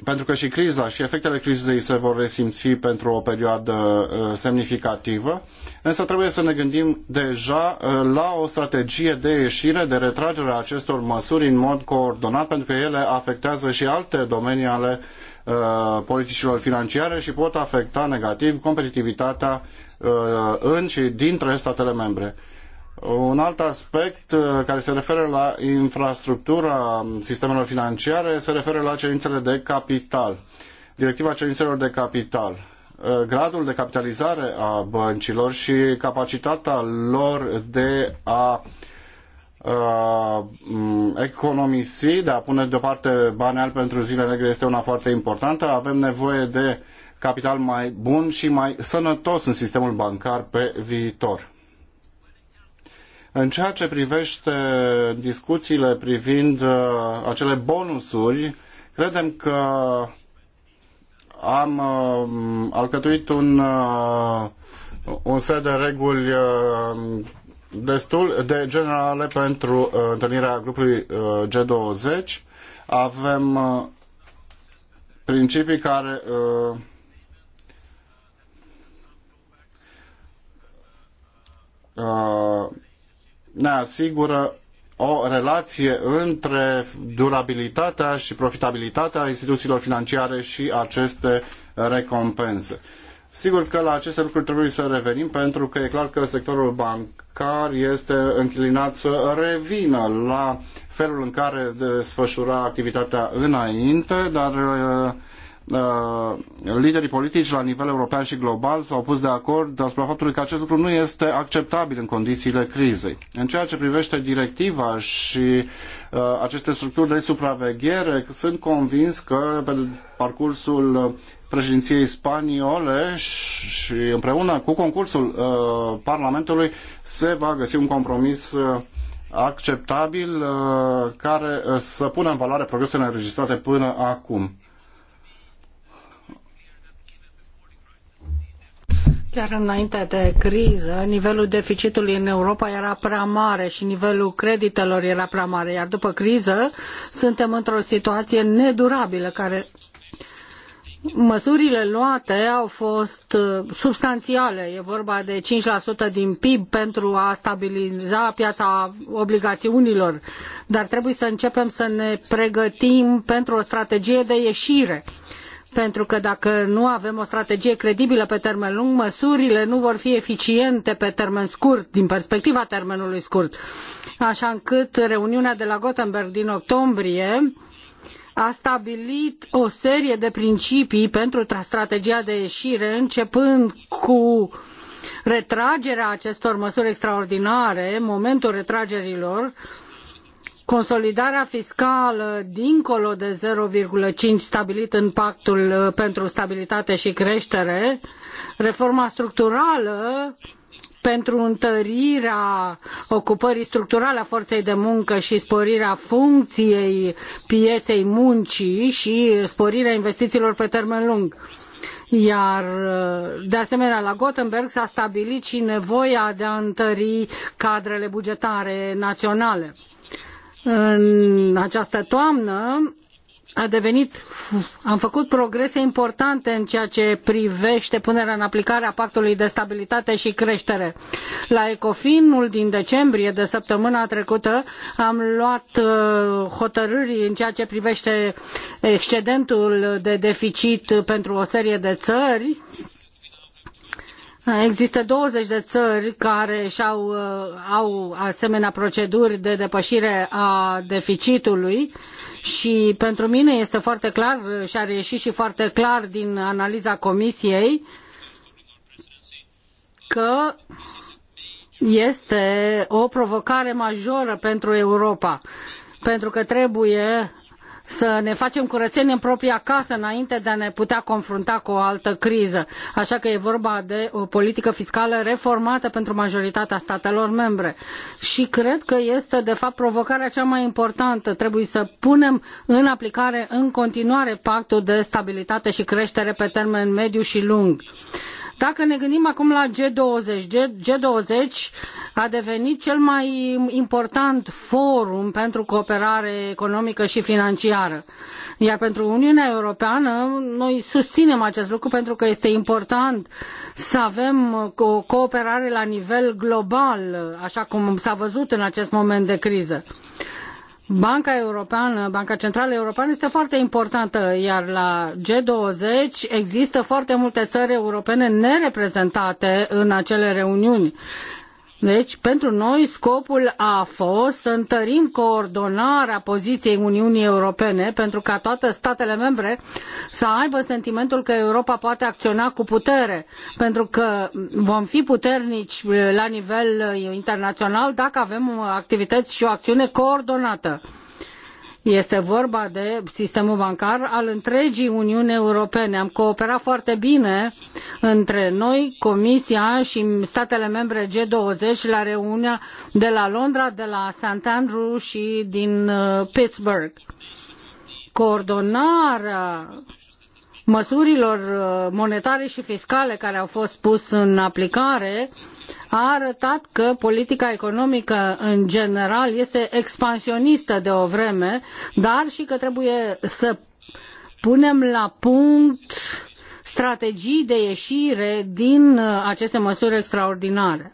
pentru că și criza și efectele crizei se vor resimți pentru o perioadă uh, semnificativă, însă trebuie să ne gândim deja la o strategie de ieșire, de retragere a acestor măsuri în mod coordonat, pentru că ele afectează și alte domenii ale politicilor financiare și pot afecta negativ competitivitatea Uh, în și dintre statele membre. Un alt aspect uh, care se referă la infrastructura sistemelor financiare se referă la cerințele de capital. Directiva cerințelor de capital. Uh, gradul de capitalizare a băncilor și capacitatea lor de a uh, Uh, economisi, de a pune deoparte bani albi pentru zile negre este una foarte importantă. Avem nevoie de capital mai bun și mai sănătos în sistemul bancar pe viitor. În ceea ce privește discuțiile privind uh, acele bonusuri, credem că am uh, alcătuit un, un set de reguli destul de generale pentru uh, întâlnirea grupului uh, G20. Avem uh, principii care uh, uh, ne asigură o relație între durabilitatea și profitabilitatea instituțiilor financiare și aceste recompense. Sigur că la aceste lucruri trebuie să revenim pentru că e clar că sectorul banc care este înclinat să revină la felul în care desfășura activitatea înainte, dar uh, Uh, liderii politici la nivel european și global s-au pus de acord asupra faptului că acest lucru nu este acceptabil în condițiile crizei. În ceea ce privește directiva și uh, aceste structuri de supraveghere, sunt convins că pe parcursul președinției spaniole și împreună cu concursul uh, Parlamentului se va găsi un compromis uh, acceptabil uh, care să pună în valoare progresele înregistrate până acum. Chiar înainte de criză, nivelul deficitului în Europa era prea mare și nivelul creditelor era prea mare, iar după criză suntem într-o situație nedurabilă care Măsurile luate au fost uh, substanțiale. E vorba de 5% din PIB pentru a stabiliza piața obligațiunilor, dar trebuie să începem să ne pregătim pentru o strategie de ieșire pentru că dacă nu avem o strategie credibilă pe termen lung, măsurile nu vor fi eficiente pe termen scurt, din perspectiva termenului scurt. Așa încât reuniunea de la Gothenburg din octombrie a stabilit o serie de principii pentru strategia de ieșire, începând cu retragerea acestor măsuri extraordinare, momentul retragerilor, uh, consolidarea fiscală dincolo de 0,5 stabilit în pactul uh, pentru stabilitate și creștere, reforma structurală pentru întărirea ocupării structurale a forței de muncă și sporirea funcției pieței muncii și sporirea investițiilor pe termen lung. Iar, uh, de asemenea, la Gothenburg s-a stabilit și nevoia de a întări cadrele bugetare naționale în această toamnă a devenit, am făcut progrese importante în ceea ce privește punerea în aplicare a Pactului de Stabilitate și Creștere. La Ecofinul din decembrie de săptămâna trecută am luat uh, hotărâri în ceea ce privește excedentul de deficit pentru o serie de țări Există 20 de țări care și-au, uh, au asemenea proceduri de depășire a deficitului și pentru mine este foarte clar și a reieșit și foarte clar din analiza comisiei că este o provocare majoră pentru Europa, pentru că trebuie să ne facem curățenie în propria casă înainte de a ne putea confrunta cu o altă criză. Așa că e vorba de o politică fiscală reformată pentru majoritatea statelor membre. Și cred că este, de fapt, provocarea cea mai importantă. Trebuie să punem în aplicare în continuare pactul de stabilitate și creștere pe termen mediu și lung dacă ne gândim acum la G20, G20 a devenit cel mai important forum pentru cooperare economică și financiară. Iar pentru Uniunea Europeană, noi susținem acest lucru pentru că este important să avem o cooperare la nivel global, așa cum s-a văzut în acest moment de criză. Banca Europeană, Banca Centrală Europeană este foarte importantă, iar la G20 există foarte multe țări europene nereprezentate în acele reuniuni. Deci, pentru noi, scopul a fost să întărim coordonarea poziției Uniunii Europene pentru ca toate statele membre să aibă sentimentul că Europa poate acționa cu putere, pentru că vom fi puternici la nivel internațional dacă avem activități și o acțiune coordonată. Este vorba de sistemul bancar al întregii Uniuni Europene. Am cooperat foarte bine între noi, Comisia și statele membre G20 la reuniunea de la Londra, de la St. Andrew și din uh, Pittsburgh. Coordonarea măsurilor uh, monetare și fiscale care au fost pus în aplicare uh, a arătat că politica economică în general este expansionistă de o vreme, dar și că trebuie să punem la punct strategii de ieșire din uh, aceste măsuri extraordinare.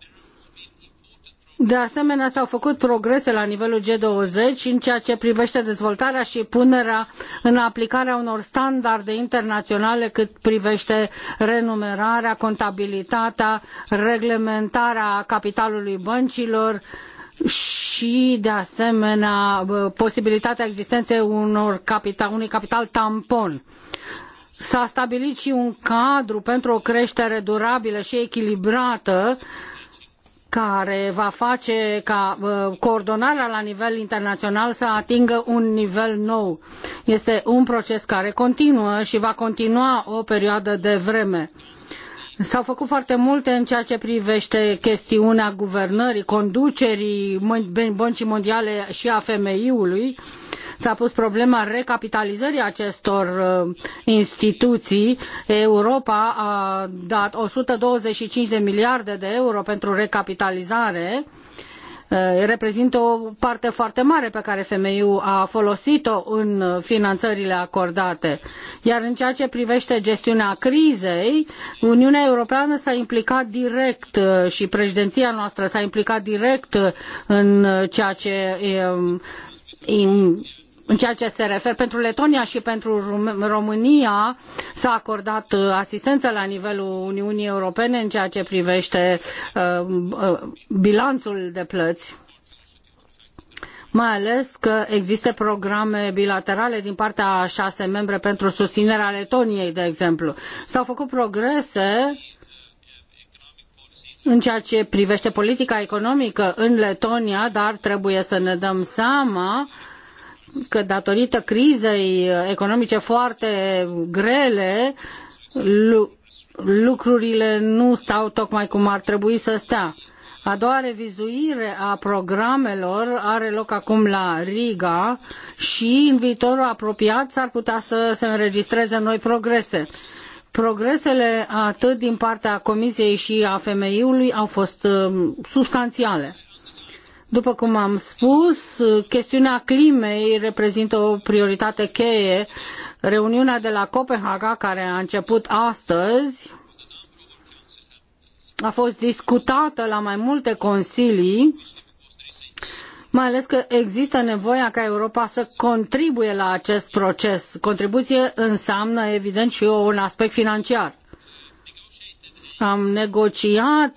De asemenea, s-au făcut progrese la nivelul G20 în ceea ce privește dezvoltarea și punerea în aplicare a unor standarde internaționale cât privește renumerarea, contabilitatea, reglementarea capitalului băncilor și, de asemenea, posibilitatea existenței unor capital, unui capital tampon. S-a stabilit și un cadru pentru o creștere durabilă și echilibrată uh, care va face ca uh, coordonarea la nivel internațional să atingă un nivel nou. Este un proces care continuă și va continua o perioadă de vreme. S-au făcut foarte multe în ceea ce privește chestiunea guvernării, conducerii Băncii Mondiale și a FMI-ului. Uh, S-a pus problema recapitalizării acestor uh, instituții. Europa a dat 125 de miliarde de euro pentru recapitalizare uh, reprezintă o parte foarte mare pe care FMI-ul a folosit-o în finanțările acordate. Iar în ceea ce privește gestiunea crizei, Uniunea Europeană s-a implicat direct uh, și președinția noastră s-a implicat direct în ceea ce um, în ceea ce se referă pentru Letonia și pentru România s-a acordat uh, asistență la nivelul Uniunii Europene în ceea ce privește uh, uh, bilanțul de plăți mai ales că există programe bilaterale din partea a șase membre pentru susținerea Letoniei, de exemplu. S-au făcut progrese în ceea ce privește politica economică în Letonia, dar trebuie să ne dăm seama uh, că datorită crizei economice foarte grele, lucrurile nu stau tocmai cum ar trebui să stea. A doua revizuire a programelor are loc acum la Riga și în viitorul apropiat s-ar putea să se înregistreze noi progrese. Progresele atât din partea Comisiei și a FMI-ului au fost uh, substanțiale. După cum am spus, chestiunea climei reprezintă o prioritate cheie. Reuniunea de la Copenhaga, care a început astăzi, a fost discutată la mai multe consilii, mai ales că există nevoia ca Europa să contribuie la acest proces. Contribuție înseamnă, evident, și un aspect financiar. Am negociat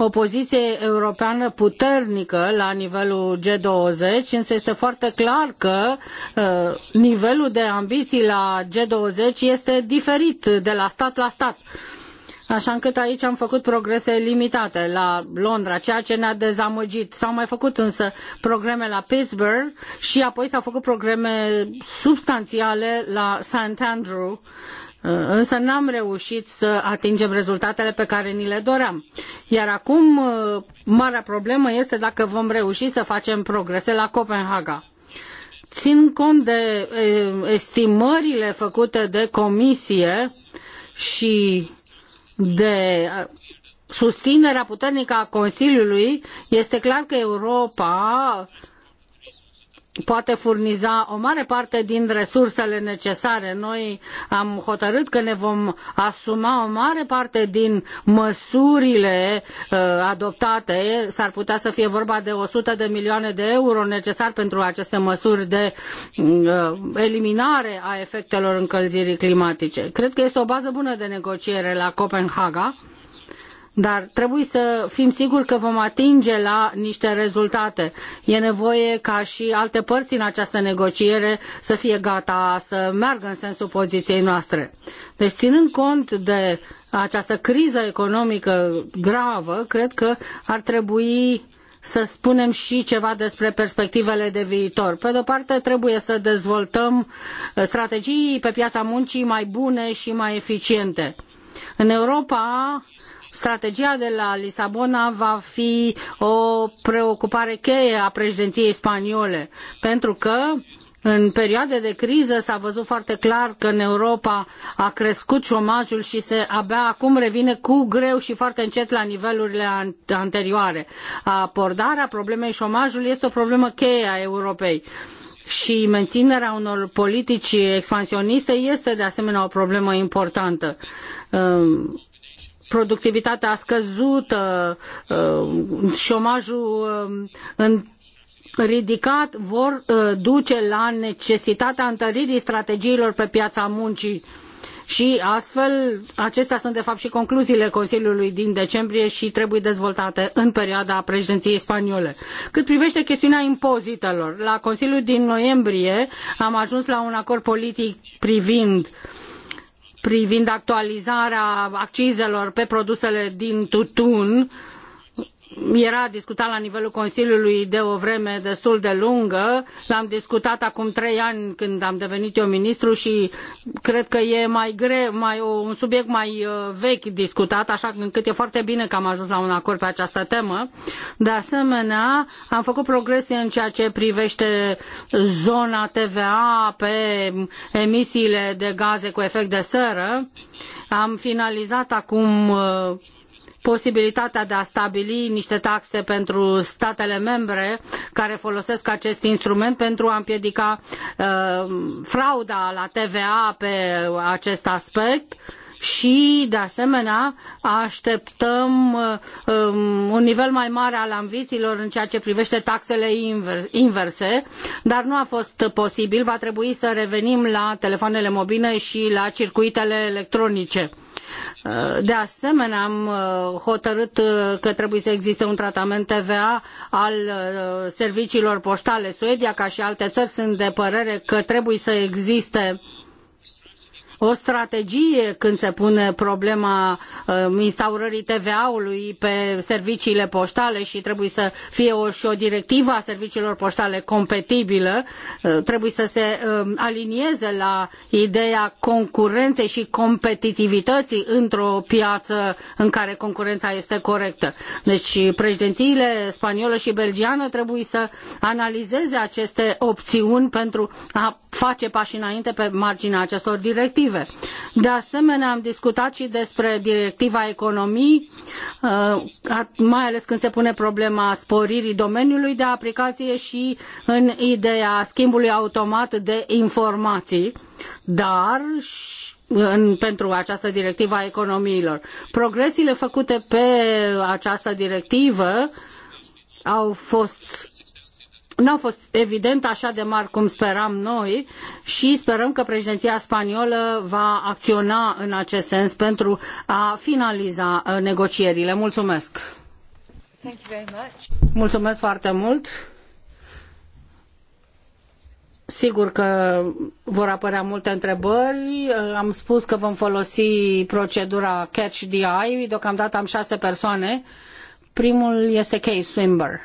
o poziție europeană puternică la nivelul G20, însă este foarte clar că uh, nivelul de ambiții la G20 este diferit de la stat la stat. Așa încât aici am făcut progrese limitate la Londra, ceea ce ne-a dezamăgit. S-au mai făcut însă programe la Pittsburgh și apoi s-au făcut programe substanțiale la St. Andrew Uh, însă n-am reușit să atingem rezultatele pe care ni le doream. Iar acum uh, marea problemă este dacă vom reuși să facem progrese la Copenhaga. Țin cont de uh, estimările făcute de comisie și de susținerea puternică a Consiliului, este clar că Europa poate furniza o mare parte din resursele necesare. Noi am hotărât că ne vom asuma o mare parte din măsurile uh, adoptate. S-ar putea să fie vorba de 100 de milioane de euro necesar pentru aceste măsuri de uh, eliminare a efectelor încălzirii climatice. Cred că este o bază bună de negociere la Copenhaga dar trebuie să fim siguri că vom atinge la niște rezultate. E nevoie ca și alte părți în această negociere să fie gata să meargă în sensul poziției noastre. Deci, ținând cont de această criză economică gravă, cred că ar trebui să spunem și ceva despre perspectivele de viitor. Pe de o parte, trebuie să dezvoltăm strategii pe piața muncii mai bune și mai eficiente. În Europa Strategia de la Lisabona va fi o preocupare cheie a președinției spaniole, pentru că în perioade de criză s-a văzut foarte clar că în Europa a crescut șomajul și se abia acum revine cu greu și foarte încet la nivelurile anterioare. Abordarea problemei șomajului este o problemă cheie a Europei și menținerea unor politici expansioniste este de asemenea o problemă importantă productivitatea scăzută, uh, șomajul uh, ridicat vor uh, duce la necesitatea întăririi strategiilor pe piața muncii. Și astfel, acestea sunt de fapt și concluziile Consiliului din decembrie și trebuie dezvoltate în perioada președinției spaniole. Cât privește chestiunea impozitelor, la Consiliul din noiembrie am ajuns la un acord politic privind uh, privind actualizarea accizelor pe produsele din tutun era discutat la nivelul Consiliului de o vreme destul de lungă. L-am discutat acum trei ani când am devenit eu ministru și cred că e mai greu, mai, un subiect mai uh, vechi discutat, așa încât e foarte bine că am ajuns la un acord pe această temă. De asemenea, am făcut progrese în ceea ce privește zona TVA pe emisiile de gaze cu efect de seră. Am finalizat acum uh, posibilitatea de a stabili niște taxe pentru statele membre care folosesc acest instrument pentru a împiedica uh, frauda la TVA pe acest aspect și, de asemenea, așteptăm um, un nivel mai mare al ambițiilor în ceea ce privește taxele inverse, dar nu a fost posibil. Va trebui să revenim la telefoanele mobile și la circuitele electronice Uh, de asemenea, am uh, hotărât uh, că trebuie să existe un tratament TVA al serviciilor poștale. Suedia, ca și alte țări, sunt de părere că trebuie să existe uh, o strategie când se pune problema uh, instaurării TVA-ului pe serviciile poștale și trebuie să fie o, și o directivă a serviciilor poștale compatibilă, uh, trebuie să se uh, alinieze la ideea concurenței și competitivității într-o piață în care concurența este corectă. Deci președințiile spaniolă și belgiană trebuie să analizeze aceste opțiuni pentru a face pași înainte pe marginea acestor directive motive. De asemenea, am discutat și despre directiva economii, uh, mai ales când se pune problema sporirii domeniului de aplicație și în ideea schimbului automat de informații, dar în, pentru această directivă a economiilor. Progresele făcute pe această directivă au fost nu au fost evident așa de mari cum speram noi și sperăm că președinția spaniolă va acționa în acest sens pentru a finaliza uh, negocierile. Mulțumesc! Mulțumesc foarte mult! Sigur că vor apărea multe întrebări. Uh, am spus că vom folosi procedura Catch the Eye. Deocamdată am șase persoane. Primul este Kay Swinburne.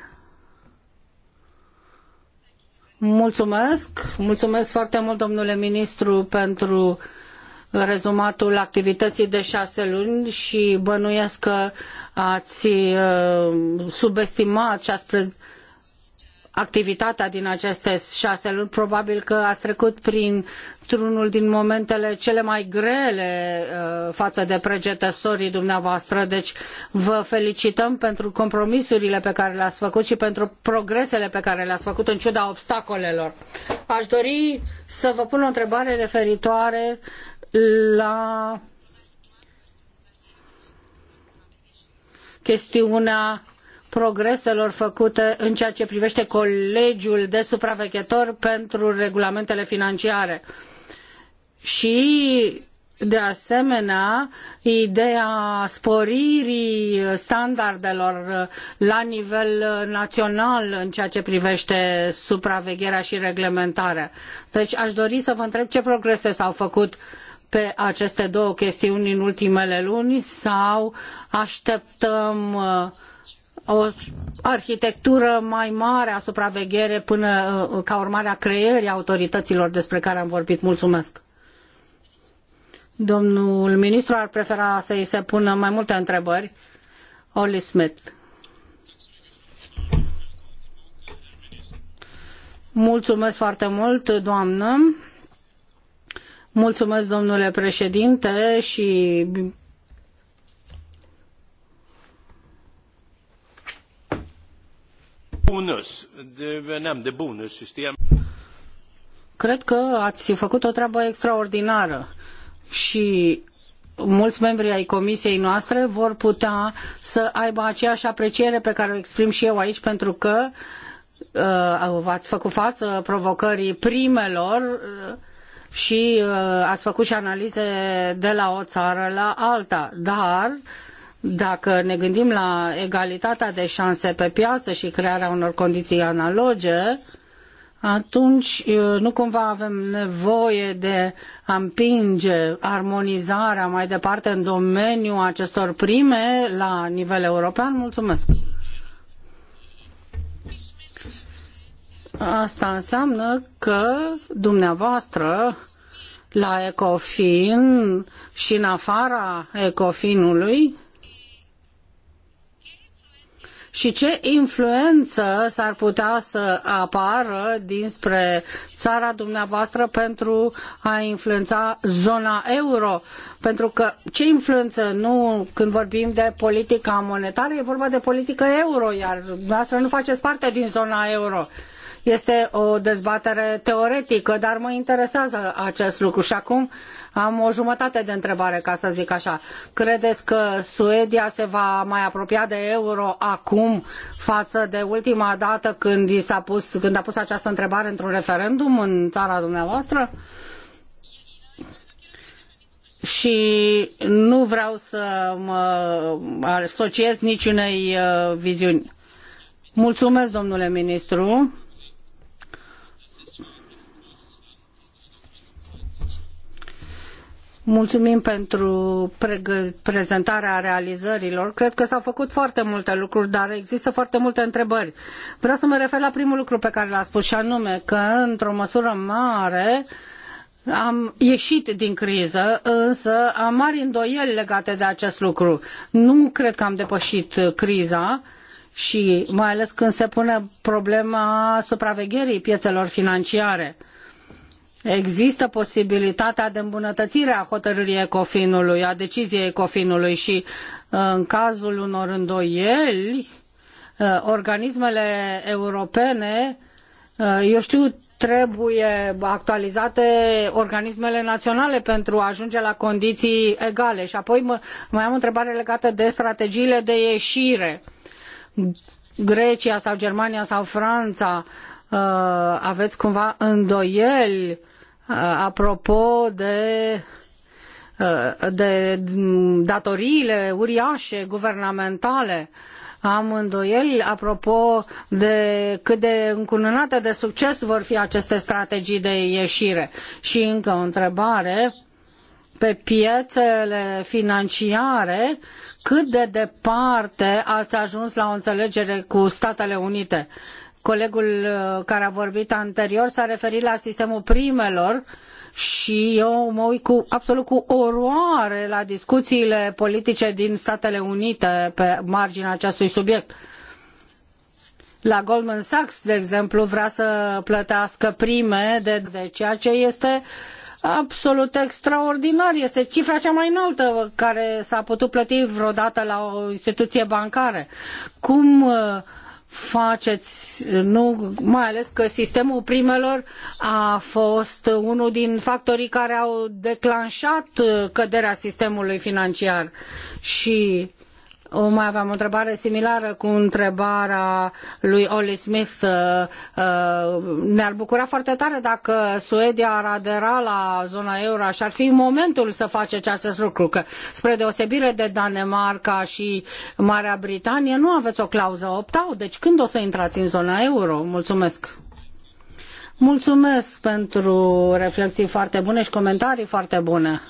Mulțumesc, mulțumesc foarte mult, domnule ministru, pentru rezumatul activității de șase luni și bănuiesc că ați uh, subestimat și ați pre- activitatea din aceste șase luni, probabil că ați trecut printr-unul din momentele cele mai grele uh, față de pregătăsorii dumneavoastră, deci vă felicităm pentru compromisurile pe care le-ați făcut și pentru progresele pe care le-ați făcut în ciuda obstacolelor. Aș dori să vă pun o întrebare referitoare la chestiunea progreselor făcute în ceea ce privește colegiul de supraveghetori pentru regulamentele financiare. Și de asemenea, ideea sporirii standardelor la nivel național în ceea ce privește supravegherea și reglementarea. Deci aș dori să vă întreb ce progrese s-au făcut pe aceste două chestiuni în ultimele luni sau așteptăm uh, o arhitectură mai mare a supraveghere până uh, ca urmare a creării autorităților despre care am vorbit. Mulțumesc! Domnul ministru ar prefera să îi se pună mai multe întrebări. Oli Smith. Mulțumesc foarte mult, doamnă. Mulțumesc, domnule președinte, și Cred că ați făcut o treabă extraordinară și mulți membri ai comisiei noastre vor putea să aibă aceeași apreciere pe care o exprim și eu aici pentru că uh, v-ați făcut față provocării primelor uh, și uh, ați făcut și analize de la o țară la alta, dar uh, dacă ne gândim la egalitatea de șanse pe piață și crearea unor condiții analoge, atunci nu cumva avem nevoie de a împinge armonizarea mai departe în domeniul acestor prime la nivel european? Mulțumesc! Asta înseamnă că dumneavoastră la Ecofin și în afara Ecofinului și ce influență s-ar putea să apară dinspre țara dumneavoastră pentru a influența zona euro. Pentru că ce influență nu când vorbim de politica monetară, e vorba de politică euro, iar dumneavoastră nu faceți parte din zona euro. Este o dezbatere teoretică, dar mă interesează acest lucru și acum am o jumătate de întrebare, ca să zic așa. Credeți că Suedia se va mai apropia de euro acum față de ultima dată când, i s-a pus, când a pus această întrebare într-un referendum în țara dumneavoastră? și nu vreau să mă asociez niciunei uh, viziuni. Mulțumesc, domnule ministru. Mulțumim pentru prezentarea realizărilor. Cred că s-au făcut foarte multe lucruri, dar există foarte multe întrebări. Vreau să mă refer la primul lucru pe care l-a spus și anume că, într-o măsură mare, am ieșit din criză, însă am mari îndoieli legate de acest lucru. Nu cred că am depășit criza și mai ales când se pune problema supravegherii piețelor financiare. Uh, există posibilitatea de îmbunătățire a hotărârii ecofinului, a deciziei ecofinului și uh, în cazul unor îndoieli, uh, organismele europene, uh, eu știu, trebuie actualizate organismele naționale pentru a ajunge la condiții egale. Și apoi mă, mai am o întrebare legată de strategiile de ieșire. Grecia sau Germania sau Franța, aveți cumva îndoieli Uh, apropo de uh, de datoriile uriașe guvernamentale. Am îndoieli apropo de cât de încununate de succes vor fi aceste strategii de ieșire. Și încă o întrebare pe piețele financiare, cât de departe ați ajuns la o înțelegere cu Statele Unite? Uh, Colegul uh, care a vorbit anterior s-a referit la sistemul primelor și eu mă uit cu, absolut cu oroare la discuțiile politice din Statele Unite pe marginea acestui subiect. La Goldman Sachs, de exemplu, vrea să plătească prime de, de ceea ce este absolut extraordinar. Este cifra cea mai înaltă care s-a putut plăti vreodată la o instituție bancară. Cum uh, faceți, nu, mai ales că sistemul primelor a fost unul din factorii care au declanșat căderea sistemului financiar și o, mai aveam o întrebare similară cu întrebarea lui Oli Smith. Uh, uh, ne-ar bucura foarte tare dacă Suedia ar adera la zona euro și ar fi momentul să face acest lucru, că spre deosebire de Danemarca și Marea Britanie nu aveți o clauză opt-out, deci când o să intrați în zona euro? Mulțumesc! Mulțumesc pentru reflexii foarte bune și comentarii foarte bune.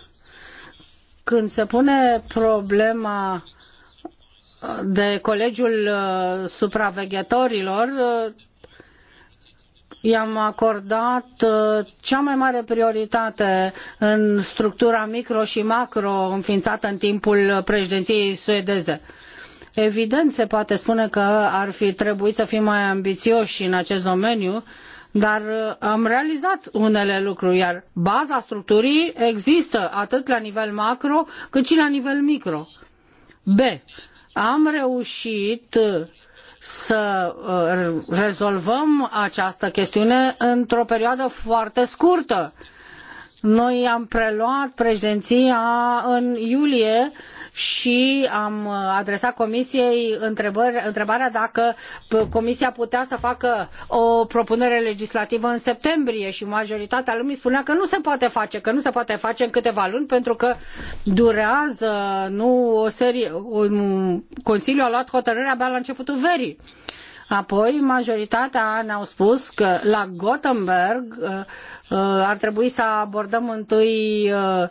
Când se pune problema de Colegiul uh, Supraveghetorilor, uh, i-am acordat uh, cea mai mare prioritate în structura micro și macro înființată în timpul președinției suedeze. Evident, se poate spune că ar fi trebuit să fim mai ambițioși în acest domeniu, dar am realizat unele lucruri, iar baza structurii există atât la nivel macro cât și la nivel micro. B am reușit să uh, rezolvăm această chestiune într-o perioadă foarte scurtă. Noi am preluat președinția în iulie și am adresat comisiei întrebarea dacă comisia putea să facă o propunere legislativă în septembrie și majoritatea lumii spunea că nu se poate face, că nu se poate face în câteva luni pentru că durează, nu o serie, un, Consiliul a luat hotărârea abia la începutul verii. Apoi, majoritatea ne-au spus că la Gothenburg uh, uh, ar trebui să abordăm întâi uh,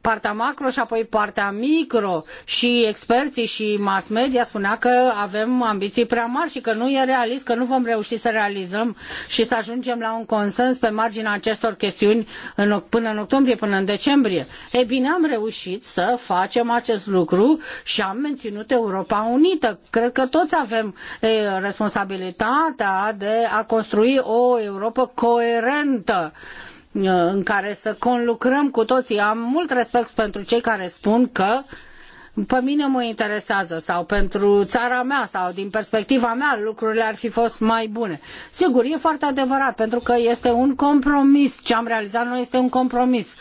partea macro și apoi partea micro și experții și mass media spunea că avem ambiții prea mari și că nu e realist, că nu vom reuși să realizăm și să ajungem la un consens pe marginea acestor chestiuni în, până în octombrie, până în decembrie. Ei bine, am reușit să facem acest lucru și am menținut Europa Unită. Cred că toți avem e, responsabilitatea de a construi o Europa coerentă în care să conlucrăm cu toții. Am mult respect pentru cei care spun că uh, pe mine mă interesează sau pentru țara mea sau din perspectiva mea lucrurile ar fi fost mai bune. Sigur, e foarte adevărat pentru că este un compromis. Ce am realizat noi este un compromis.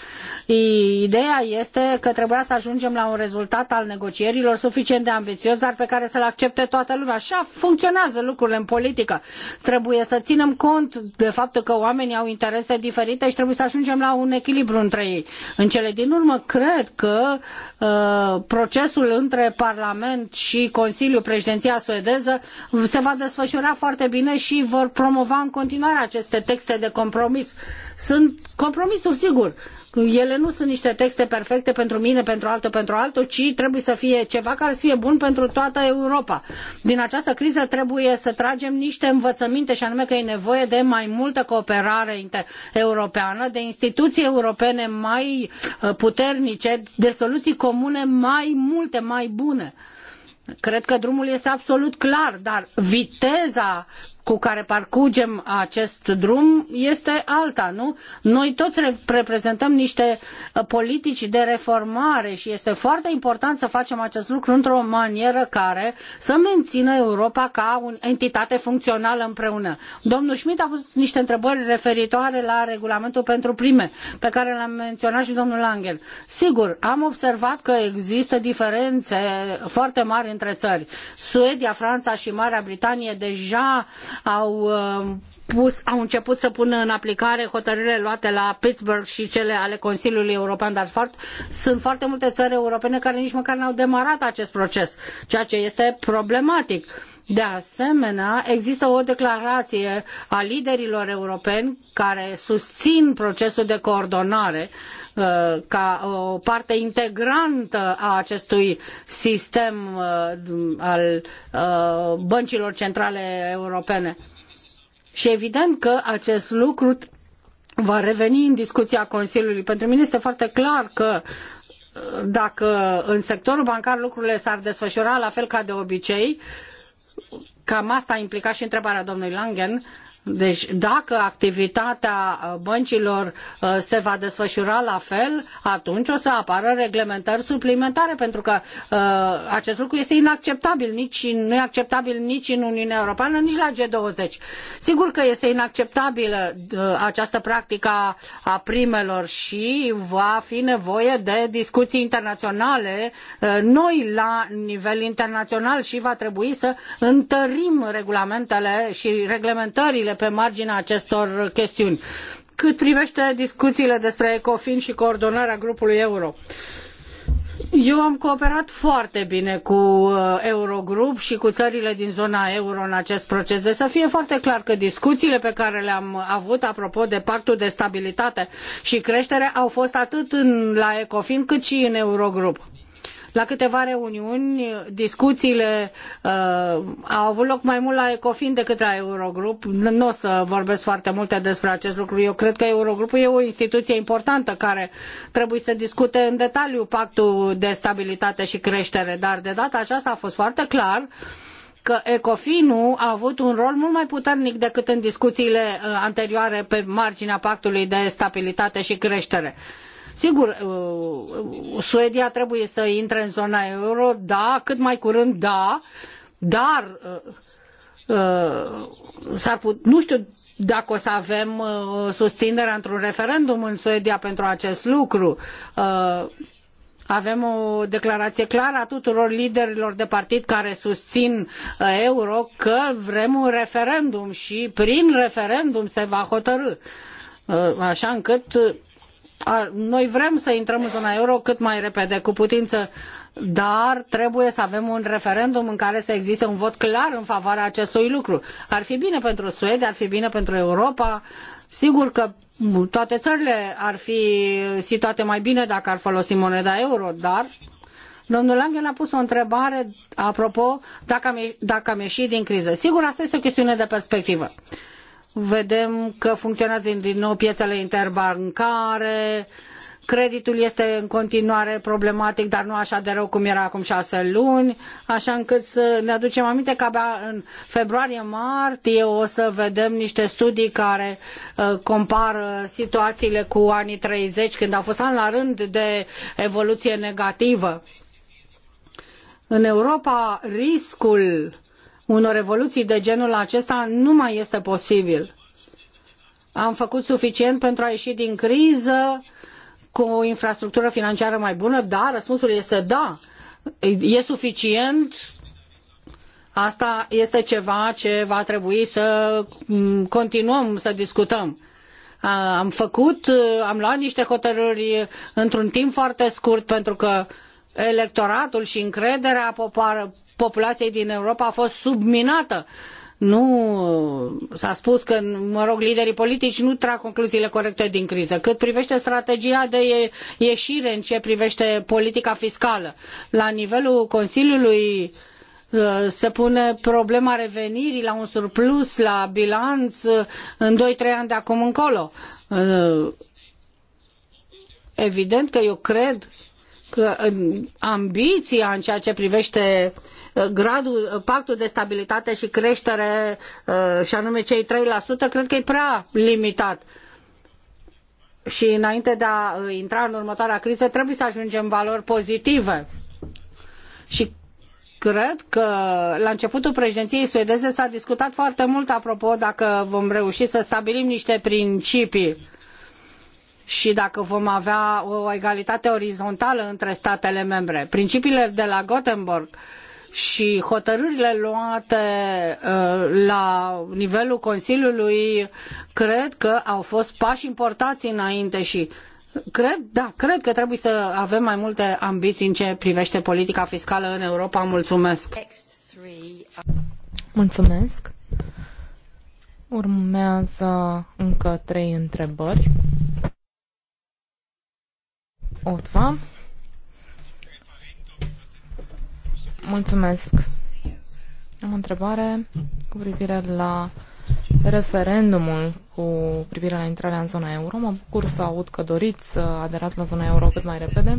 Ideea este că trebuia să ajungem la un rezultat al negocierilor suficient de ambițios, dar pe care să-l accepte toată lumea. Așa funcționează lucrurile în politică. Trebuie să ținem cont de faptul că oamenii au interese diferite și trebuie să ajungem la un echilibru între ei. În cele din urmă, cred că uh, procesul procesul între Parlament și Consiliul Președinția suedeză se va desfășura foarte bine și vor promova în continuare aceste texte de compromis. Sunt compromisuri, sigur, ele nu sunt niște texte perfecte pentru mine, pentru altul, pentru altul, ci trebuie să fie ceva care să fie bun pentru toată Europa. Din această criză trebuie să tragem niște învățăminte și anume că e nevoie de mai multă cooperare europeană, de instituții europene mai uh, puternice, de soluții comune mai multe, mai bune. Cred că drumul este absolut clar, dar viteza cu care parcurgem acest drum este alta, nu? Noi toți reprezentăm niște uh, politici de reformare și este foarte important să facem acest lucru într-o manieră care să mențină Europa ca o entitate funcțională împreună. Domnul Schmidt a pus niște întrebări referitoare la regulamentul pentru prime, pe care l-am menționat și domnul Angel. Sigur, am observat că există diferențe foarte mari între țări. Suedia, Franța și Marea Britanie deja au uh, pus, au început să pună în aplicare hotărârile luate la Pittsburgh și cele ale Consiliului European, dar fort, sunt foarte multe țări europene care nici măcar n-au demarat acest proces, ceea ce este problematic. Uh, de asemenea, există o declarație a liderilor europeni care susțin procesul de coordonare uh, ca o parte integrantă a acestui sistem uh, al uh, băncilor centrale europene. Și evident că acest lucru va reveni în discuția Consiliului. Pentru mine este foarte clar că dacă în sectorul bancar lucrurile s-ar desfășura la fel ca de obicei, cam asta a implicat și întrebarea domnului Langen, deci dacă activitatea uh, băncilor uh, se va desfășura la fel, atunci o să apară reglementări suplimentare, pentru că uh, acest lucru este inacceptabil, nici, nu e acceptabil nici în Uniunea Europeană, nici la G20. Sigur că este inacceptabilă această practică a primelor și va fi nevoie de discuții internaționale noi la nivel internațional și va trebui să întărim regulamentele și reglementările pe marginea acestor chestiuni. Cât privește discuțiile despre ECOFIN și coordonarea grupului euro, eu am cooperat foarte bine cu uh, Eurogrup și cu țările din zona euro în acest proces. De deci să fie foarte clar că discuțiile pe care le-am avut apropo de pactul de stabilitate și creștere au fost atât în, la Ecofin cât și în Eurogrup la câteva reuniuni, discuțiile uh, au avut loc mai mult la Ecofin decât la Eurogrup. Nu o să vorbesc foarte multe despre acest lucru. Eu cred că Eurogrupul e o instituție importantă care trebuie să discute în detaliu pactul de stabilitate și creștere, dar de data aceasta a fost foarte clar că Ecofinul a avut un rol mult mai puternic decât în discuțiile uh, anterioare pe marginea pactului de stabilitate și creștere. Uh, Sigur, uh, uh, Suedia trebuie să intre în zona euro, da, cât mai curând, da, dar uh, s-ar put, nu știu dacă o să avem susținerea într-un referendum în Suedia pentru acest lucru. Avem o declarație clară a tuturor liderilor de partid care susțin euro că vrem un referendum și prin referendum se va hotărî. Așa încât noi vrem să intrăm în zona euro cât mai repede, cu putință, dar trebuie să avem un referendum în care să existe un vot clar în favoarea acestui lucru. Ar fi bine pentru Suedia, ar fi bine pentru Europa. Sigur că toate țările ar fi situate mai bine dacă ar folosi moneda euro, dar Domnul Langen a pus o întrebare, apropo, dacă am, dacă am ieșit din criză. Sigur, asta este o chestiune de perspectivă vedem că funcționează din nou piețele interbancare, creditul este în continuare problematic, dar nu așa de rău cum era acum șase luni, așa încât să ne aducem aminte că abia în februarie-martie o să vedem niște studii care uh, compară situațiile cu anii 30, când au fost ani la rând de evoluție negativă. În Europa, riscul unor revoluții de genul acesta nu mai este posibil. Am făcut suficient pentru a ieși din criză cu o infrastructură financiară mai bună? Da, răspunsul este da. E suficient? Asta este ceva ce va trebui să mm, continuăm să discutăm am făcut, am luat niște hotărâri într-un timp foarte scurt pentru că electoratul și încrederea populației din Europa a fost subminată. Nu s-a spus că, mă rog, liderii politici nu trag concluziile corecte din criză. Cât privește strategia de ieșire în ce privește politica fiscală, la nivelul Consiliului uh, se pune problema revenirii la un surplus, la bilanț uh, în doi trei ani de acum încolo. Uh, evident că eu cred că ambiția în ceea ce privește uh, gradul, uh, pactul de stabilitate și creștere, uh, și anume cei 3%, cred că e prea limitat. Și înainte de a intra în următoarea criză, trebuie să ajungem valori pozitive. Și cred că la începutul președinției suedeze s-a discutat foarte mult apropo dacă vom reuși să stabilim niște principii și dacă vom avea o egalitate orizontală între statele membre. Principiile de la Gothenburg și hotărârile luate uh, la nivelul Consiliului cred că au fost pași importați înainte și cred, da, cred că trebuie să avem mai multe ambiții în ce privește politica fiscală în Europa. Mulțumesc! Mulțumesc! Urmează încă trei întrebări van. Mulțumesc. Am o întrebare cu privire la referendumul cu privire la intrarea în zona euro. Mă bucur să aud că doriți să aderați la zona euro cât mai repede.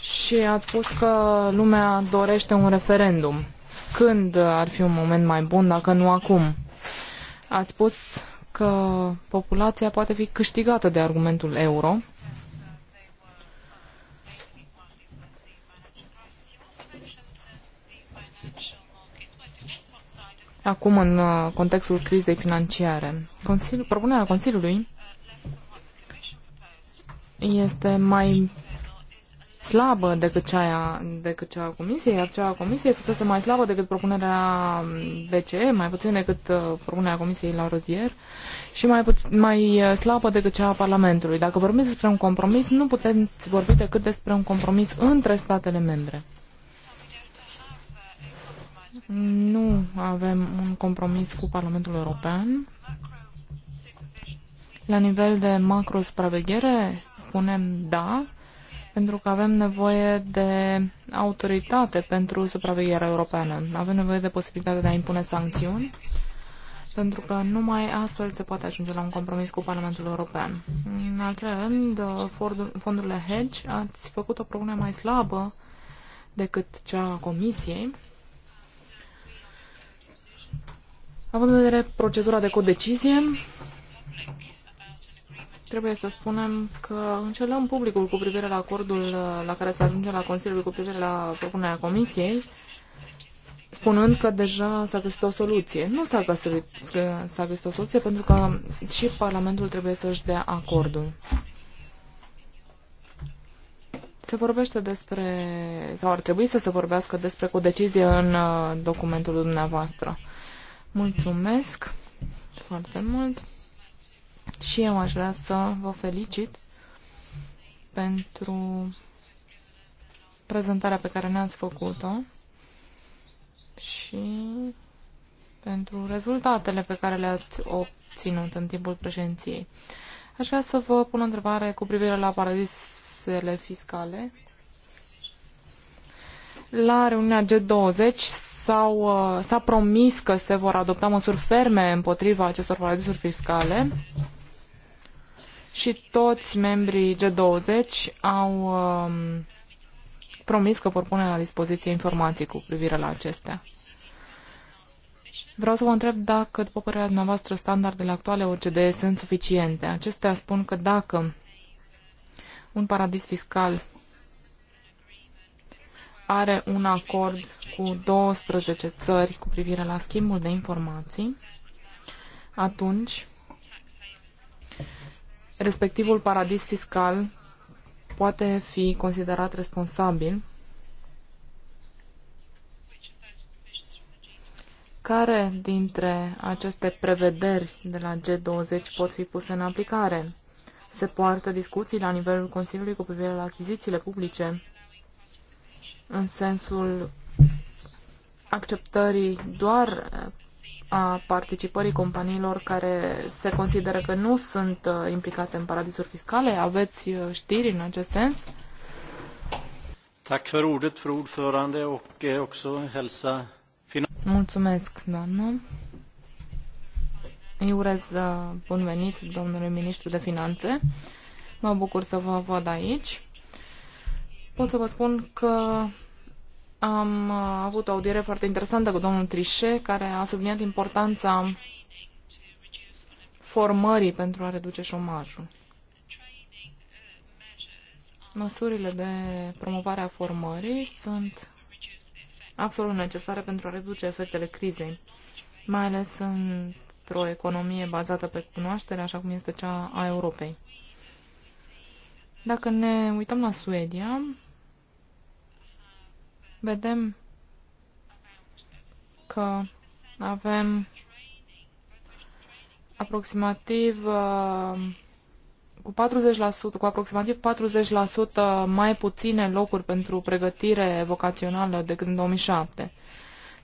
Și ați spus că lumea dorește un referendum. Când ar fi un moment mai bun, dacă nu acum? Ați spus că populația poate fi câștigată de argumentul euro acum în uh, contextul crizei financiare. Consiliul, propunerea Consiliului este mai slabă decât cea, decât cea a Comisiei, iar cea a Comisiei fusese mai slabă decât propunerea BCE, mai puțin decât uh, propunerea Comisiei la rozier și mai, puțin, mai uh, slabă decât cea a Parlamentului. Dacă vorbim despre un compromis, nu puteți vorbi decât despre un compromis între statele membre nu avem un compromis cu Parlamentul European. La nivel de macro-supraveghere, spunem da, pentru că avem nevoie de autoritate pentru supravegherea europeană. Avem nevoie de posibilitatea de a impune sancțiuni, pentru că numai astfel se poate ajunge la un compromis cu Parlamentul European. În al treilea rând, fondurile hedge, ați făcut o propunere mai slabă decât cea a Comisiei Având în vedere procedura de codecizie, trebuie să spunem că încelăm publicul cu privire la acordul la care se ajunge la Consiliul cu privire la propunerea Comisiei, spunând că deja s-a găsit o soluție. Nu s-a găsit, s-a găsit o soluție pentru că și Parlamentul trebuie să-și dea acordul. Se vorbește despre, sau ar trebui să se vorbească despre codecizie în uh, documentul dumneavoastră. Mulțumesc foarte mult și eu aș vrea să vă felicit pentru prezentarea pe care ne-ați făcut-o și pentru rezultatele pe care le-ați obținut în timpul președinției. Aș vrea să vă pun o întrebare cu privire la paradisele fiscale. La reuniunea G20 s-au, uh, s-a promis că se vor adopta măsuri ferme împotriva acestor paradisuri fiscale și toți membrii G20 au um, promis că vor pune la dispoziție informații cu privire la acestea. Vreau să vă întreb dacă, după părerea dumneavoastră, standardele actuale OCDE sunt suficiente. Acestea spun că dacă un paradis fiscal are un acord cu 12 țări cu privire la schimbul de informații, atunci respectivul paradis fiscal poate fi considerat responsabil care dintre aceste prevederi de la G20 pot fi puse în aplicare? Se poartă discuții la nivelul Consiliului cu privire la achizițiile publice în sensul acceptării doar a participării companiilor care se consideră că nu sunt uh, implicate în paradisuri fiscale? Aveți uh, știri în acest sens? Eh, Mulțumesc, doamnă. Îi urez uh, bun venit, domnule ministru de finanțe. Mă bucur să vă văd aici. Pot să vă spun că am uh, avut o audiere foarte interesantă cu domnul Trișe, care a subliniat importanța formării pentru a reduce șomajul. Măsurile de promovare a formării sunt absolut necesare pentru a reduce efectele crizei, mai ales într-o economie bazată pe cunoaștere, așa cum este cea a Europei. Dacă ne uităm la Suedia, vedem că avem aproximativ uh, cu 40%, cu aproximativ 40% mai puține locuri pentru pregătire vocațională decât în 2007.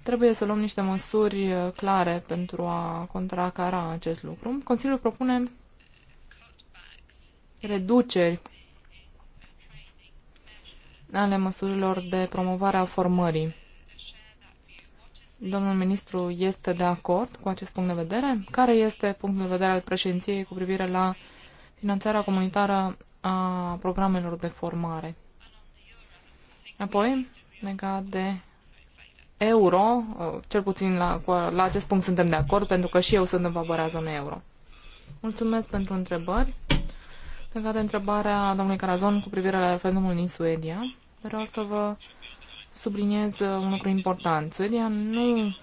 Trebuie să luăm niște măsuri uh, clare pentru a contracara acest lucru. Consiliul propune reduceri ale măsurilor de promovare a formării. Domnul ministru este de acord cu acest punct de vedere? Care este punctul de vedere al președinției cu privire la finanțarea comunitară a programelor de formare? Apoi, legat de euro, cel puțin la, la acest punct suntem de acord, pentru că și eu sunt în favoarea zonei euro. Mulțumesc pentru întrebări. Legat de întrebarea domnului Carazon cu privire la referendumul din Suedia, vreau să vă subliniez un lucru important. Suedia nu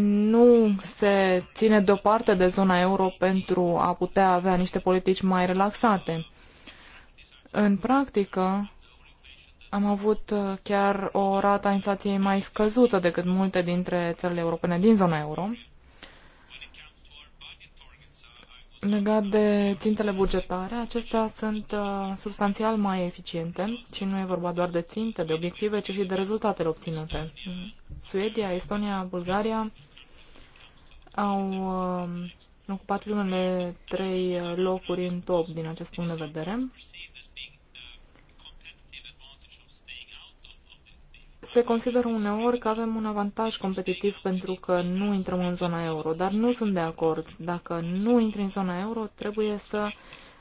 nu se ține deoparte de zona euro pentru a putea avea niște politici mai relaxate. În practică, am avut chiar o rată a inflației mai scăzută decât multe dintre țările europene din zona euro Legat de țintele bugetare, acestea sunt uh, substanțial mai eficiente și nu e vorba doar de ținte, de obiective, ci și de rezultatele obținute. Suedia, Estonia, Bulgaria au uh, ocupat primele trei locuri în top din acest punct de vedere se consideră uneori că avem un avantaj competitiv pentru că nu intrăm în zona euro, dar nu sunt de acord. Dacă nu intri în zona euro, trebuie să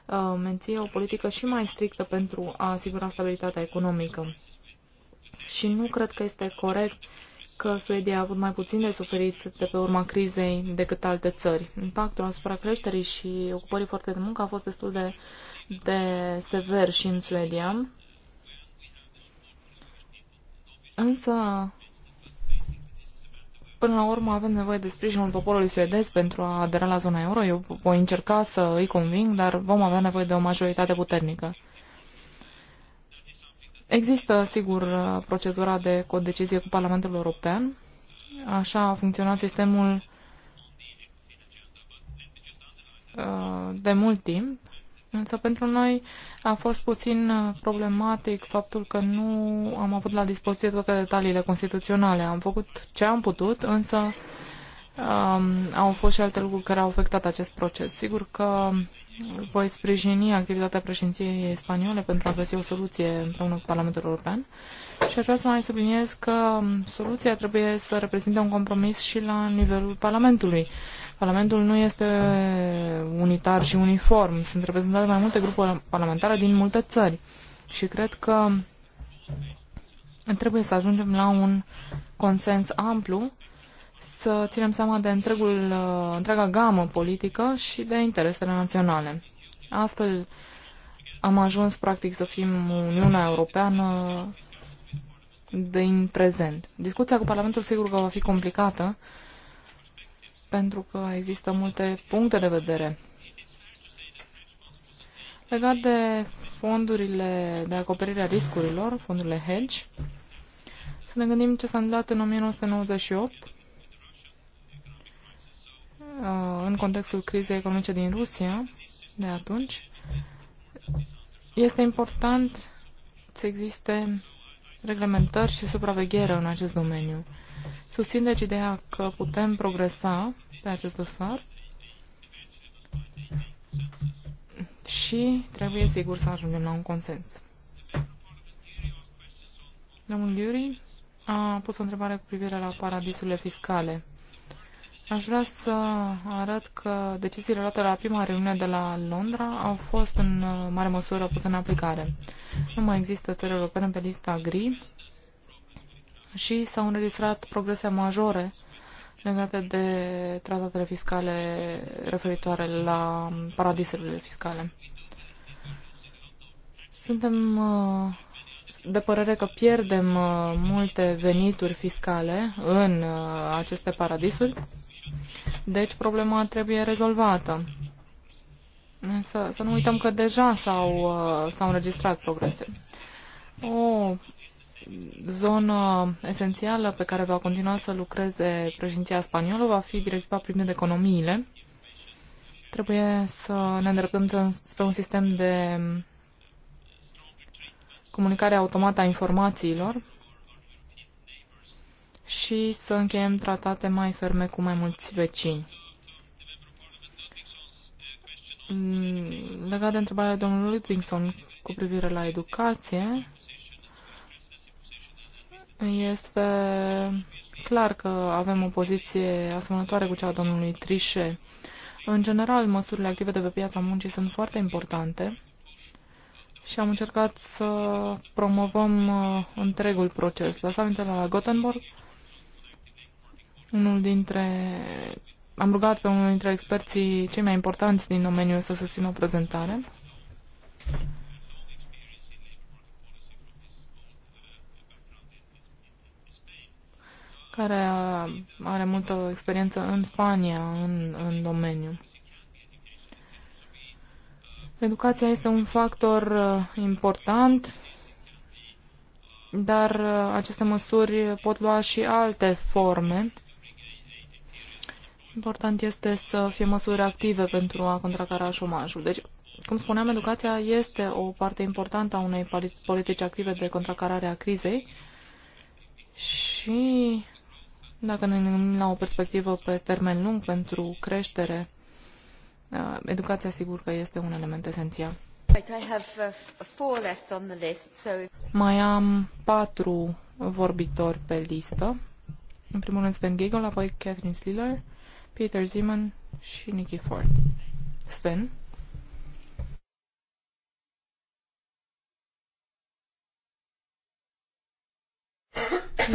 uh, menții o politică și mai strictă pentru a asigura stabilitatea economică. Și nu cred că este corect că Suedia a avut mai puțin de suferit de pe urma crizei decât alte țări. Impactul asupra creșterii și ocupării foarte de muncă a fost destul de, de sever și în Suedia Însă, până la urmă, avem nevoie de sprijinul poporului suedez pentru a adera la zona euro. Eu voi încerca să îi conving, dar vom avea nevoie de o majoritate puternică. Există, sigur, procedura de codecizie cu Parlamentul European. Așa a funcționat sistemul uh, de mult timp Însă pentru noi a fost puțin uh, problematic faptul că nu am avut la dispoziție toate detaliile constituționale. Am făcut ce am putut, însă um, au fost și alte lucruri care au afectat acest proces. Sigur că voi sprijini activitatea președinției spaniole pentru a găsi o soluție împreună cu Parlamentul European și aș vrea să mai subliniez că soluția trebuie să reprezinte un compromis și la nivelul Parlamentului Parlamentul nu este unitar și uniform. Sunt reprezentate mai multe grupuri parlamentare din multe țări. Și cred că trebuie să ajungem la un consens amplu, să ținem seama de întregul, uh, întreaga gamă politică și de interesele naționale. Astfel am ajuns practic să fim Uniunea Europeană din prezent. Discuția cu Parlamentul sigur că va fi complicată, pentru că există multe puncte de vedere. Legat de fondurile de acoperire a riscurilor, fondurile hedge, să ne gândim ce s-a întâmplat în 1998 uh, în contextul crizei economice din Rusia de atunci. Este important să existe reglementări și supraveghere în acest domeniu. Susțin deci ideea că putem progresa pe acest dosar și trebuie sigur să ajungem la un consens. Domnul Iuri a pus o întrebare cu privire la paradisurile fiscale. Aș vrea să arăt că deciziile luate la prima reuniune de la Londra au fost în mare măsură puse în aplicare. Nu mai există țări europene pe lista gri și s-au înregistrat progrese majore legate de tratatele fiscale referitoare la paradisurile fiscale. Suntem uh, de părere că pierdem uh, multe venituri fiscale în uh, aceste paradisuri, deci problema trebuie rezolvată. Să, să nu uităm că deja s-au, s-au înregistrat progrese. O zonă esențială pe care va continua să lucreze președinția spaniolă va fi directiva privind economiile. Trebuie să ne îndreptăm spre un sistem de comunicare automată a informațiilor și să încheiem tratate mai ferme cu mai mulți vecini. Legat de întrebarea domnului Ludvingson cu privire la educație, este clar că avem o poziție asemănătoare cu cea a domnului Trichet. În general, măsurile active de pe piața muncii sunt foarte importante și am încercat să promovăm uh, întregul proces. La summit la Gothenburg, unul dintre... am rugat pe unul dintre experții cei mai importanți din domeniu să susțină o prezentare care are multă experiență în Spania, în, în domeniu. Educația este un factor uh, important, dar uh, aceste măsuri pot lua și alte forme. Important este să fie măsuri active pentru a contracara șomajul. Deci, cum spuneam, educația este o parte importantă a unei politici active de contracarare a crizei și dacă ne gândim la o perspectivă pe termen lung pentru creștere, uh, educația sigur că este un element esențial. Uh, Mai am patru vorbitori pe listă. În primul rând Sven Giggle, apoi Catherine Sliller, Peter Zeman și Nicky Ford. Sven?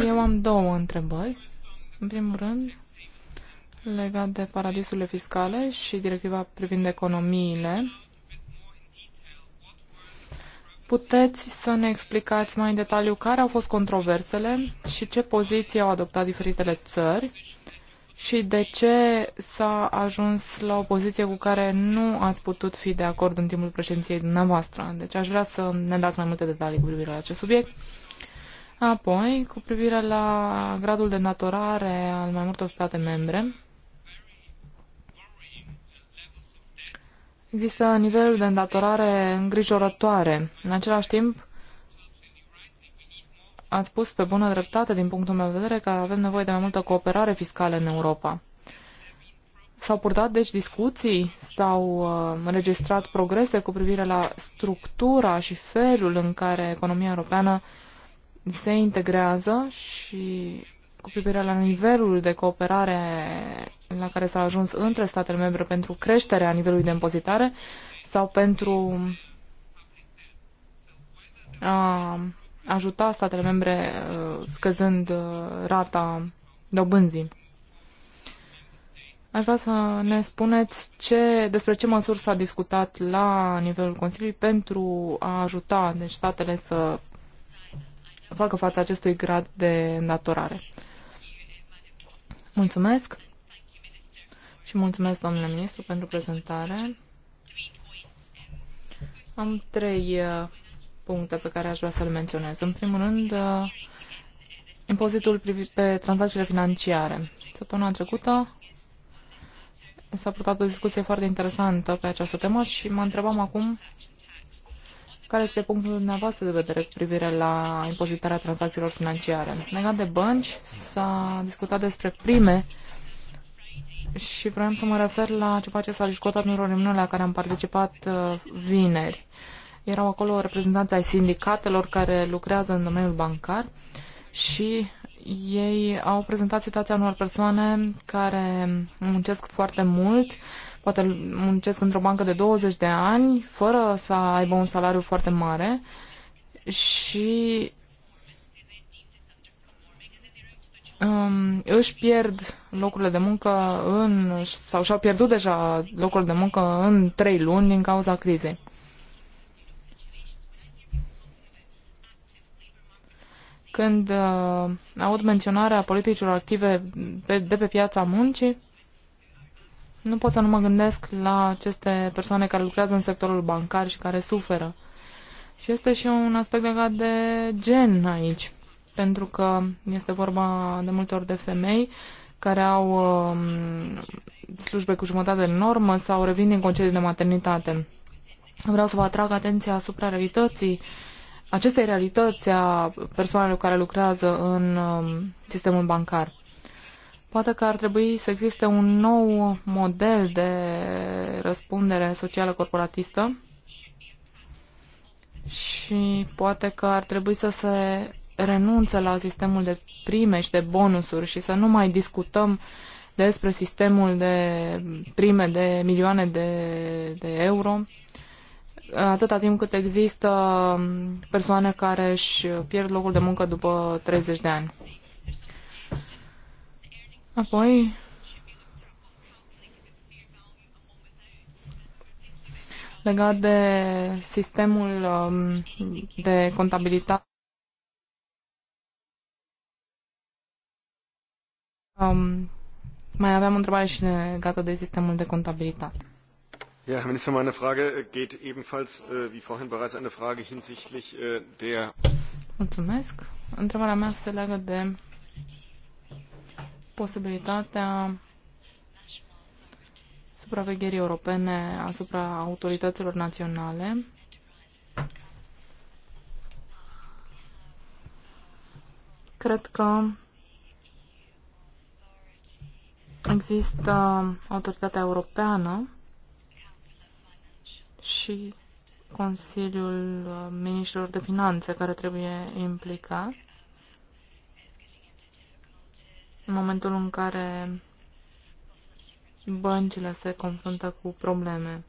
Eu am două întrebări. În primul rând, legat de paradisurile fiscale și directiva privind economiile, puteți să ne explicați mai în detaliu care au fost controversele și ce poziții au adoptat diferitele țări și de ce s-a ajuns la o poziție cu care nu ați putut fi de acord în timpul președinției dumneavoastră. Deci aș vrea să ne dați mai multe detalii cu privire la acest subiect. Apoi, cu privire la gradul de naturare al mai multor state membre, există nivelul de îndatorare îngrijorătoare. În același timp, ați spus pe bună dreptate, din punctul meu de vedere, că avem nevoie de mai multă cooperare fiscală în Europa. S-au purtat, deci, discuții, s-au uh, înregistrat progrese cu privire la structura și felul în care economia europeană uh, se integrează și cu privire la nivelul de cooperare la care s-a ajuns între statele membre pentru creșterea nivelului de impozitare sau pentru a ajuta statele membre uh, scăzând uh, rata dobânzii. Aș vrea să ne spuneți ce, despre ce măsuri s-a discutat la nivelul Consiliului pentru a ajuta deci, statele să facă față acestui grad de îndatorare. Mulțumesc și mulțumesc, domnule ministru, pentru prezentare. Am trei uh, puncte pe care aș vrea să le menționez. În primul rând, uh, impozitul pe tranzacțiile financiare. Săptămâna trecută s-a purtat o discuție foarte interesantă pe această temă și mă întrebam acum care este punctul dumneavoastră de vedere cu privire la impozitarea tranzacțiilor financiare? Legat de bănci, s-a discutat despre prime și vreau să mă refer la ceva ce s-a discutat în reuniune la care am participat uh, vineri. Erau acolo reprezentanți ai sindicatelor care lucrează în domeniul bancar și ei au prezentat situația unor persoane care muncesc foarte mult poate muncesc într-o bancă de 20 de ani fără să aibă un salariu foarte mare și um, își pierd locurile de muncă în, sau și-au pierdut deja locurile de muncă în trei luni din cauza crizei. Când uh, aud menționarea politicilor active pe, de pe piața muncii, nu pot să nu mă gândesc la aceste persoane care lucrează în sectorul bancar și care suferă. Și este și un aspect legat de gen aici, pentru că este vorba de multe ori de femei care au uh, slujbe cu jumătate de normă sau revin din concediu de maternitate. Vreau să vă atrag atenția asupra realității acestei realități a persoanelor care lucrează în uh, sistemul bancar. Poate că ar trebui să existe un nou model de răspundere socială corporatistă și poate că ar trebui să se renunțe la sistemul de prime și de bonusuri și să nu mai discutăm despre sistemul de prime de milioane de, de euro, atâta timp cât există persoane care își pierd locul de muncă după 30 de ani. Apoi, legat de sistemul um, de contabilitate, Um, mai aveam o întrebare și legată de sistemul de contabilitate. Ja, Herr Minister, meine Frage geht ebenfalls, äh, wie vorhin bereits, eine Frage hinsichtlich äh, der. Mulțumesc. Întrebarea mea se legă de posibilitatea supravegherii europene asupra autorităților naționale Cred că există autoritatea europeană și Consiliul Ministrilor de Finanțe care trebuie implicat în momentul în care băncile se confruntă cu probleme.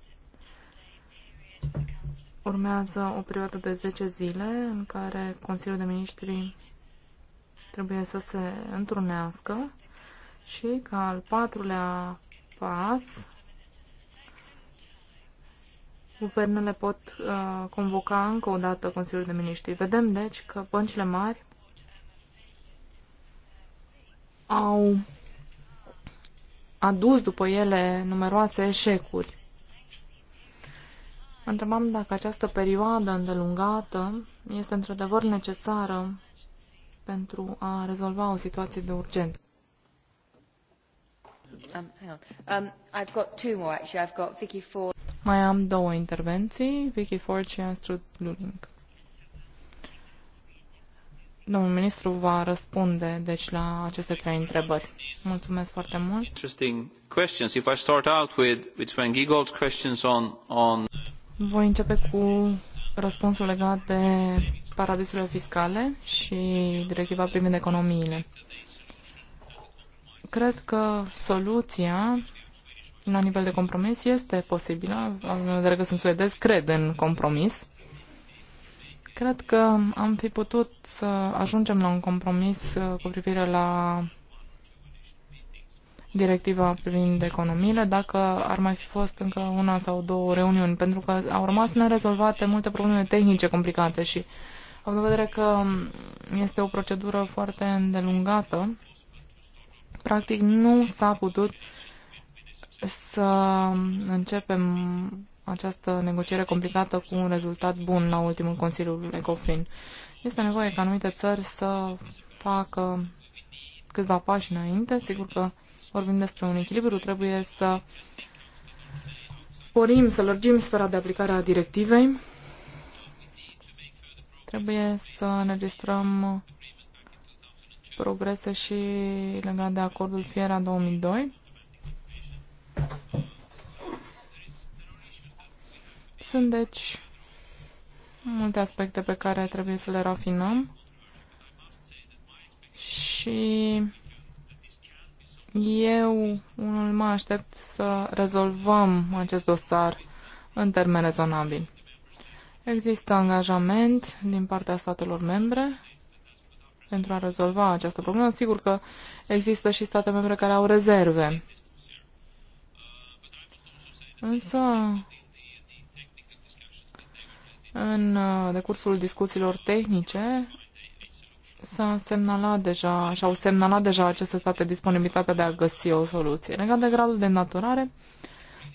Urmează o perioadă de 10 zile în care Consiliul de Ministri trebuie să se întrunească și ca al patrulea pas guvernele pot uh, convoca încă o dată Consiliul de Ministri. Vedem, deci, că băncile mari au adus după ele numeroase eșecuri. Mă întrebam dacă această perioadă îndelungată este într-adevăr necesară pentru a rezolva o situație de urgență. Um, um, Mai am două intervenții, Vicky Ford și Astrid Luling. Domnul ministru va răspunde, deci, la aceste trei întrebări. Mulțumesc foarte mult. Interesting questions. If I start out with, with Sven Giegold's questions on, on... Voi începe cu răspunsul legat de paradisurile fiscale și directiva privind economiile. Cred că soluția la nivel de compromis este posibilă. În vedere că sunt suedez, cred în compromis Cred că am fi putut să ajungem la un compromis uh, cu privire la directiva privind economiile, dacă ar mai fi fost încă una sau două reuniuni, pentru că au rămas nerezolvate multe probleme tehnice complicate și am de vedere că um, este o procedură foarte îndelungată, practic nu s-a putut să începem această negociere complicată cu un rezultat bun la ultimul Consiliu Ecofin. Este nevoie ca anumite țări să facă câțiva pași înainte. Sigur că vorbim despre un echilibru, trebuie să sporim, să lărgim sfera de aplicare a directivei. Trebuie să înregistrăm progrese și legat de acordul Fiera 2002. Sunt, deci, multe aspecte pe care trebuie să le rafinăm și eu unul mă aștept să rezolvăm acest dosar în termen rezonabil. Există angajament din partea statelor membre pentru a rezolva această problemă. Sigur că există și state membre care au rezerve. Însă în uh, decursul discuțiilor tehnice s-a semnalat deja, și-au semnalat deja aceste state disponibilitatea de a găsi o soluție. Legat de gradul de naturare,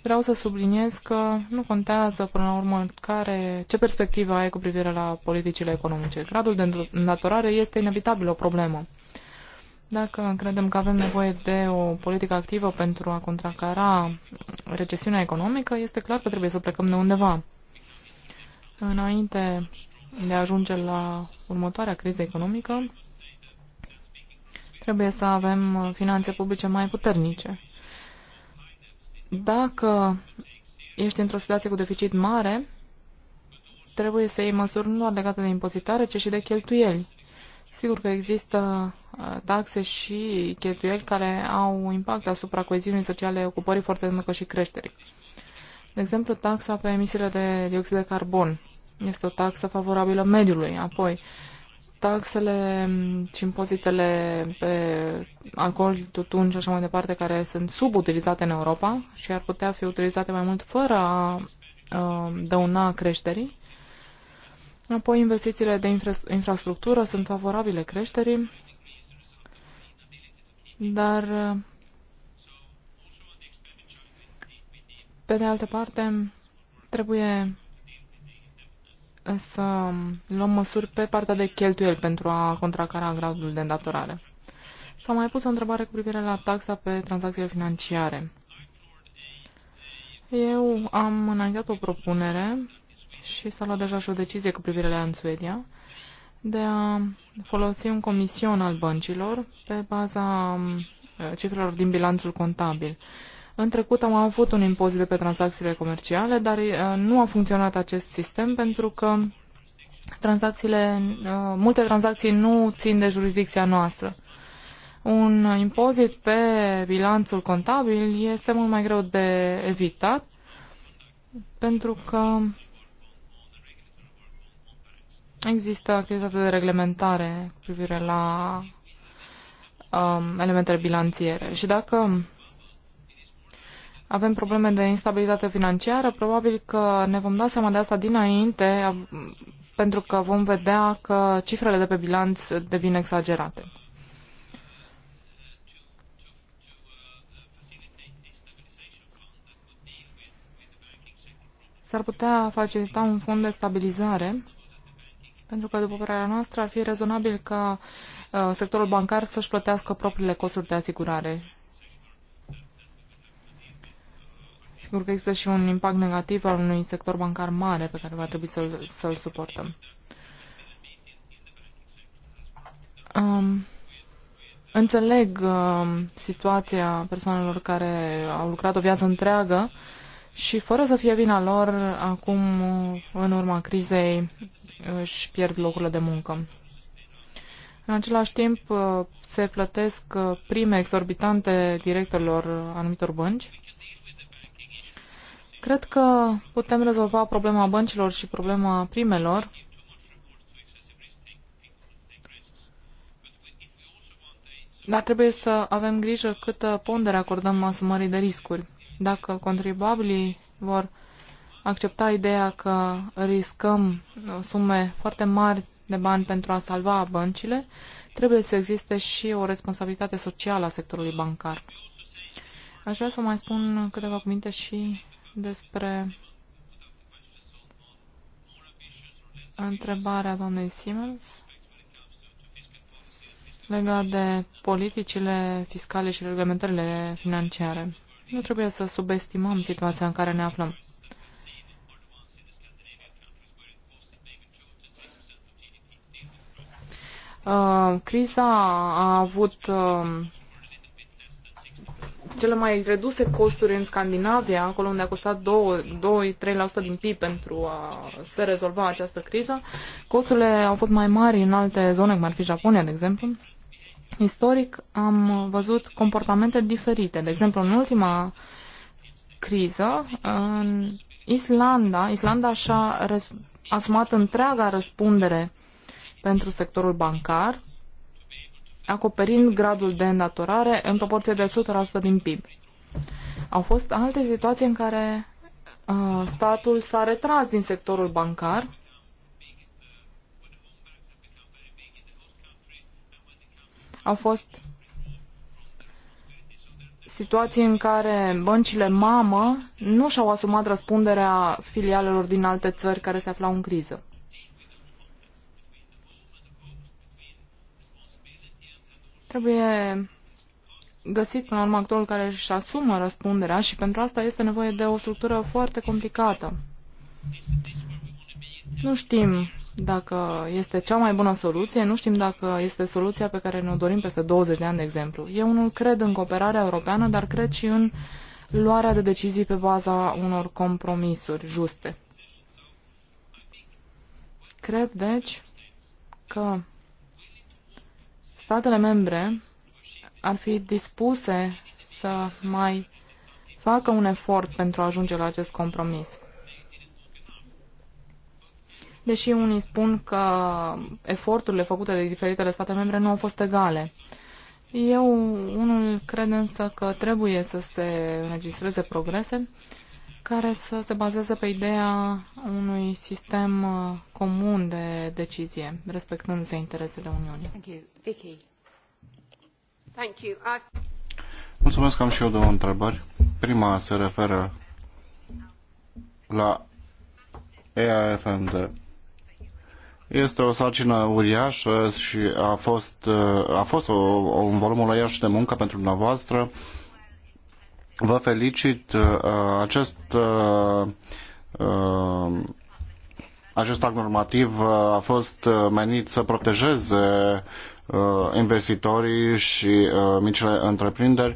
vreau să subliniez că nu contează până la urmă care, ce perspectivă ai cu privire la politicile economice. Gradul de naturare este inevitabil o problemă. Dacă credem că avem nevoie de o politică activă pentru a contracara recesiunea economică, este clar că trebuie să plecăm de undeva. Înainte de a ajunge la următoarea criză economică, trebuie să avem finanțe publice mai puternice. Dacă ești într-o situație cu deficit mare, trebuie să iei măsuri nu doar legate de impozitare, ci și de cheltuieli. Sigur că există uh, taxe și cheltuieli care au impact asupra coeziunii sociale, ocupării forței de muncă și creșterii. De exemplu, taxa pe emisiile de dioxid de carbon este o taxă favorabilă mediului. Apoi, taxele mm, și impozitele pe alcool, tutun și așa mai departe, care sunt subutilizate în Europa și ar putea fi utilizate mai mult fără a dăuna creșterii. Apoi, investițiile de infra infrastructură sunt favorabile creșterii, dar Pe de altă parte, trebuie să luăm măsuri pe partea de cheltuieli pentru a contracara gradul de îndatorare. S-a mai pus o întrebare cu privire la taxa pe tranzacțiile financiare. Eu am înaintat o propunere și s-a luat deja și o decizie cu privire la în Suedia de a folosi un comision al băncilor pe baza um, cifrelor din bilanțul contabil. În trecut am avut un impozit pe tranzacțiile comerciale, dar uh, nu a funcționat acest sistem pentru că tranzacțiile, uh, multe tranzacții nu țin de jurisdicția noastră. Un impozit pe bilanțul contabil este mult mai greu de evitat pentru că există activitate de reglementare cu privire la um, elementele bilanțiere. Și dacă avem probleme de instabilitate financiară, probabil că ne vom da seama de asta dinainte, pentru că vom vedea că cifrele de pe bilanț devin exagerate. S-ar putea facilita un fond de stabilizare, pentru că, după părerea noastră, ar fi rezonabil ca uh, sectorul bancar să-și plătească propriile costuri de asigurare Sigur că există și un impact negativ al unui sector bancar mare pe care va trebui să-l, să suportăm. Um, înțeleg um, situația persoanelor care au lucrat o viață întreagă și fără să fie vina lor, acum, uh, în urma crizei, își pierd locurile de muncă. În același timp, uh, se plătesc uh, prime exorbitante directorilor anumitor bănci Cred că putem rezolva problema băncilor și problema primelor Dar trebuie să avem grijă câtă pondere acordăm asumării de riscuri. Dacă contribuabilii vor accepta ideea că riscăm sume foarte mari de bani pentru a salva băncile, trebuie să existe și o responsabilitate socială a sectorului bancar. Aș vrea să mai spun câteva cuvinte și despre întrebarea doamnei Simmons legat de politicile fiscale și reglementările financiare. Nu trebuie să subestimăm situația în care ne aflăm. Uh, criza a avut uh, cele mai reduse costuri în Scandinavia, acolo unde a costat 2-3% din PIB pentru a se rezolva această criză. Costurile au fost mai mari în alte zone, cum ar fi Japonia, de exemplu. Istoric am văzut comportamente diferite. De exemplu, în ultima criză, în Islanda, Islanda și-a asumat întreaga răspundere pentru sectorul bancar acoperind gradul de îndatorare în proporție de 100% din PIB. Au fost alte situații în care uh, statul s-a retras din sectorul bancar, au fost situații în care băncile mamă nu și-au asumat răspunderea filialelor din alte țări care se aflau în criză. Trebuie găsit până la urmă actorul care își asumă răspunderea și pentru asta este nevoie de o structură foarte complicată. Nu știm dacă este cea mai bună soluție, nu știm dacă este soluția pe care ne-o dorim peste 20 de ani, de exemplu. Eu nu cred în cooperarea europeană, dar cred și în luarea de decizii pe baza unor compromisuri juste. Cred, deci, că statele membre ar fi dispuse să mai facă un efort pentru a ajunge la acest compromis. Deși unii spun că eforturile făcute de diferitele state membre nu au fost egale. Eu, unul, cred însă că trebuie să se înregistreze progrese care să se bazeze pe ideea unui sistem uh, comun de decizie, respectându-se interesele Uniunii. Thank you. Vicky. Thank you. Mulțumesc, am și eu două întrebări. Prima se referă la EAFMD. Este o sarcină uriașă și a fost, uh, a fost o, un volum uriaș de muncă pentru dumneavoastră. Vă felicit uh, acest uh, uh, acest act normativ a fost menit să protejeze investitorii și micile întreprinderi,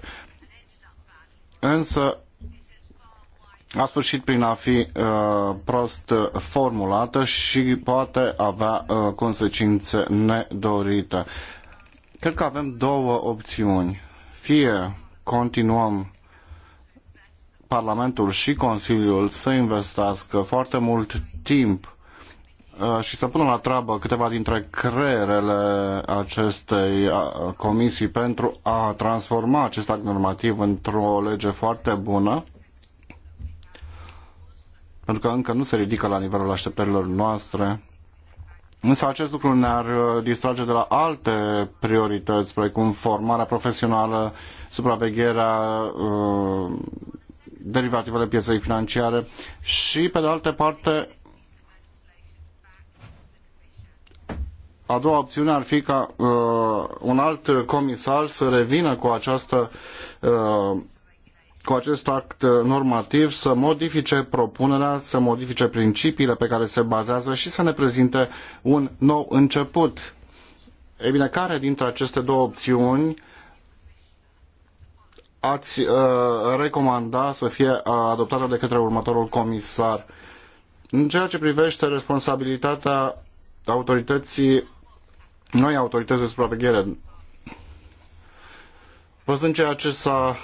însă a sfârșit prin a fi prost formulată și poate avea consecințe nedorite. Cred că avem două opțiuni. Fie continuăm Parlamentul și Consiliul să investească foarte mult timp uh, și să pună la treabă câteva dintre creierele acestei uh, comisii pentru a transforma acest act normativ într-o lege foarte bună, pentru că încă nu se ridică la nivelul așteptărilor noastre. Însă acest lucru ne-ar uh, distrage de la alte priorități, precum formarea profesională, supravegherea uh, derivativele pieței financiare și, pe de altă parte, a doua opțiune ar fi ca uh, un alt comisar să revină cu această uh, cu acest act normativ să modifice propunerea, să modifice principiile pe care se bazează și să ne prezinte un nou început. Ei bine, care dintre aceste două opțiuni ați uh, recomanda să fie uh, adoptată de către următorul comisar? În ceea ce privește responsabilitatea autorității, noi autorități de supraveghere, văzând ceea ce s-a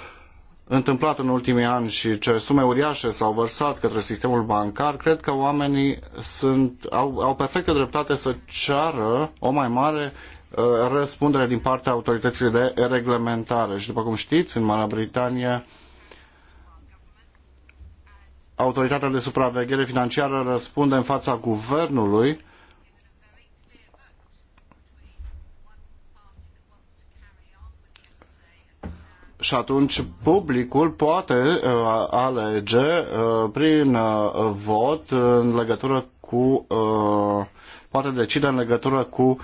întâmplat în ultimii ani și ce sume uriașe s-au vărsat către sistemul bancar, cred că oamenii sunt, au, au perfectă dreptate să ceară o mai mare Uh, răspundere din partea autorităților de reglementare. Și după cum știți, în Marea Britanie autoritatea de supraveghere financiară răspunde în fața guvernului și atunci publicul poate uh, alege uh, prin vot în legătură cu poate decide în legătură cu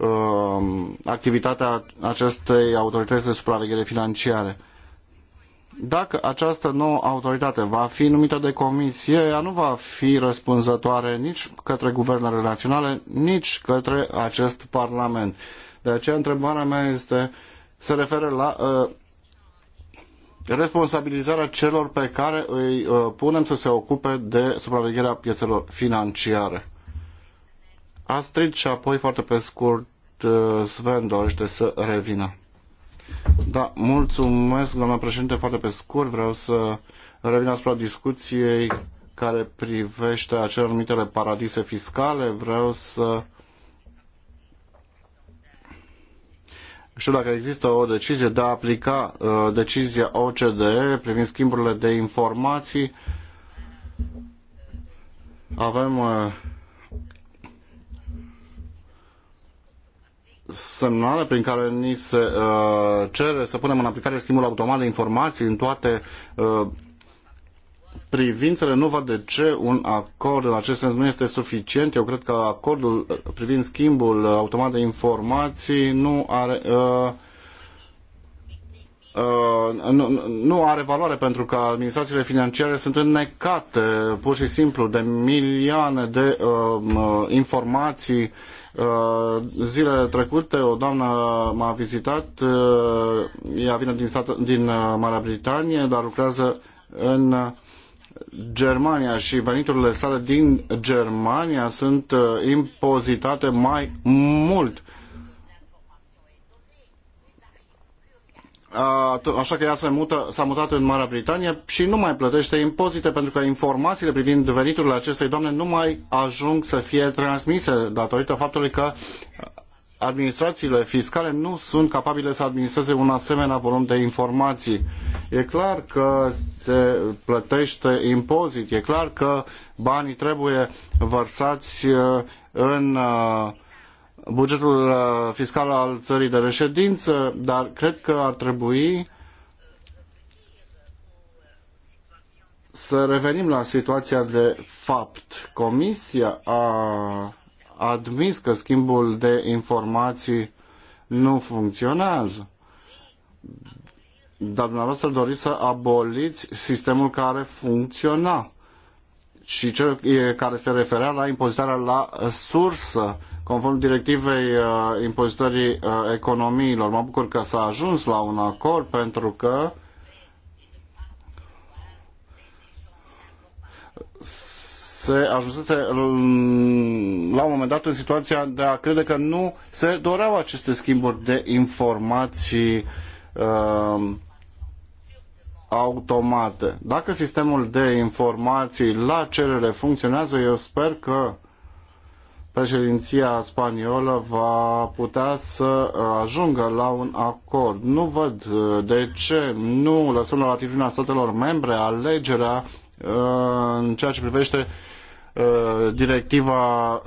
Um, activitatea acestei autorități de supraveghere financiare. Dacă această nouă autoritate va fi numită de comisie, ea nu va fi răspunzătoare nici către guvernele naționale, nici către acest parlament. De aceea întrebarea mea este, se referă la uh, responsabilizarea celor pe care îi uh, punem să se ocupe de supravegherea piețelor financiare. Astrid și apoi foarte pe scurt uh, Sven dorește să revină. Da, mulțumesc, doamna președinte, foarte pe scurt. Vreau să revin asupra discuției care privește acele anumitele paradise fiscale. Vreau să știu dacă există o decizie de a aplica uh, decizia OCDE privind schimburile de informații. Avem uh, semnale prin care ni se uh, cere să punem în aplicare schimbul automat de informații în toate uh, privințele. Nu văd de ce un acord în acest sens nu este suficient. Eu cred că acordul uh, privind schimbul uh, automat de informații nu are. Uh, Uh, nu, nu, are valoare pentru că administrațiile financiare sunt înnecate pur și simplu de milioane de uh, uh informații Uh, zilele trecute o doamnă m-a vizitat, uh, ea vine din, stat, din uh, Marea Britanie, dar lucrează în Germania și veniturile sale din Germania sunt impozitate mai mult așa că ea se mută, s-a mutat în Marea Britanie și nu mai plătește impozite pentru că informațiile privind veniturile acestei doamne nu mai ajung să fie transmise datorită faptului că administrațiile fiscale nu sunt capabile să administreze un asemenea volum de informații. E clar că se plătește impozit, e clar că banii trebuie vărsați uh, în uh, bugetul uh, fiscal al țării de reședință, dar cred că ar trebui să revenim la situația de fapt. Comisia a admis că schimbul de informații nu funcționează. Dar dumneavoastră doriți să aboliți sistemul care funcționa și cel care se referea la impozitarea la sursă conform directivei uh, impozitării uh, economiilor. Mă bucur că s-a ajuns la un acord pentru că se ajunsese la un moment dat în situația de a crede că nu se doreau aceste schimburi de informații uh, automate. Dacă sistemul de informații la cerere funcționează, eu sper că președinția spaniolă va putea să uh, ajungă la un acord. Nu văd uh, de ce nu lăsăm la latitudinea statelor membre alegerea uh, în ceea ce privește directiva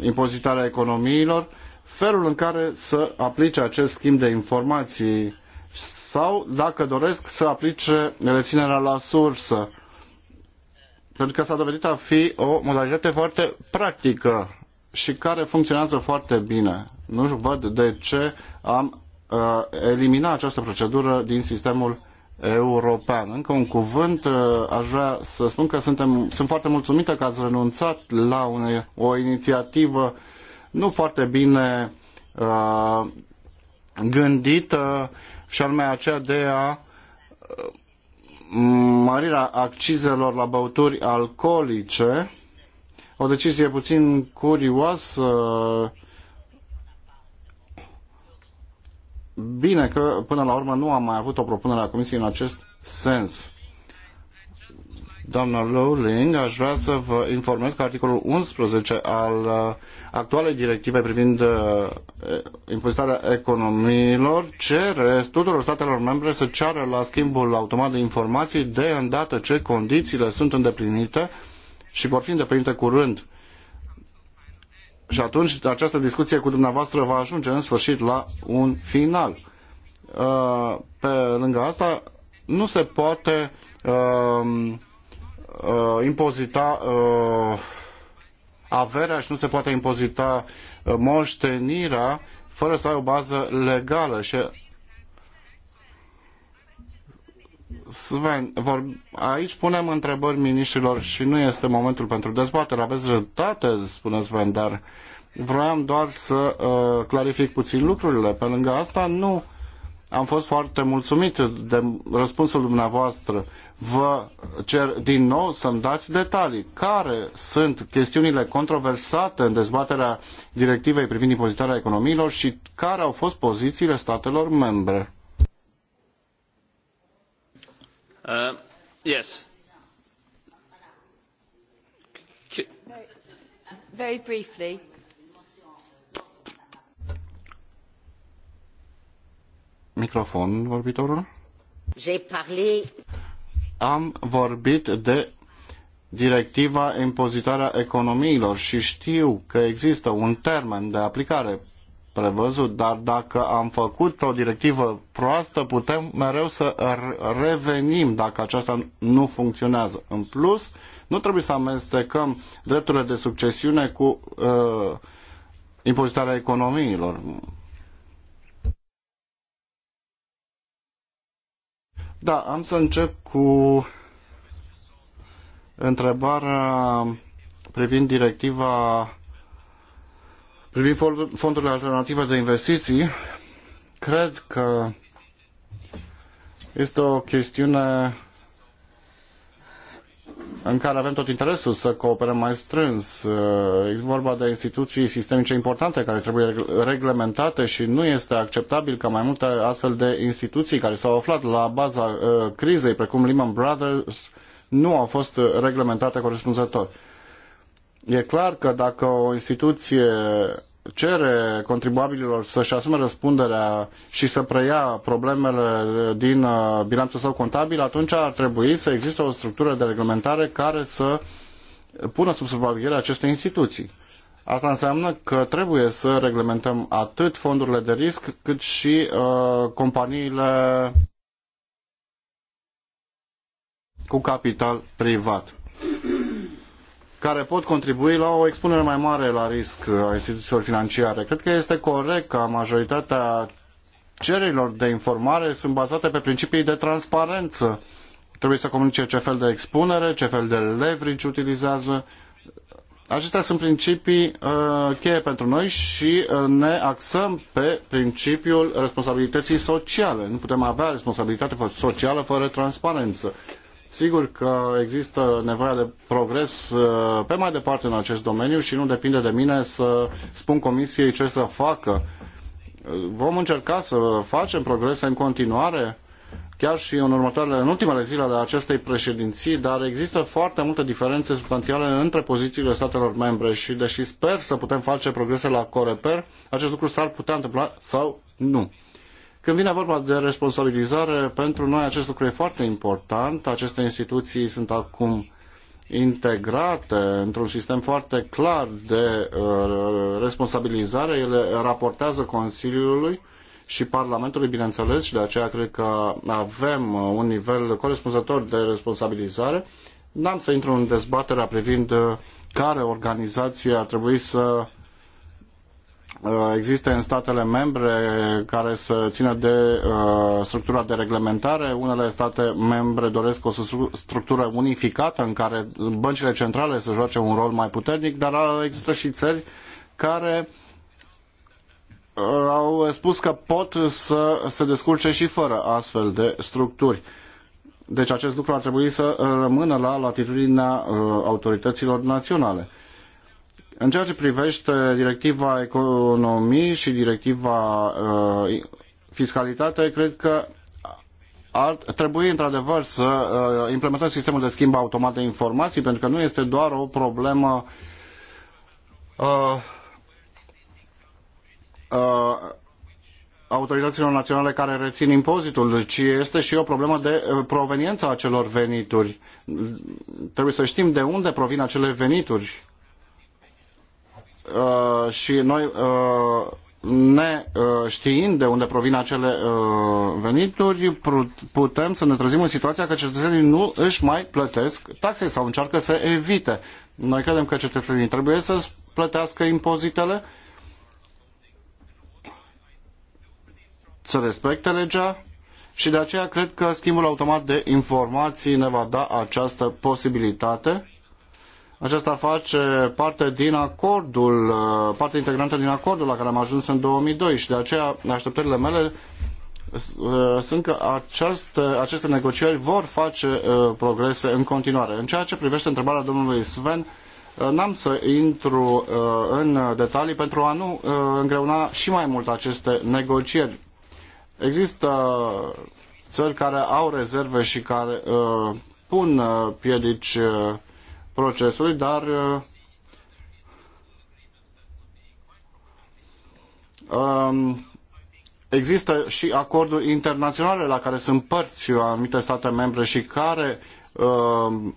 impozitarea economiilor, felul în care să aplice acest schimb de informații sau, dacă doresc, să aplice reținerea la sursă pentru că s-a dovedit a fi o modalitate foarte practică și care funcționează foarte bine. Nu văd de ce am uh, elimina această procedură din sistemul european. Încă un cuvânt, uh, aș vrea să spun că suntem, sunt foarte mulțumită că ați renunțat la une, o inițiativă nu foarte bine uh, gândită și anume aceea de a uh, mărirea accizelor la băuturi alcoolice, o decizie puțin curioasă. Bine că până la urmă nu am mai avut o propunere a Comisiei în acest sens. Doamna Lowling, aș vrea să vă informez că articolul 11 al uh, actualei directive privind uh, impozitarea economiilor cere tuturor statelor membre să ceară la schimbul automat de informații de îndată ce condițiile sunt îndeplinite și vor fi îndeplinite curând. Și atunci această discuție cu dumneavoastră va ajunge în sfârșit la un final. Uh, pe lângă asta, nu se poate uh, uh, impozita uh, averea și nu se poate impozita uh, moștenirea fără să ai o bază legală și uh, Sven, vor... aici punem întrebări miniștrilor și nu este momentul pentru dezbatere. Aveți dreptate, spune Sven, dar vroiam doar să uh, clarific puțin lucrurile. Pe lângă asta, nu am fost foarte mulțumit de răspunsul dumneavoastră vă cer din nou să-mi dați detalii. Care sunt chestiunile controversate în dezbaterea directivei privind impozitarea economiilor și care au fost pozițiile statelor membre? Uh, yes. Very briefly. Microfon, vorbitorul. J'ai parlé am vorbit de directiva impozitarea economiilor și știu că există un termen de aplicare prevăzut, dar dacă am făcut o directivă proastă, putem mereu să revenim dacă aceasta nu funcționează. În plus, nu trebuie să amestecăm drepturile de succesiune cu uh, impozitarea economiilor. Da, am să încep cu întrebarea privind directiva privind fondurile alternative de investiții. Cred că este o chestiune în care avem tot interesul să cooperăm mai strâns. E vorba de instituții sistemice importante care trebuie reglementate și nu este acceptabil ca mai multe astfel de instituții care s-au aflat la baza uh, crizei, precum Lehman Brothers, nu au fost reglementate corespunzător. E clar că dacă o instituție cere contribuabililor să-și asume răspunderea și să preia problemele din uh, bilanțul său contabil, atunci ar trebui să existe o structură de reglementare care să pună sub supraveghere aceste instituții. Asta înseamnă că trebuie să reglementăm atât fondurile de risc cât și uh, companiile cu capital privat care pot contribui la o expunere mai mare la risc a instituțiilor financiare. Cred că este corect ca majoritatea cererilor de informare sunt bazate pe principii de transparență. Trebuie să comunice ce fel de expunere, ce fel de leverage utilizează. Acestea sunt principii uh, cheie pentru noi și uh, ne axăm pe principiul responsabilității sociale. Nu putem avea responsabilitate socială fără transparență. Sigur că există nevoia de progres uh, pe mai departe în acest domeniu și nu depinde de mine să spun comisiei ce să facă. Uh, vom încerca să facem progrese în continuare, chiar și în, următoarele, în ultimele zile ale acestei președinții, dar există foarte multe diferențe substanțiale între pozițiile statelor membre și deși sper să putem face progrese la Coreper, acest lucru s-ar putea întâmpla sau nu. Când vine vorba de responsabilizare, pentru noi acest lucru e foarte important. Aceste instituții sunt acum integrate într-un sistem foarte clar de uh, responsabilizare. Ele raportează Consiliului și Parlamentului, bineînțeles, și de aceea cred că avem uh, un nivel corespunzător de responsabilizare. N-am să intru în dezbaterea privind uh, care organizație ar trebui să Uh, existe în statele membre care să țină de uh, structura de reglementare. Unele state membre doresc o structură unificată în care băncile centrale să joace un rol mai puternic, dar există și țări care uh, au spus că pot să se descurce și fără astfel de structuri. Deci acest lucru ar trebui să rămână la latitudinea autorităților naționale. În ceea ce privește directiva economii și directiva uh, fiscalitate, cred că ar trebui într-adevăr să uh, implementăm sistemul de schimb automat de informații, pentru că nu este doar o problemă uh, uh, autorităților naționale care rețin impozitul, ci este și o problemă de uh, proveniență a acelor venituri. Trebuie să știm de unde provin acele venituri Uh, și noi uh, ne uh, știind de unde provin acele venituri, putem să ne trezim în situația că cetățenii nu își mai plătesc taxe sau încearcă să evite. Noi credem că cetățenii trebuie să plătească impozitele, să respecte legea și de aceea cred că schimbul automat de informații ne va da această posibilitate acesta face parte din acordul, uh, parte integrantă din acordul la care am ajuns în 2002 și de aceea așteptările mele uh, sunt că aceste, uh, aceste negocieri vor face progrese în continuare. În ceea ce privește întrebarea domnului Sven, n-am să intru în detalii pentru a nu îngreuna și mai mult aceste negocieri. Există țări care au rezerve și care pun piedici procesului, dar uh, um, există și acorduri internaționale la care sunt părți uh, anumite state membre și care um,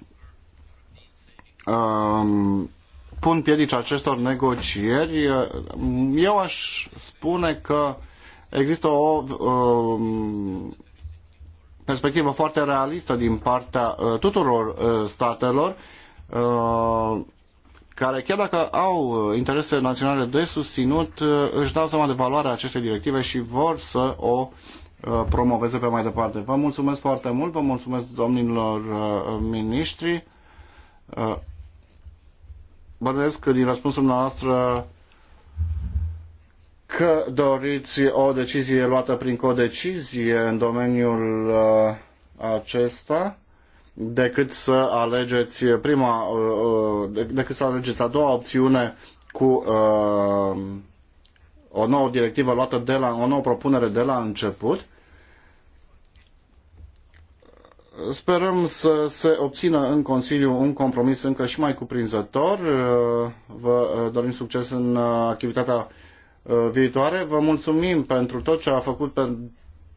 um, pun piedici acestor negocieri. Uh, eu aș spune că există o um, perspectivă foarte realistă din partea tuturor statelor uh, Uh, care chiar dacă au uh, interese naționale de susținut, uh, își dau seama de valoarea acestei directive și vor să o promoveze pe mai departe. Vă mulțumesc foarte mult, vă mulțumesc domnilor miniștri. Bănuiesc că din răspunsul noastră că doriți o decizie luată prin codecizie în domeniul acesta decât să alegeți prima, uh, uh, decât să alegeți a doua opțiune cu uh, o nouă directivă luată de la, o nouă propunere de la început. Sperăm să se obțină în Consiliu un compromis încă și mai cuprinzător. Vă dorim succes în activitatea viitoare. Vă mulțumim pentru tot ce a făcut pentru